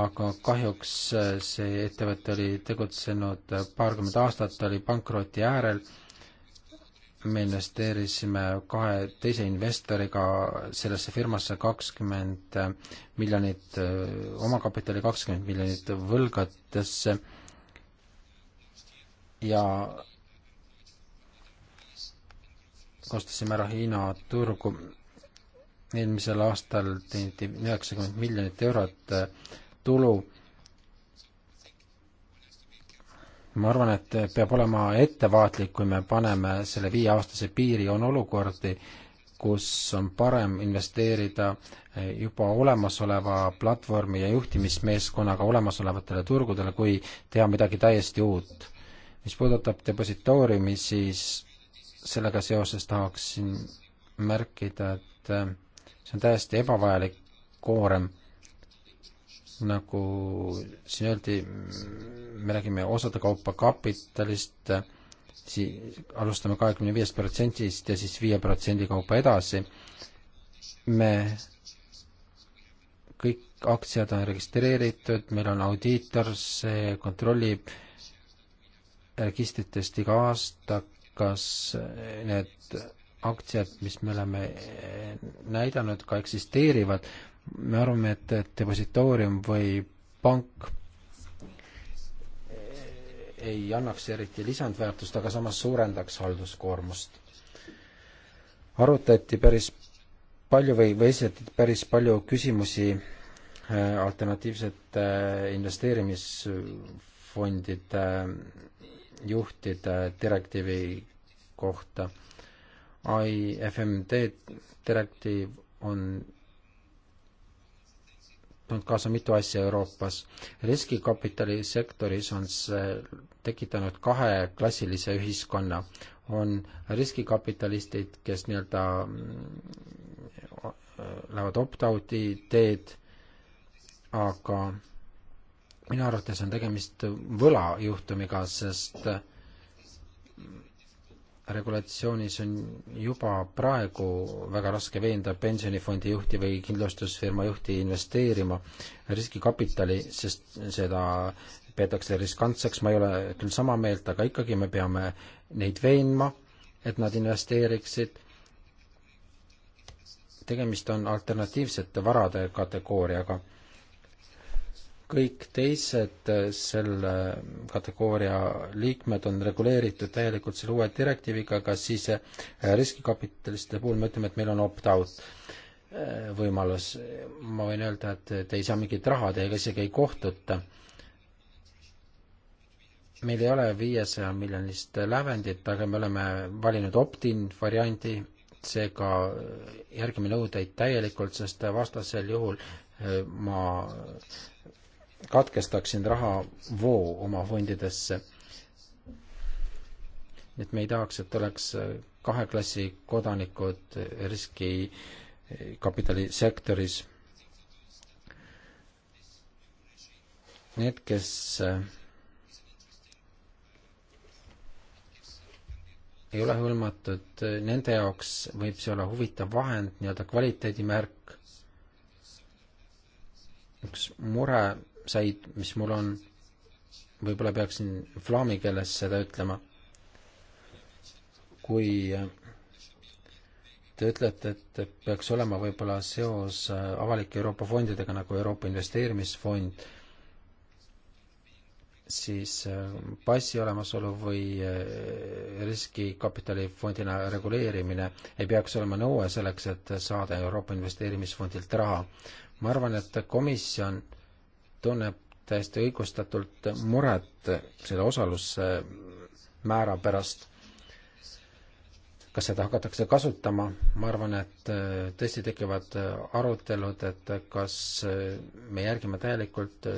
aga kahjuks äh, see ettevõte oli tegutsenud paarkümmend aastat, oli pankroti äärel me investeerisime kahe teise investoriga sellesse firmasse kakskümmend äh, miljonit äh, omakapitali, kakskümmend miljonit võlgadesse ja kostasime ära Hiina turgu. eelmisel aastal teeniti üheksakümmend miljonit eurot äh, tulu ma arvan, et peab olema ettevaatlik, kui me paneme selle viieaastase piiri, on olukordi, kus on parem investeerida juba olemasoleva platvormi ja juhtimismeeskonnaga olemasolevatele turgudele, kui teha midagi täiesti uut. mis puudutab depositooriumi, siis sellega seoses tahaksin märkida, et see on täiesti ebavajalik koorem nagu siin öeldi, me räägime osade kaupa kapitalist, sii-, alustame kahekümne viiest protsendist ja siis viie protsendi kaupa edasi, me kõik aktsiad on registreeritud, meil on audiitor, see kontrollib registritest iga aasta, kas need aktsiad, mis me oleme näidanud, ka eksisteerivad me arvame, et, et depositoorium või pank ei annaks eriti lisandväärtust, aga samas suurendaks halduskoormust. arutati päris palju või, või esitati päris palju küsimusi äh, alternatiivsete äh, investeerimisfondide äh, juhtide direktiivi kohta. IFMD direktiiv on toonud kaasa mitu asja Euroopas. riskikapitalisektoris on see tekitanud kaheklassilise ühiskonna. on riskikapitalistid, kes nii-öelda mm, lähevad opt-out'i teed, aga minu arvates on tegemist võlajuhtumiga, sest regulatsioonis on juba praegu väga raske veenda pensionifondi juhti või kindlustusfirma juhti investeerima riskikapitali, sest seda peetakse riskantseks, ma ei ole küll sama meelt, aga ikkagi me peame neid veenma, et nad investeeriksid. tegemist on alternatiivsete varade kategooriaga kõik teised äh, selle kategooria liikmed on reguleeritud täielikult selle uue direktiiviga, aga siis äh, riskikapitalistide puhul me ütleme, et meil on opt-out äh, võimalus. ma võin öelda, et te ei saa mingit raha, teiega isegi ei kohtuta. meil ei ole viiesaja miljonist lävendit, aga me oleme valinud opt-in variandi, seega järgime nõudeid täielikult, sest vastasel juhul ma katkestaksin rahavoo oma fondidesse. et me ei tahaks, et oleks kahe klassi kodanikud riskikapitalisektoris. Need, kes ei ole hõlmatud, nende jaoks võib see olla huvitav vahend, nii-öelda kvaliteedimärk. üks mure, said, mis mul on. võib-olla peaksin flaami keeles seda ütlema. kui äh, te ütlete, et peaks olema võib-olla seos äh, avalike Euroopa fondidega nagu Euroopa Investeerimisfond, siis äh, passi olemasolu või riskikapitalifondina reguleerimine ei peaks olema nõue selleks, et saada Euroopa Investeerimisfondilt raha. ma arvan, et komisjon tunneb täiesti õigustatult muret selle osalusmäära pärast. kas seda hakatakse kasutama, ma arvan, et äh, tõesti tekivad äh, arutelud, et äh, kas me järgime täielikult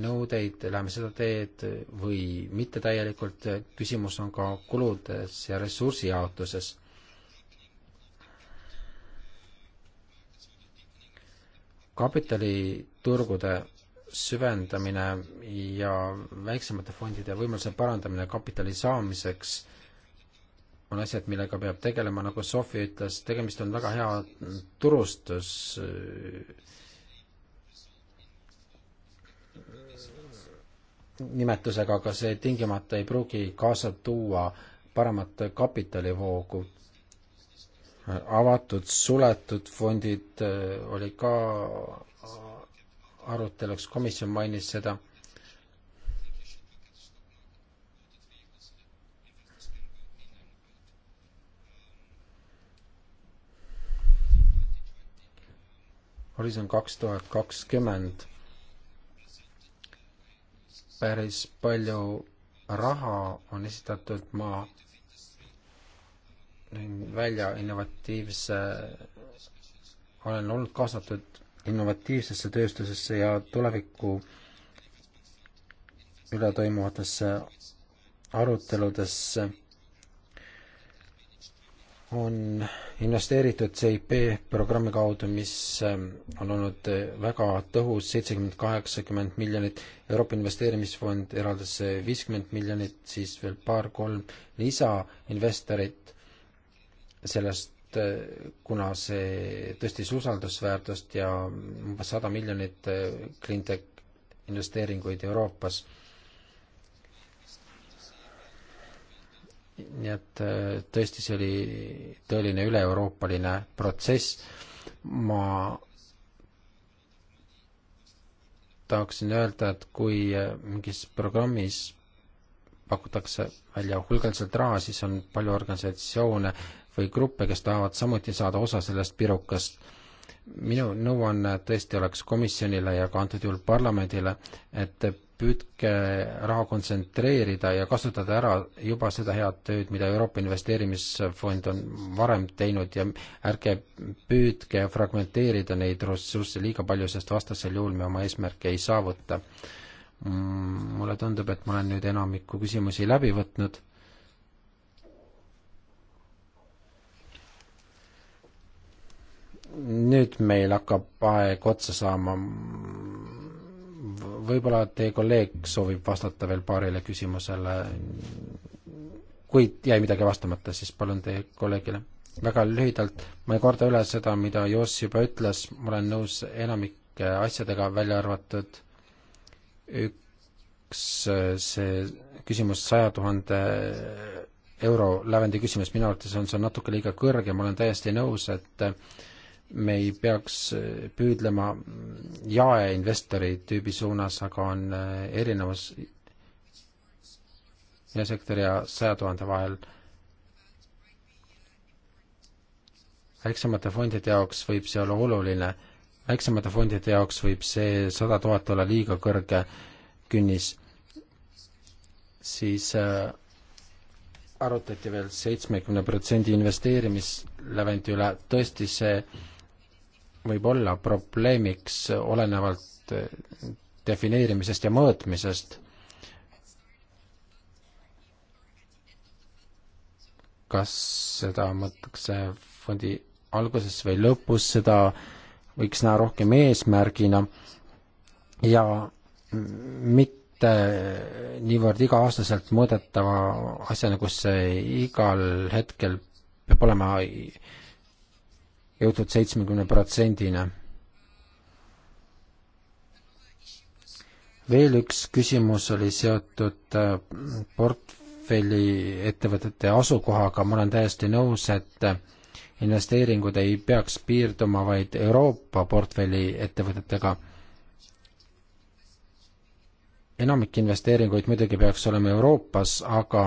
nõudeid, läheme seda teed või mitte täielikult, küsimus on ka kuludes ja ressursijaotuses kapitaliturgude süvendamine ja väiksemate fondide võimaluse parandamine kapitali saamiseks on asjad, millega peab tegelema, nagu Sofi ütles, tegemist on väga hea turustus äh, nimetusega, aga see tingimata ei pruugi kaasa tuua paremat kapitalivoogu avatud, suletud fondid äh, oli ka aruteluks, komisjon mainis seda. horisont kaks tuhat kakskümmend päris palju raha on esitatud, ma tõin välja innovatiivse, olen olnud kaasatud innovatiivsesse tööstusesse ja tuleviku üle toimuvatesse aruteludesse on investeeritud CIP programmi kaudu, mis ähm, on olnud äh, väga tõhus, seitsekümmend, kaheksakümmend miljonit, Euroopa Investeerimisfond eraldas äh, viiskümmend miljonit, siis veel paar-kolm lisainvestorit sellest Eh, kuna see tõstis usaldusväärtust ja umbes sada miljonit eh, Cleantech investeeringuid Euroopas. nii et eh, tõesti, see oli tõeline üle-euroopaline protsess. ma tahaksin öelda, et kui mingis programmis pakutakse välja hulgaliselt raha, siis on palju organisatsioone, või gruppe, kes tahavad samuti saada osa sellest pirukast. minu nõuanne tõesti oleks komisjonile ja ka antud juhul parlamendile, et püüdke raha kontsentreerida ja kasutada ära juba seda head tööd, mida Euroopa Investeerimisfond on varem teinud ja ärge püüdke fragmenteerida neid ressursse liiga palju, sest vastasel juhul me oma eesmärke ei saavuta. Mm, mulle tundub, et ma olen nüüd enamiku küsimusi läbi võtnud nüüd meil hakkab aeg otsa saama. võib-olla teie kolleeg soovib vastata veel paarile küsimusele. kui jäi midagi vastamata, siis palun teie kolleegile. väga lühidalt, ma ei korda üle seda, mida Joss juba ütles, ma olen nõus enamike asjadega, välja arvatud üks see küsimus saja tuhande euro lävendi küsimus, minu arvates on see natuke liiga kõrge, ma olen täiesti nõus, et äh, me ei peaks püüdlema jaeinvestori tüübi suunas, aga on äh, erinevus jaesektori ja saja tuhande vahel. väiksemate fondide jaoks võib see olla oluline, väiksemate fondide jaoks võib see sada tuhat olla liiga kõrge künnis, siis äh, arutati veel seitsmekümne protsendi investeerimislävendi üle, tõesti see äh, võib olla probleemiks olenevalt defineerimisest ja mõõtmisest. kas seda mõõdetakse fondi alguses või lõpus, seda võiks näha rohkem eesmärgina ja mitte niivõrd iga-aastaselt mõõdetava asjana, kus see igal hetkel peab olema jõutud seitsmekümne protsendina. veel üks küsimus oli seotud äh, portfelli ettevõtete asukohaga, ma olen täiesti nõus, et äh, investeeringud ei peaks piirduma vaid Euroopa portfelli ettevõtetega enamik investeeringuid muidugi peaks olema Euroopas, aga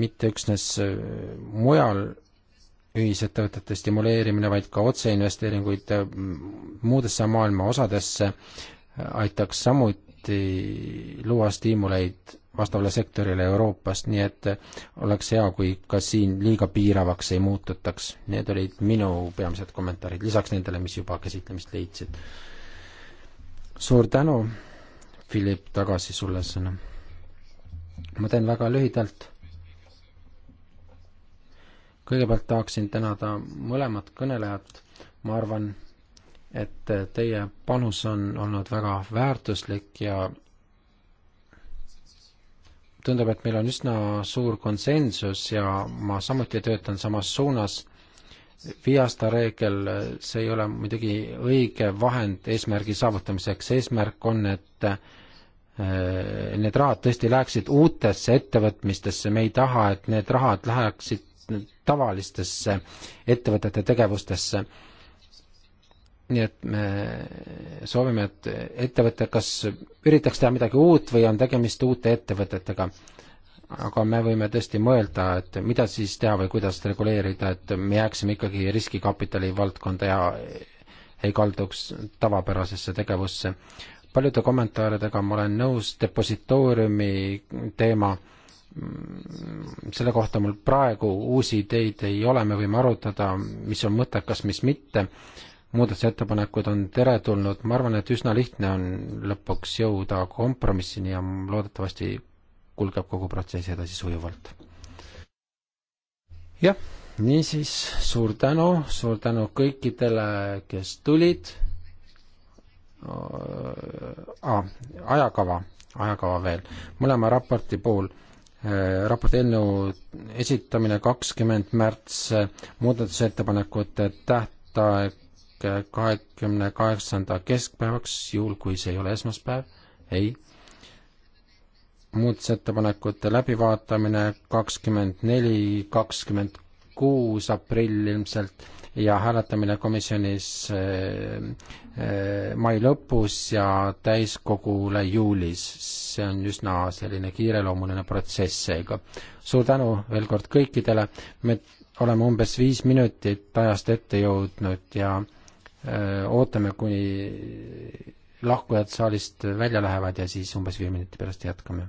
mitte üksnes äh, mujal ühisettevõtete stimuleerimine, vaid ka otseinvesteeringuid mm, muudesse maailma osadesse aitaks samuti luua stiimuleid vastavale sektorile Euroopast, nii et oleks hea, kui ka siin liiga piiravaks ei muututaks. Need olid minu peamised kommentaarid, lisaks nendele, mis juba käsitlemist leidsid. suur tänu, Philip, tagasi sulle sõna. ma teen väga lühidalt kõigepealt tahaksin tänada mõlemat kõnelejat, ma arvan, et teie panus on olnud väga väärtuslik ja tundub, et meil on üsna suur konsensus ja ma samuti töötan samas suunas. viie aasta reegel, see ei ole muidugi õige vahend eesmärgi saavutamiseks, eesmärk on, et äh, need rahad tõesti läheksid uutesse ettevõtmistesse, me ei taha, et need rahad läheksid tavalistesse ettevõtete tegevustesse. nii et me soovime, et ettevõte kas üritaks teha midagi uut või on tegemist uute ettevõtetega. aga me võime tõesti mõelda, et mida siis teha või kuidas reguleerida, et me jääksime ikkagi riskikapitali valdkonda ja ei kalduks tavapärasesse tegevusse. paljude kommentaaridega ma olen nõus, depositooriumi teema äh, selle kohta mul praegu uusi ideid ei ole, me võime arutada, mis on mõttekas, mis mitte, muudatusettepanekud on teretulnud, ma arvan, et üsna lihtne on lõpuks jõuda kompromissini ja loodetavasti kulgeb kogu protsess edasi sujuvalt. jah, niisiis suur tänu, suur tänu kõikidele, kes tulid äh,, ajakava, ajakava veel, mõlema raporti puhul Äh, raporti eelnõu esitamine kakskümmend märts, äh, muudatusettepanekute tähtaeg äh, kahekümne kaheksanda keskpäevaks, juhul kui see ei ole esmaspäev, ei. muudatusettepanekute läbivaatamine kakskümmend neli, kakskümmend kuus aprill ilmselt ja hääletamine komisjonis eh, eh, mai lõpus ja täiskogule juulis. see on üsna selline kiireloomuline protsess seega. suur tänu veel kord kõikidele, me oleme umbes viis minutit ajast ette jõudnud ja eh, ootame, kuni lahkujad saalist välja lähevad ja siis umbes viie minuti pärast jätkame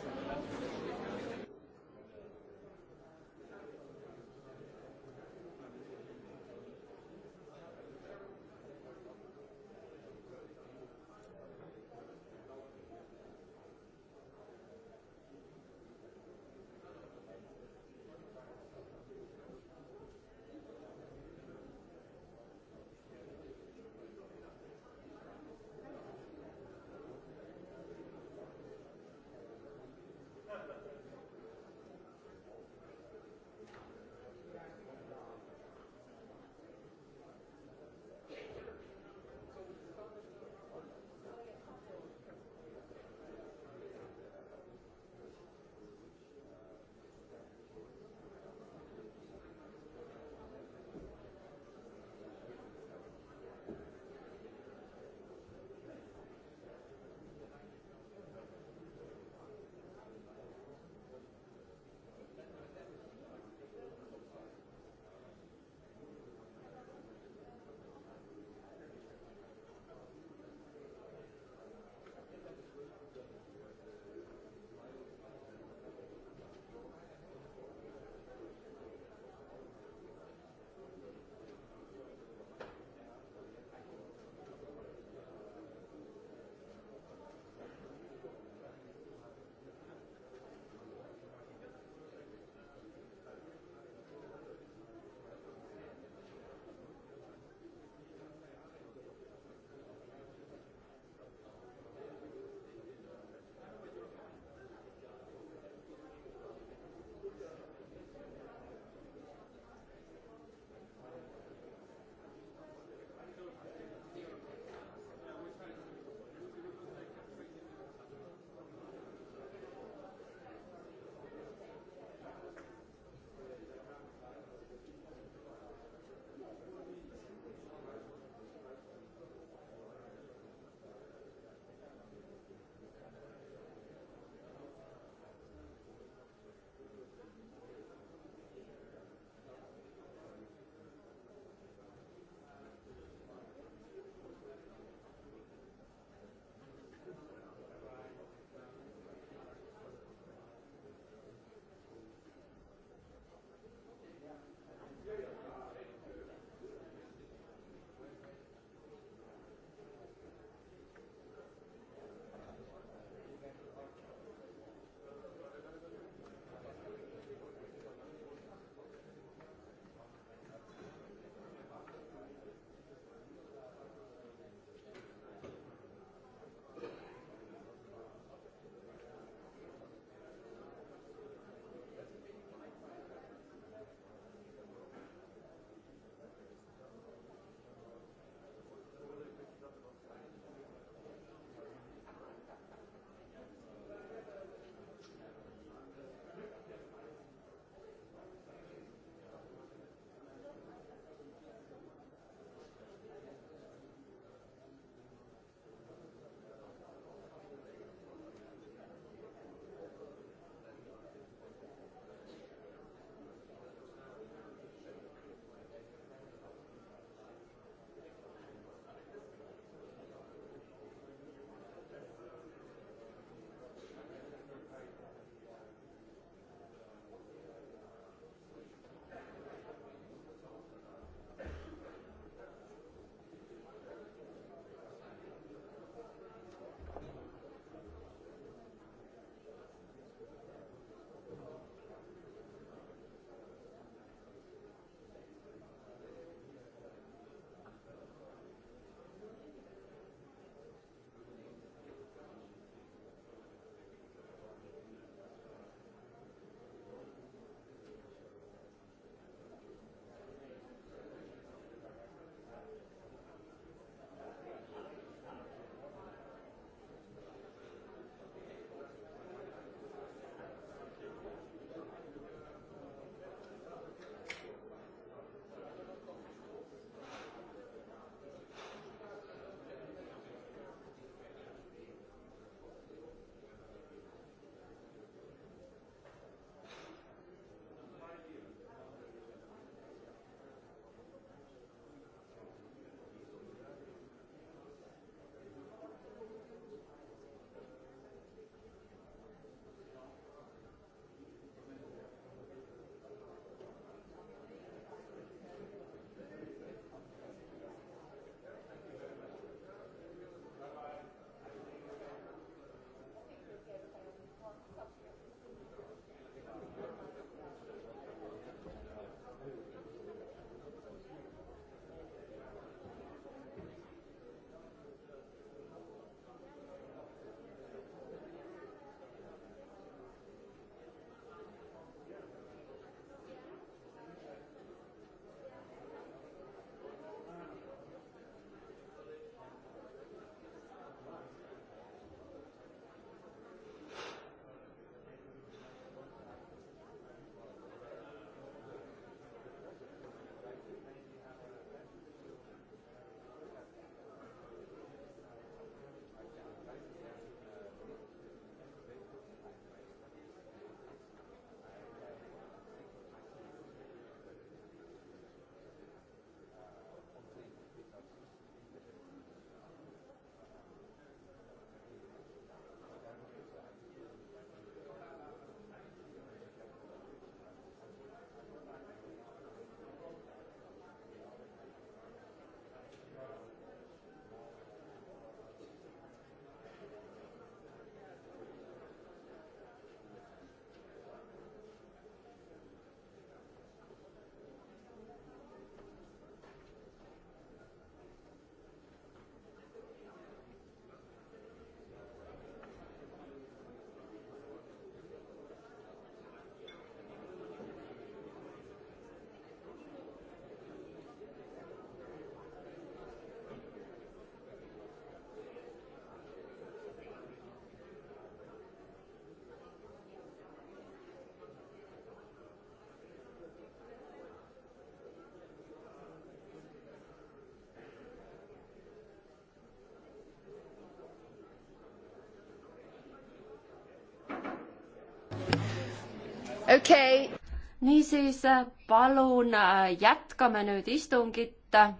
okei okay.. niisiis, palun äh, jätkame nüüd istungit uh,.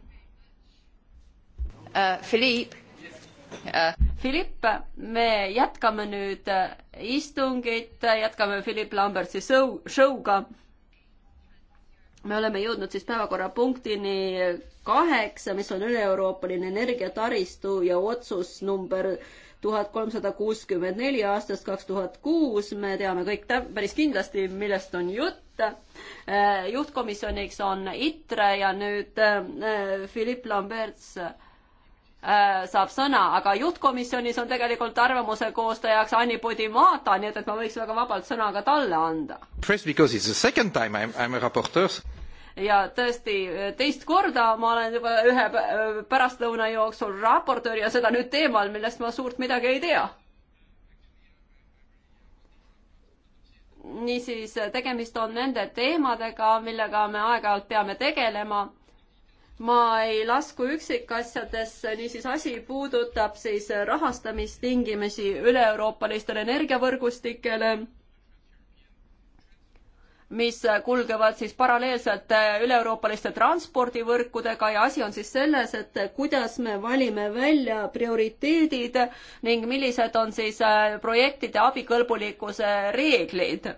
Äh, Philipp uh.. Philipp, me jätkame nüüd äh, istungit, jätkame Philipp Lambertsi show, show'ga. me oleme jõudnud siis päevakorrapunktini kaheksa, mis on üle-euroopaline energiataristu ja otsus number tuhat kolmsada kuuskümmend neli aastast kaks tuhat kuus, me teame kõik täp-, päris kindlasti, millest on jutt. Äh, juhtkomisjoniks on ITRE ja nüüd äh, Philippe Lamberts äh, saab sõna, aga juhtkomisjonis on tegelikult arvamuse koostajaks Anni Podimata, nii et, et ma võiks väga vabalt sõna ka talle anda ja tõesti teist korda ma olen juba ühe pärastlõuna jooksul raportöör ja seda nüüd teemal, millest ma suurt midagi ei tea. niisiis, tegemist on nende teemadega, millega me aeg-ajalt peame tegelema. ma ei lasku üksikasjadesse, niisiis asi puudutab siis rahastamistingimusi üle-euroopalistele energiavõrgustikele mis kulgevad siis paralleelselt üle-euroopaliste transpordivõrkudega ja asi on siis selles, et kuidas me valime välja prioriteedid ning millised on siis äh, projektide abikõlbulikkuse reeglid.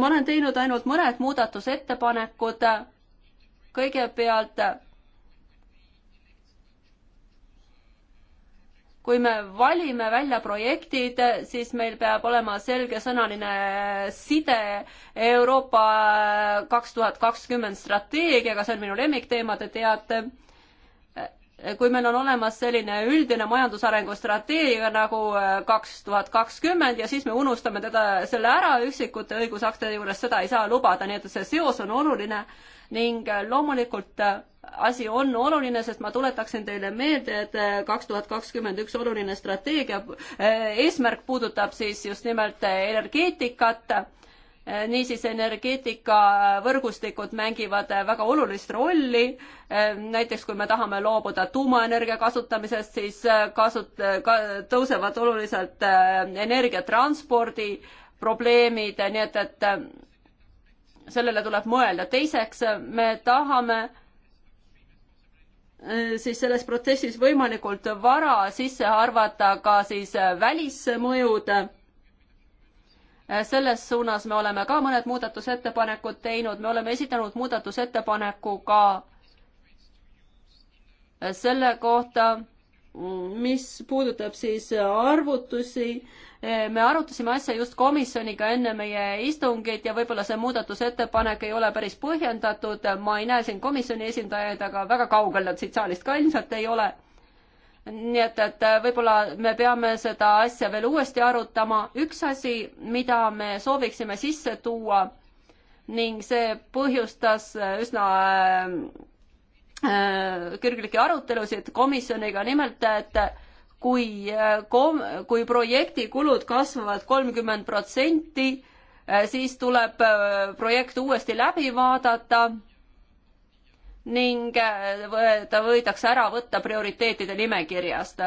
ma olen teinud ainult mõned muudatusettepanekud. kõigepealt kui me valime välja projektid, siis meil peab olema selgesõnaline side Euroopa kaks tuhat kakskümmend strateegiaga, see on minu lemmikteema, te teate. kui meil on olemas selline üldine majandusarengu strateegia nagu kaks tuhat kakskümmend ja siis me unustame teda, selle ära üksikute õigusaktide juures, seda ei saa lubada, nii et see seos on oluline ning äh, loomulikult äh, asi on oluline, sest ma tuletaksin teile meelde, et äh, kaks tuhat kakskümmend üks oluline strateegia eesmärk puudutab siis just nimelt energeetikat niisiis energeetikavõrgustikud mängivad väga olulist rolli. näiteks kui me tahame loobuda tuumaenergia kasutamisest, siis kasut- ka,, tõusevad oluliselt energiatranspordi probleemid, nii et, et sellele tuleb mõelda. teiseks, me tahame äh, siis selles protsessis võimalikult vara sisse arvata ka siis äh, välismõjud. Äh, selles suunas me oleme ka mõned muudatusettepanekud teinud, me oleme esitanud muudatusettepaneku ka selle kohta, mis puudutab siis arvutusi, eh, me arutasime asja just komisjoniga enne meie istungit ja võib-olla see muudatusettepanek ei ole päris põhjendatud, ma ei näe siin komisjoni esindajaid, aga väga kaugel nad siit saalist ka ilmselt ei ole. nii et, et eh, võib-olla me peame seda asja veel uuesti arutama, üks asi, mida me sooviksime sisse tuua ning see põhjustas üsna eh, Äh, kirglikke arutelusid komisjoniga, nimelt et kui äh, kom-, kui projekti kulud kasvavad kolmkümmend protsenti, äh, siis tuleb projekt uuesti läbi vaadata ning ta võidakse ära võtta prioriteetide nimekirjast.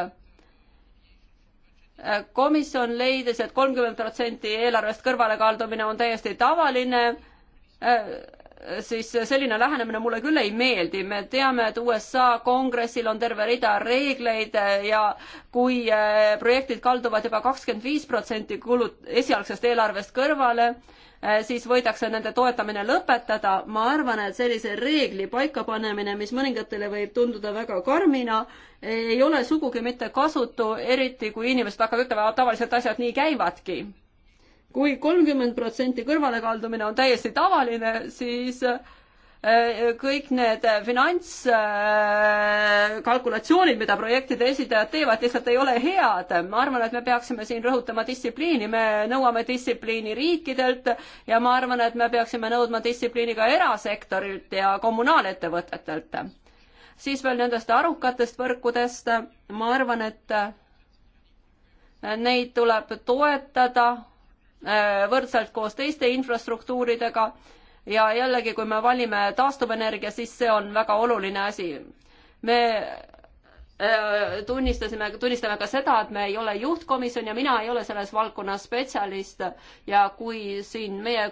komisjon leidis et, et kolmkümmend protsenti eelarvest kõrvalekaldumine on täiesti tavaline siis selline lähenemine mulle küll ei meeldi, me teame, et USA kongressil on terve rida reegleid ja kui äh, projektid kalduvad juba kakskümmend viis protsenti kulut-, esialgsest eelarvest kõrvale, äh, siis võidakse nende toetamine lõpetada. ma arvan, et sellise reegli paikapanemine, mis mõningatele võib tunduda väga karmina, ei ole sugugi mitte kasutu, eriti kui inimesed hakkavad ütlema, tavaliselt asjad nii käivadki kui kolmkümmend protsenti kõrvalekaldumine on täiesti tavaline, siis äh, kõik need finantskalkulatsioonid, mida projektide esindajad teevad, lihtsalt ei ole head. ma arvan, et me peaksime siin rõhutama distsipliini, me nõuame distsipliini riikidelt ja ma arvan, et me peaksime nõudma distsipliini ka erasektorilt ja kommunaalettevõtetelt. siis veel nendest arukatest võrkudest, ma arvan, et neid tuleb toetada Äh, võrdselt koos teiste infrastruktuuridega ja jällegi, kui me valime taastuvenergia, siis see on väga oluline asi. me äh, tunnistasime, tunnistame ka seda, et me ei ole juhtkomisjon ja mina ei ole selles valdkonnas spetsialist ja kui siin meie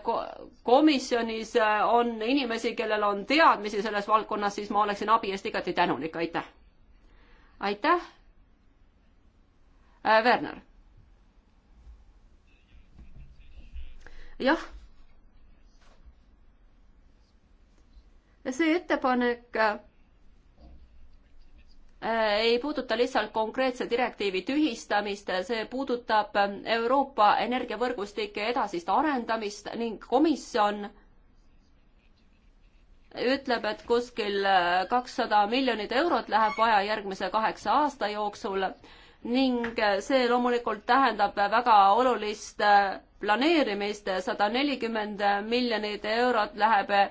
komisjonis äh, on inimesi, kellel on teadmisi selles valdkonnas, siis ma oleksin abi eest igati tänulik, aitäh. aitäh. Werner jah. see ettepanek äh, ei puuduta lihtsalt konkreetse direktiivi tühistamist, see puudutab Euroopa energiavõrgustike edasist arendamist ning komisjon ütleb, et kuskil kakssada miljonit eurot läheb vaja järgmise kaheksa aasta jooksul ning see loomulikult tähendab väga olulist äh, planeerimist, sada nelikümmend miljonit eurot läheb eh,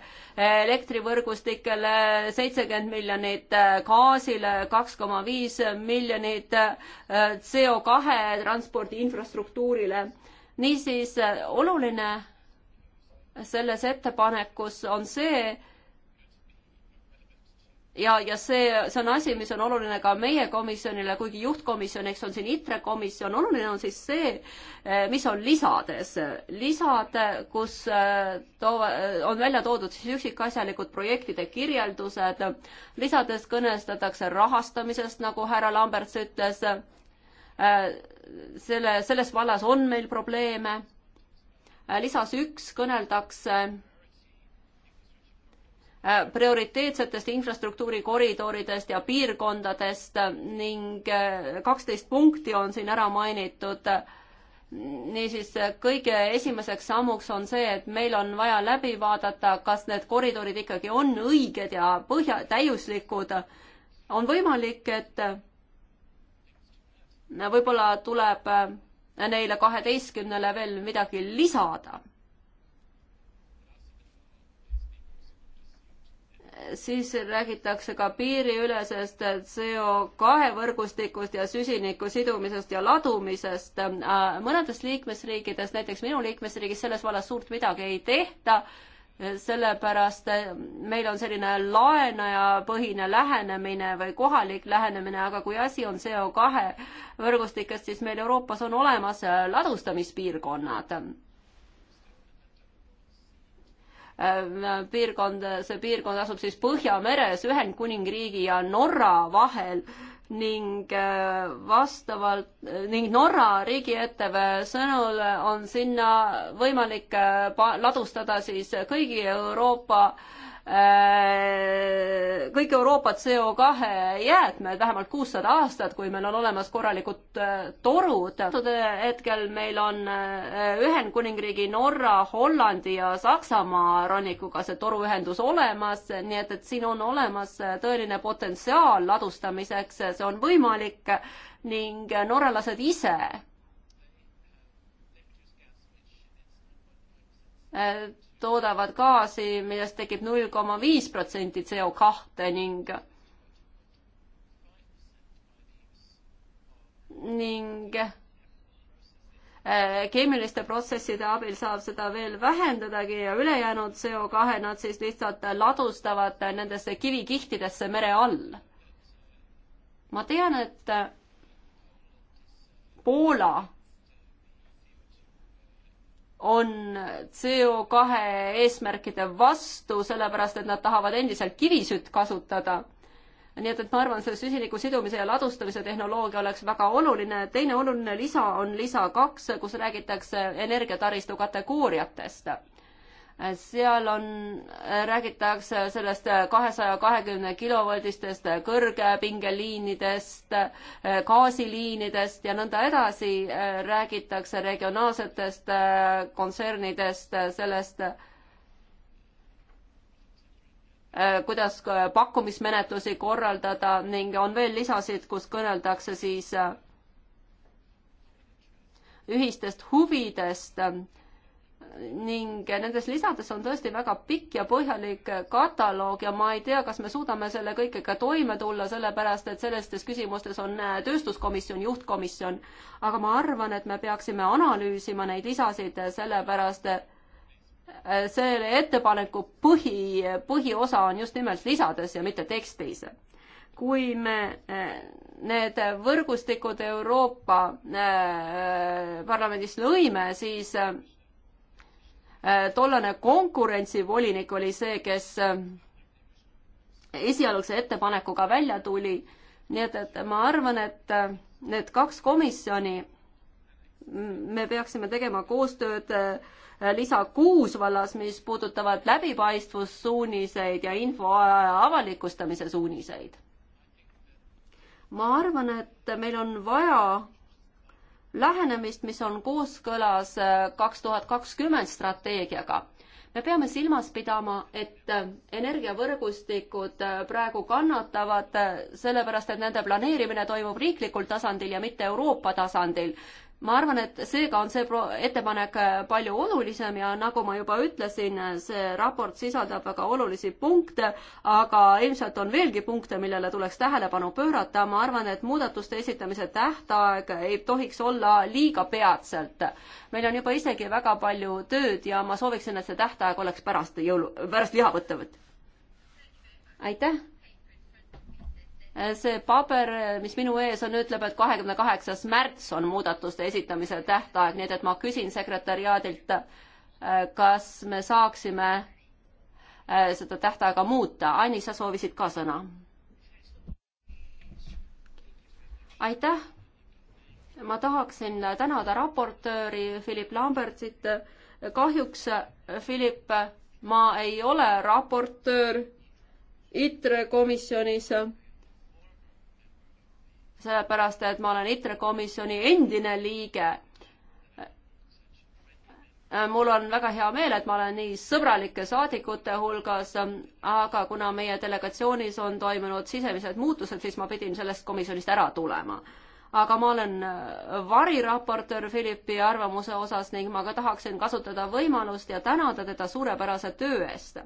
elektrivõrgustikele, seitsekümmend miljonit eh, gaasile, kaks koma viis miljonit eh, CO kahe transpordi infrastruktuurile. niisiis oluline selles ettepanekus on see, ja, ja see, see on asi, mis on oluline ka meie komisjonile, kuigi juhtkomisjon, eks on siin ITRE komisjon, oluline on siis see, eh, mis on lisades. lisad, kus eh, toovad, eh, on välja toodud siis üksikasjalikud projektide kirjeldused, lisades kõnestatakse rahastamisest, nagu härra Lamberts ütles, selle, selles vallas on meil probleeme, lisas üks kõneldakse Äh, prioriteetsetest infrastruktuurikoridoridest ja piirkondadest ning äh, kaksteist punkti on siin ära mainitud. niisiis, äh, kõige esimeseks sammuks on see, et meil on vaja läbi vaadata, kas need koridorid ikkagi on õiged ja põhja, täiuslikud. on võimalik, et võib-olla tuleb neile kaheteistkümnele veel midagi lisada siis räägitakse ka piiriülesest CO2 võrgustikust ja süsiniku sidumisest ja ladumisest. Äh, mõnedes liikmesriikides, näiteks minu liikmesriigis, selles vallas suurt midagi ei tehta, sellepärast äh, meil on selline laenajapõhine lähenemine või kohalik lähenemine, aga kui asi on CO2 võrgustikest, siis meil Euroopas on olemas äh, ladustamispiirkonnad Äh, piirkond, see piirkond asub siis Põhjameres Ühendkuningriigi ja Norra vahel ning äh, vastavalt, ning Norra riigiettevõtte sõnul on sinna võimalik äh, ladustada siis kõigi Euroopa äh, Äh, kõik Euroopa CO2 jäätmed vähemalt kuussada aastat, kui meil on olemas korralikud äh, torud. Äh, hetkel meil on Ühendkuningriigi, Norra, Hollandi ja Saksamaa rannikuga see toruühendus olemas, nii et, et siin on olemas tõeline potentsiaal ladustamiseks, see on võimalik ning norralased ise toodavad gaasi, millest tekib null koma viis protsenti CO kahte ning ning äh, keemiliste protsesside abil saab seda veel vähendadagi ja ülejäänud CO2 nad siis lihtsalt ladustavad nendesse kivikihtidesse mere all. ma tean, et Poola on CO kahe eesmärkide vastu, sellepärast et nad tahavad endiselt kivisütt kasutada. nii et, et ma arvan, see süsiniku sidumise ja ladustamise tehnoloogia oleks väga oluline. teine oluline lisa on lisa kaks, kus räägitakse energiataristu kategooriatest seal on, äh, räägitakse sellest kahesaja kahekümne kilovoldistest kõrgepingeliinidest, äh, gaasiliinidest ja nõnda edasi, äh, räägitakse regionaalsetest kontsernidest, sellest, kuidas pakkumismenetlusi korraldada ning on veel lisasid, kus kõneldakse siis ühistest huvidest ning nendes lisades on tõesti väga pikk ja põhjalik kataloog ja ma ei tea, kas me suudame selle kõigega toime tulla, sellepärast et sellistes küsimustes on äh, tööstuskomisjon, juhtkomisjon. aga ma arvan, et me peaksime analüüsima neid lisasid, sellepärast äh, selle ettepaneku põhi, põhiosa on just nimelt lisades ja mitte tekstis kui me äh, need võrgustikud Euroopa Parlamendis lõime, siis Äh, tollane konkurentsivolinik oli see, kes äh, esialgse ettepanekuga välja tuli. nii et, et ma arvan, et äh, need kaks komisjoni, mm, me peaksime tegema koostööd lisa kuus vallas, mis puudutavad läbipaistvussuuniseid ja info avalikustamise suuniseid. ma arvan, et meil on vaja lähenemist, mis on kooskõlas kaks äh, tuhat kakskümmend strateegiaga. me peame silmas pidama, et äh, energiavõrgustikud äh, praegu kannatavad, sellepärast et nende planeerimine toimub riiklikul tasandil ja mitte Euroopa tasandil ma arvan, et seega on see ettepanek äh, palju olulisem ja nagu ma juba ütlesin, äh, see raport sisaldab väga olulisi punkte, aga ilmselt on veelgi punkte, millele tuleks tähelepanu pöörata. ma arvan, et muudatuste esitamise tähtaeg ei tohiks olla liiga peatselt. meil on juba isegi väga palju tööd ja ma sooviksin, et see tähtaeg oleks pärast jõulu, pärast lihavõttevõtt. aitäh see paber, mis minu ees on, ütleb, et kahekümne kaheksas märts on muudatuste esitamise tähtaeg, nii et, et ma küsin sekretäriaadilt, äh, kas me saaksime äh, seda tähtaega muuta. Anni, sa soovisid ka sõna? aitäh! ma tahaksin tänada raportööri Philip Lambertsit. kahjuks, Philip, ma ei ole raportöör ITRE komisjonis sellepärast et ma olen ITRE komisjoni endine liige. mul on väga hea meel, et ma olen nii sõbralike saadikute hulgas, aga kuna meie delegatsioonis on toimunud sisemised muutused, siis ma pidin sellest komisjonist ära tulema. aga ma olen variraportöör Philippi arvamuse osas ning ma ka tahaksin kasutada võimalust ja tänada teda suurepärase töö eest.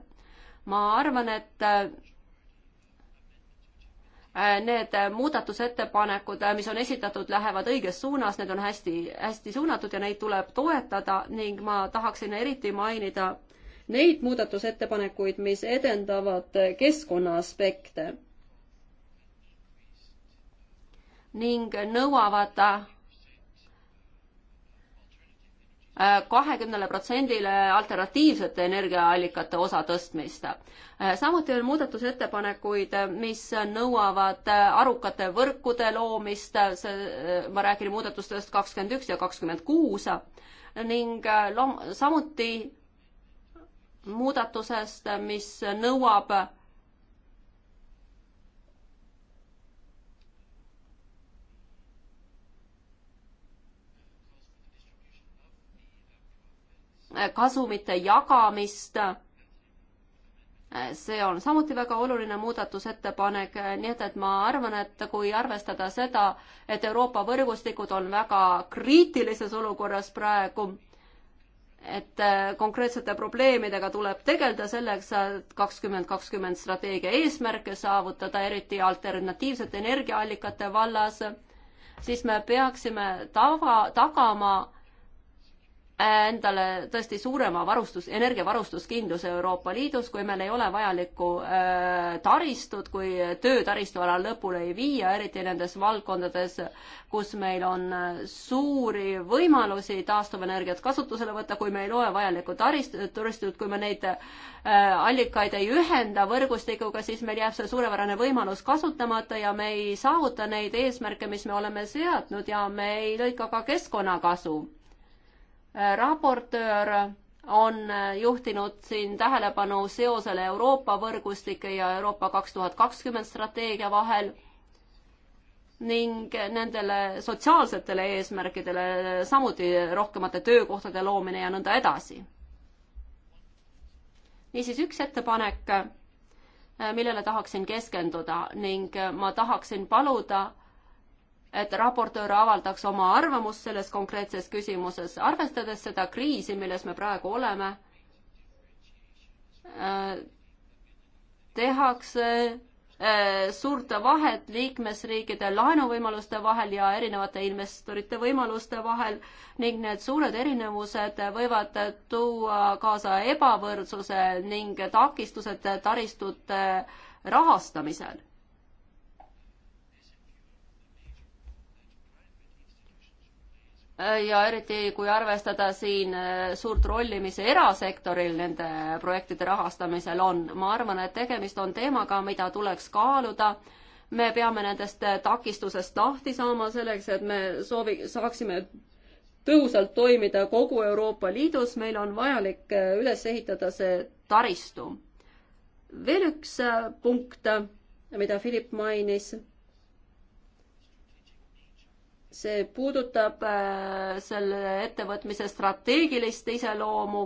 ma arvan, et Äh, need muudatusettepanekud, äh, mis on esitatud, lähevad õiges suunas, need on hästi, hästi suunatud ja neid tuleb toetada ning ma tahaksin eriti mainida neid muudatusettepanekuid, mis edendavad keskkonna aspekte ning nõuavad äh, kahekümnele protsendile alternatiivsete energiaallikate osa tõstmist. samuti on muudatusettepanekuid, mis nõuavad arukate võrkude loomist, see, ma räägin muudatustest kakskümmend üks ja kakskümmend kuus, ning loom-, samuti muudatusest, mis nõuab kasumite jagamist. see on samuti väga oluline muudatusettepanek, nii et, et ma arvan, et kui arvestada seda, et Euroopa võrgustikud on väga kriitilises olukorras praegu, et konkreetsete probleemidega tuleb tegeleda selleks, et kakskümmend kakskümmend strateegia eesmärke saavutada, eriti alternatiivsete energiaallikate vallas, siis me peaksime tava, tagama endale tõesti suurema varustus, energiavarustuskindluse Euroopa Liidus, kui meil ei ole vajalikku äh, taristut, kui töötaristu ala lõpule ei viia, eriti nendes valdkondades, kus meil on äh, suuri võimalusi taastuvenergiat kasutusele võtta, kui me ei loe vajalikku taristut, taristut, kui me neid äh, allikaid ei ühenda võrgustikuga, siis meil jääb see suurepärane võimalus kasutamata ja me ei saavuta neid eesmärke, mis me oleme seadnud ja me ei lõika ka keskkonnakasu raportöör on juhtinud siin tähelepanu seosele Euroopa võrgustike ja Euroopa kaks tuhat kakskümmend strateegia vahel ning nendele sotsiaalsetele eesmärkidele, samuti rohkemate töökohtade loomine ja nõnda edasi. niisiis üks ettepanek, millele tahaksin keskenduda ning ma tahaksin paluda, et raportöör avaldaks oma arvamust selles konkreetses küsimuses, arvestades seda kriisi, milles me praegu oleme, äh, tehakse äh, suurt vahet liikmesriikide laenuvõimaluste vahel ja erinevate investorite võimaluste vahel ning need suured erinevused võivad tuua kaasa ebavõrdsuse ning takistused taristute rahastamisel ja eriti, kui arvestada siin eh, suurt rolli, mis erasektoril nende projektide rahastamisel on, ma arvan, et tegemist on teemaga, mida tuleks kaaluda. me peame nendest takistusest lahti saama selleks, et me soovi, saaksime tõhusalt toimida kogu Euroopa Liidus, meil on vajalik eh, üles ehitada see taristu. veel üks eh, punkt, mida Philip mainis see puudutab äh, selle ettevõtmise strateegilist iseloomu.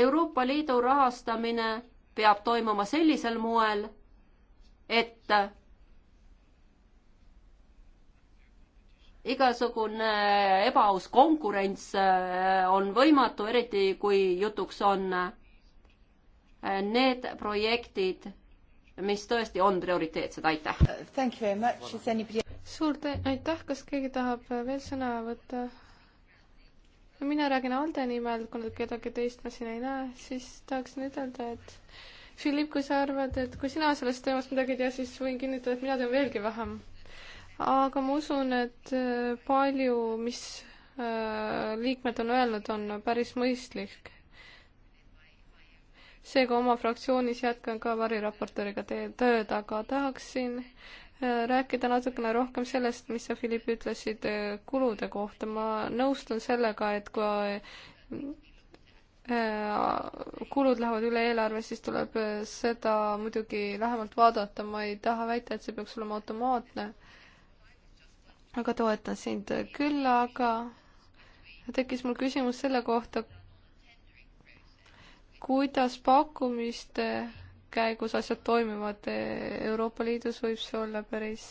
Euroopa Liidu rahastamine peab toimuma sellisel moel, et igasugune ebaaus konkurents äh, on võimatu, eriti kui jutuks on äh, need projektid, mis tõesti on prioriteetsed, aitäh! Anybody suur aitäh, kas keegi tahab veel sõna võtta? mina räägin Alde nimel, kuna kedagi teist ma siin ei näe, siis tahaksin ütelda, et Philipp, kui sa arvad, et kui sina sellest teemast midagi ei tea, siis võin kinnitada, et mina tean veelgi vähem. aga ma usun, et äh, palju, mis äh, liikmed on öelnud, on päris mõistlik. seega oma fraktsioonis jätkan ka variraportööriga tööd, aga tahaksin Äh, rääkida natukene rohkem sellest, mis sa, Philipp, ütlesid äh, kulude kohta. ma nõustun sellega, et kui äh, kulud lähevad üle eelarve, siis tuleb seda muidugi lähemalt vaadata. ma ei taha väita, et see peaks olema automaatne. aga toetan sind. küll aga tekkis mul küsimus selle kohta, kuidas pakkumiste käigus asjad toimivad eh, Euroopa Liidus, võib see olla päris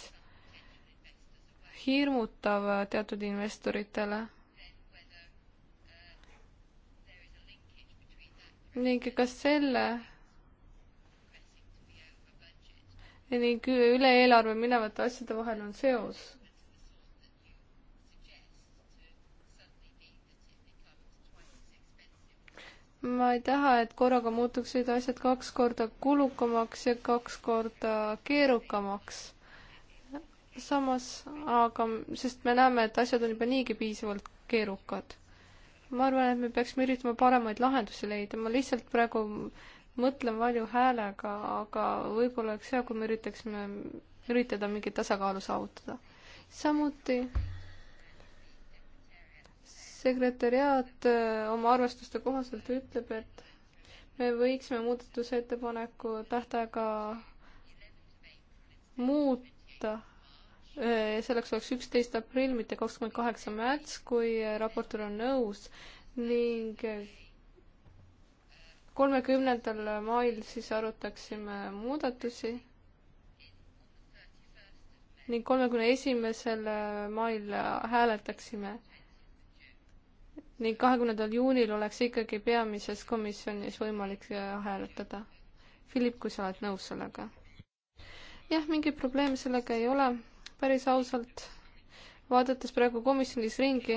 hirmutav teatud investoritele. ning kas selle ning üle eelarve minevate asjade vahel on seos ma ei taha, et korraga muutuksid asjad kaks korda kulukamaks ja kaks korda keerukamaks. samas, aga, sest me näeme, et asjad on juba niigi piisavalt keerukad. ma arvan, et me peaksime üritama paremaid lahendusi leida, ma lihtsalt praegu mõtlen valju häälega, aga võib-olla oleks hea, kui me üritaksime üritada mingit tasakaalu saavutada. samuti sekretäriaat äh, oma arvestuste kohaselt ütleb, et me võiksime muudatusettepaneku tähtaega muuta. Äh, selleks oleks üksteist aprill, mitte kakskümmend kaheksa märts, kui raportöör on nõus ning äh, kolmekümnendal mail siis arutaksime muudatusi ning kolmekümne esimesel mail hääletaksime ning kahekümnendal juunil oleks ikkagi peamises komisjonis võimalik äh, hääletada. Philipp, kui sa oled nõus sellega? jah, mingeid probleeme sellega ei ole, päris ausalt. vaadates praegu komisjonis ringi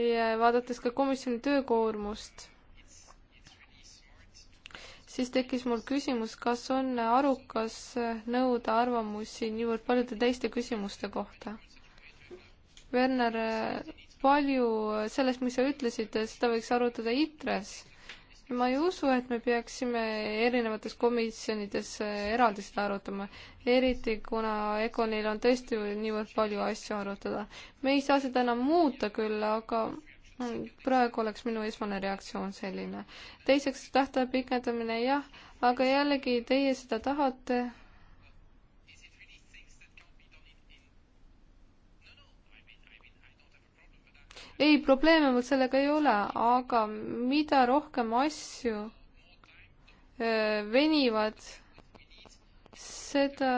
ja vaadates ka komisjoni töökoormust, siis tekkis mul küsimus, kas on arukas nõuda arvamusi niivõrd paljude teiste küsimuste kohta. Werner äh, palju sellest, mis sa ütlesid, seda võiks arutada ITRE-s. ma ei usu, et me peaksime erinevates komisjonides eraldi seda arutama, eriti kuna Econil on tõesti niivõrd palju asju arutada. me ei saa seda enam muuta küll, aga praegu oleks minu esmane reaktsioon selline. teiseks, tähtaja pikendamine, jah, aga jällegi teie seda tahate ei, probleeme mul sellega ei ole, aga mida rohkem asju venivad, seda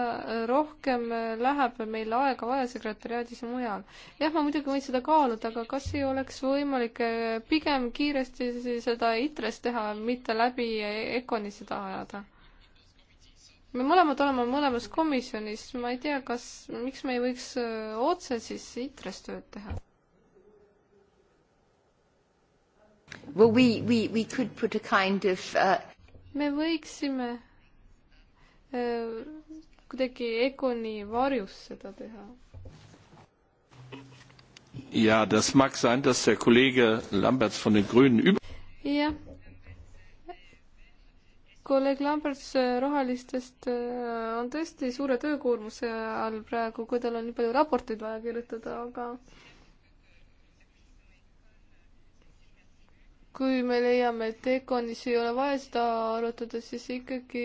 rohkem läheb meil aega vaja sekretäriaadis ja mujal. jah, ma muidugi võin seda kaaluda, aga kas ei oleks võimalik pigem kiiresti seda ITRES teha, mitte läbi e- ECONi seda ajada? me mõlemad oleme mõlemas komisjonis, ma ei tea, kas, miks me ei võiks otse siis ITRES tööd teha? Well, we, we, we could put a kind of uh... me võiksime uh, kuidagi Egoni varjus seda teha. Ja, das mag sein, dass der Kollege Lamberts von den Grünen über... jah, kolleeg Lamberts äh, Rohelistest äh, on tõesti suure töökoormuse all praegu, kui tal on nii palju raporteid vaja kirjutada, aga kui me leiame, et Econis ei ole vaja seda arutada, siis ikkagi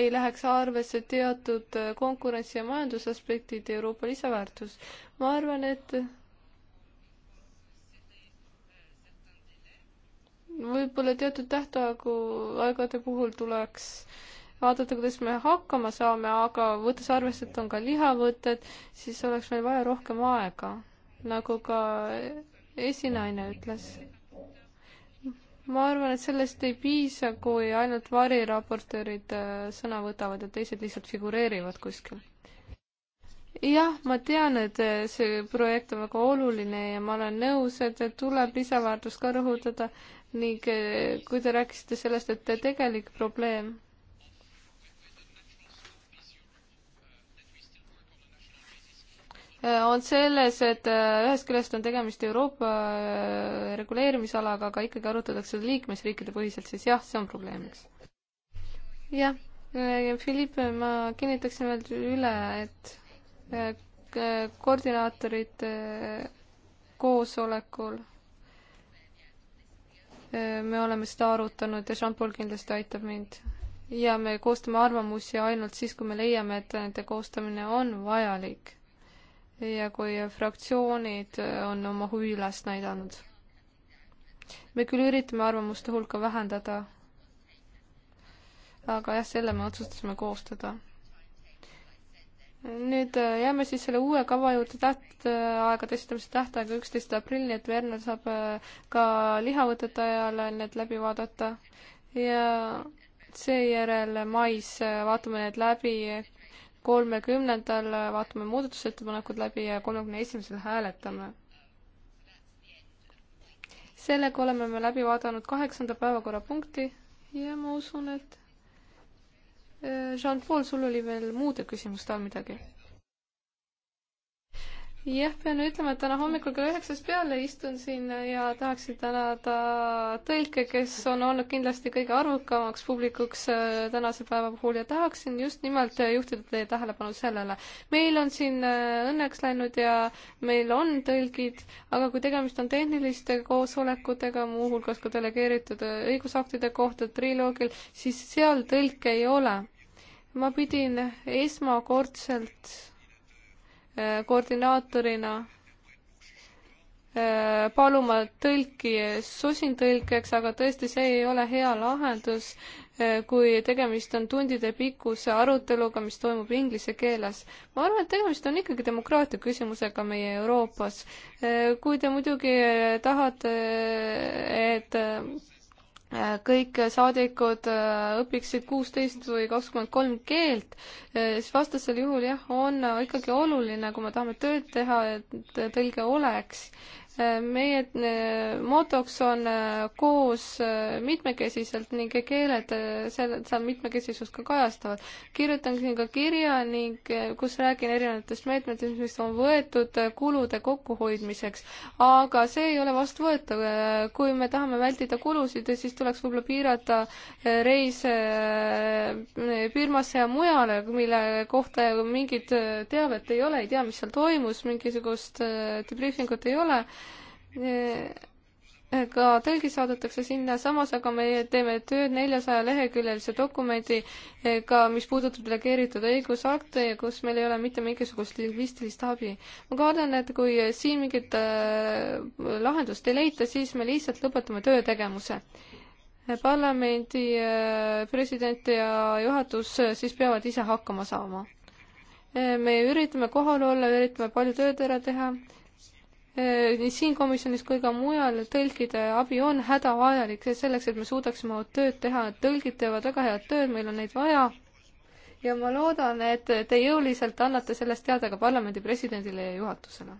ei läheks arvesse teatud konkurentsi- ja majandusaspektid Euroopa lisaväärtus. ma arvan, et võib-olla teatud tähtaegu, aegade puhul tuleks vaadata, kuidas me hakkama saame, aga võttes arvesse, et on ka lihavõtted, siis oleks meil vaja rohkem aega, nagu ka esinaine ütles ma arvan, et sellest ei piisa, kui ainult variraportöörid äh, sõna võtavad ja teised lihtsalt figureerivad kuskil. jah, ma tean, et äh, see projekt on väga oluline ja ma olen nõus, et tuleb lisaväärtust ka rõhutada ning äh, kui te rääkisite sellest, et tegelik probleem Äh, on selles, et äh, ühest küljest on tegemist Euroopa äh, reguleerimisalaga, aga ikkagi arutatakse liikmesriikide põhiselt, siis jah, see on probleemiks. jah, Philippe, ma kinnitaksin veel üle, et koordinaatorite koosolekul me oleme seda arutanud ja Jean-Paul kindlasti aitab mind. ja me koostame arvamusi ainult siis, kui me leiame, et nende koostamine on vajalik ja kui fraktsioonid on oma huvi üles näidanud. me küll üritame arvamuste hulka vähendada, aga jah, selle me otsustasime koostada. nüüd äh, jääme siis selle uue kava juurde tähtaega äh, testimise tähtaega üksteist aprilli, et Werner saab äh, ka lihavõtete ajal need läbi vaadata ja seejärel mais vaatame need läbi kolmekümnendal vaatame muudatusettepanekud läbi ja kolmekümne esimesel hääletame. sellega oleme me läbi vaadanud kaheksanda päevakorrapunkti ja ma usun, et äh, Jean-Paul, sul oli veel muude küsimuste all midagi? jah, pean ütlema, et täna hommikul kella üheksast peale istun siin ja tahaksin tänada tõlke, kes on olnud kindlasti kõige arvukamaks publikuks äh, tänase päeva puhul ja tahaksin just nimelt juhtida teie tähelepanu sellele. meil on siin äh, õnneks läinud ja meil on tõlgid, aga kui tegemist on tehniliste koosolekutega, muuhulgas ka delegeeritud äh, õigusaktide kohta triloogil, siis seal tõlke ei ole. ma pidin esmakordselt Äh, koordinaatorina äh, paluma tõlki sosintõlkeks, aga tõesti, see ei ole hea lahendus, äh, kui tegemist on tundide pikkuse aruteluga, mis toimub inglise keeles. ma arvan, et tegemist on ikkagi demokraatia küsimusega meie Euroopas. kui te muidugi tahate, et kõik saadikud äh, õpiksid kuusteist või kakskümmend kolm keelt, äh, siis vastasel juhul jah, on ikkagi oluline, kui me tahame tööd teha, et tõlge oleks meie äh, motoks on äh, koos äh, mitmekesiselt ning keeled seal mitmekesisust ka kajastavad. kirjutan siin ka kirja ning kus räägin erinevatest meetmetest, mis on võetud kulude kokkuhoidmiseks. aga see ei ole vastuvõetav. kui me tahame vältida kulusid, siis tuleks võib-olla piirata reise Birmasse ja mujale, mille kohta mingit teavet ei ole, ei tea, mis seal toimus, mingisugust debriefingut ei ole Äh, äh, ka tõlgi saadetakse sinna, samas aga me teeme tööd neljasaja leheküljelise dokumendiga, äh, mis puudutab delegeeritud õigusakte ja kus meil ei ole mitte mingisugust lingvistilist abi. ma kardan, et kui siin mingit lahendust ei leita, siis me lihtsalt lõpetame töö tegemuse. parlamendi president ja juhatus siis peavad ise hakkama saama. me üritame kohal olla, üritame palju tööd ära teha Äh, nii siin komisjonis kui ka mujal tõlkide abi on hädavajalik selleks, et me suudaksime oma tööd teha, et tõlgid teevad väga head tööd, meil on neid vaja. ja ma loodan, et te jõuliselt annate sellest teada ka parlamendi presidendile ja juhatusele.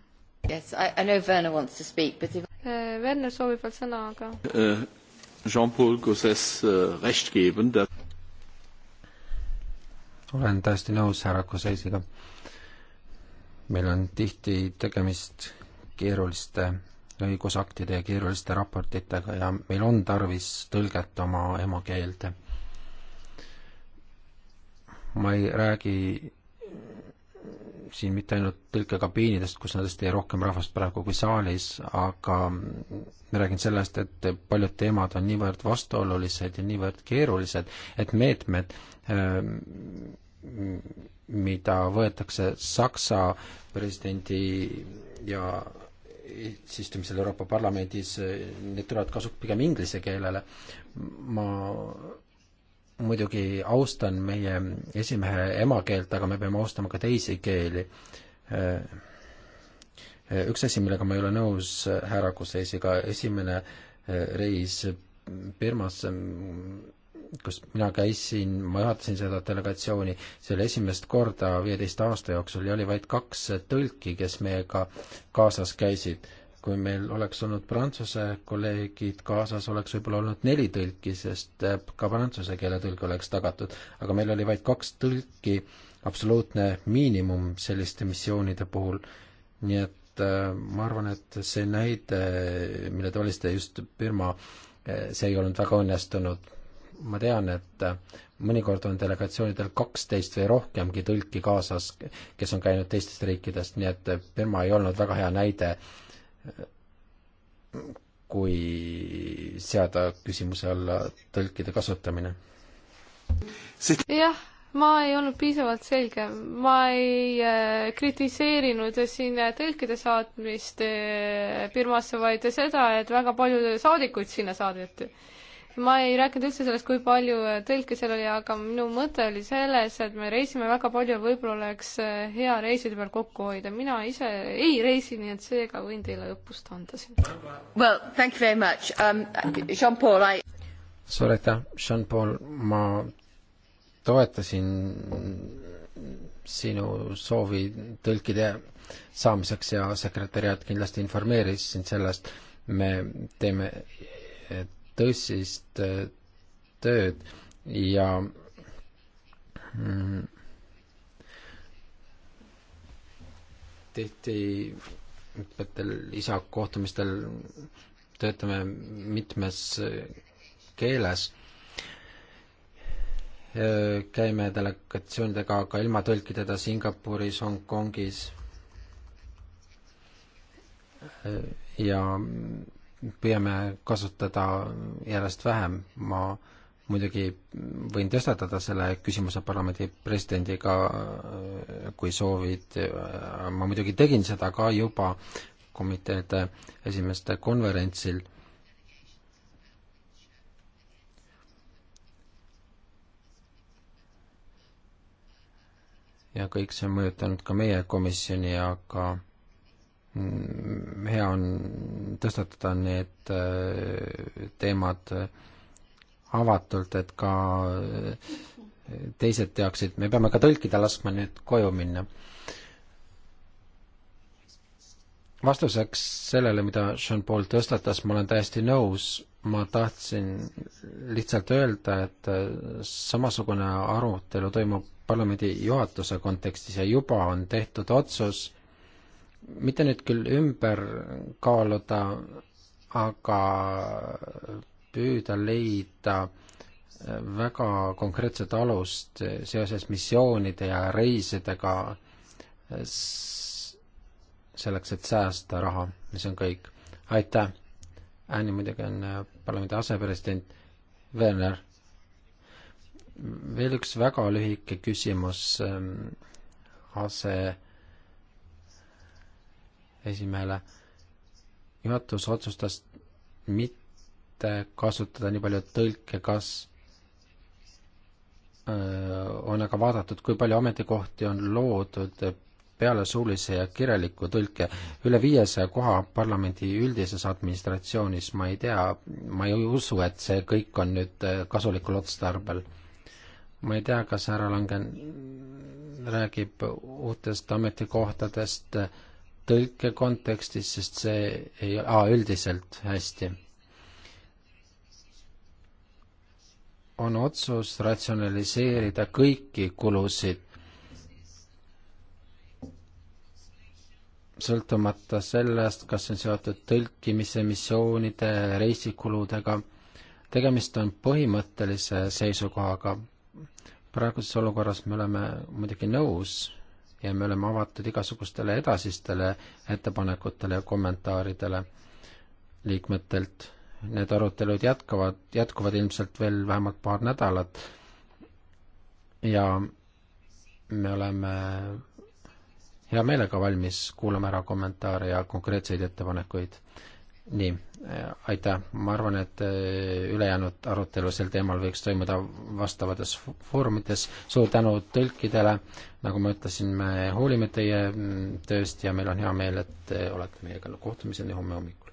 Yes, I, I know Werner wants to speak, but if... Äh, Werner soovib veel sõna, aga uh,. Jean-Paul Gosses uh, recht geben that.... olen täiesti nõus härra Gossesiga. meil on tihti tegemist keeruliste õigusaktide ja keeruliste raportitega ja meil on tarvis tõlget oma emakeelde. ma ei räägi siin mitte ainult tõlkekabiinidest, kus nendest jäi rohkem rahvast praegu kui saalis, aga ma räägin sellest, et paljud teemad on niivõrd vastuolulised ja niivõrd keerulised, et meetmed, mida võetakse Saksa presidendi ja eesistumisel Euroopa Parlamendis, need tulevad kasuks pigem inglise keelele. ma muidugi austan meie esimehe emakeelt, aga me peame austama ka teisi keeli. üks asi, millega ma ei ole nõus härra Kuseisiga, esimene reis Birmasse kus mina käisin, ma juhatasin seda delegatsiooni, see oli esimest korda viieteist aasta jooksul ja oli vaid kaks tõlki, kes meiega kaasas käisid. kui meil oleks olnud prantsuse kolleegid kaasas, oleks võib-olla olnud neli tõlki, sest eh, ka prantsuse keele tõlge oleks tagatud, aga meil oli vaid kaks tõlki, absoluutne miinimum selliste missioonide puhul, nii et eh, ma arvan, et see näide, mille te valisite just Birma eh, see ei olnud väga õnnestunud ma tean, et äh, mõnikord on delegatsioonidel kaksteist või rohkemgi tõlki kaasas, kes on käinud teistest riikidest, nii et äh, Birma ei olnud väga hea näide, äh, kui seada küsimuse alla tõlkide kasutamine. jah ma ei olnud piisavalt selge, ma ei äh, kritiseerinud siin tõlkide saatmist äh, Birmasse, vaid seda, et väga palju saadikuid sinna saadeti äh, ma ei rääkinud üldse sellest, kui palju äh, tõlke seal oli, aga minu mõte oli selles, et me reisime väga palju ja võib-olla oleks äh, hea reiside peal kokku hoida. mina ise ei reisi, nii et seega võin teile õppust anda siin. Well, thank you very much um,. Jean-Paul, I suur aitäh, Jean-Paul, ma toetasin sinu soovi tõlkide saamiseks ja sekretäriaat kindlasti informeeris sind sellest. me teeme tõsist äh, tööd ja mm, tihti mitmetel isakohtumistel töötame mitmes äh, keeles, äh, käime delegatsioonidega ka ilma tõlkideta Singapuris, Hongkongis ja mm, püüame kasutada järjest vähem, ma muidugi võin tõstatada selle küsimuse parlamendi presidendiga, kui soovid, ma muidugi tegin seda ka juba komiteede esimeste konverentsil, ja kõik see on mõjutanud ka meie komisjoni, aga ka Mm, hea on tõstatada need äh, teemad avatult, et ka äh, teised teaksid, me peame ka tõlkida laskma nüüd koju minna. vastuseks sellele, mida Jean-Paul tõstatas, ma olen täiesti nõus, ma tahtsin lihtsalt öelda, et äh, samasugune arutelu toimub parlamendi juhatuse kontekstis ja juba on tehtud otsus, mitte nüüd küll ümber kaaluda, aga püüda leida väga konkreetset alust seoses missioonide ja reisidega selleks, et säästa raha, mis on kõik. aitäh! Anni äh, muidugi on äh, parlamendi asepresident, Werner. veel üks väga lühike küsimus ähm, ase esimehele. juhatus otsustas mitte kasutada nii palju tõlke, kas on aga vaadatud, kui palju ametikohti on loodud peale suulise ja kirjaliku tõlke. üle viiesaja koha parlamendi üldises administratsioonis, ma ei tea, ma ei usu, et see kõik on nüüd kasulikul otstarbel. ma ei tea, kas härra Langen räägib uutest ametikohtadest äh, tõlke kontekstis, sest see ei ah,, üldiselt hästi. on otsus ratsionaliseerida kõiki kulusid, sõltumata sellest, kas on seotud tõlkimise, missioonide, reisikuludega. tegemist on põhimõttelise seisukohaga. praeguses olukorras me oleme muidugi nõus ja me oleme avatud igasugustele edasistele ettepanekutele ja kommentaaridele liikmetelt. Need arutelud jätkavad, jätkuvad ilmselt veel vähemalt paar nädalat ja me oleme hea meelega valmis kuulama ära kommentaare ja konkreetseid ettepanekuid. nii Äh, aitäh, ma arvan, et äh, ülejäänud arutelu sel teemal võiks toimuda vastavates foorumites, suur tänu tõlkidele, nagu ma ütlesin, me hoolime teie mm, tööst ja meil on hea meel, et te äh, olete meiega kohtumiseni homme hommikul.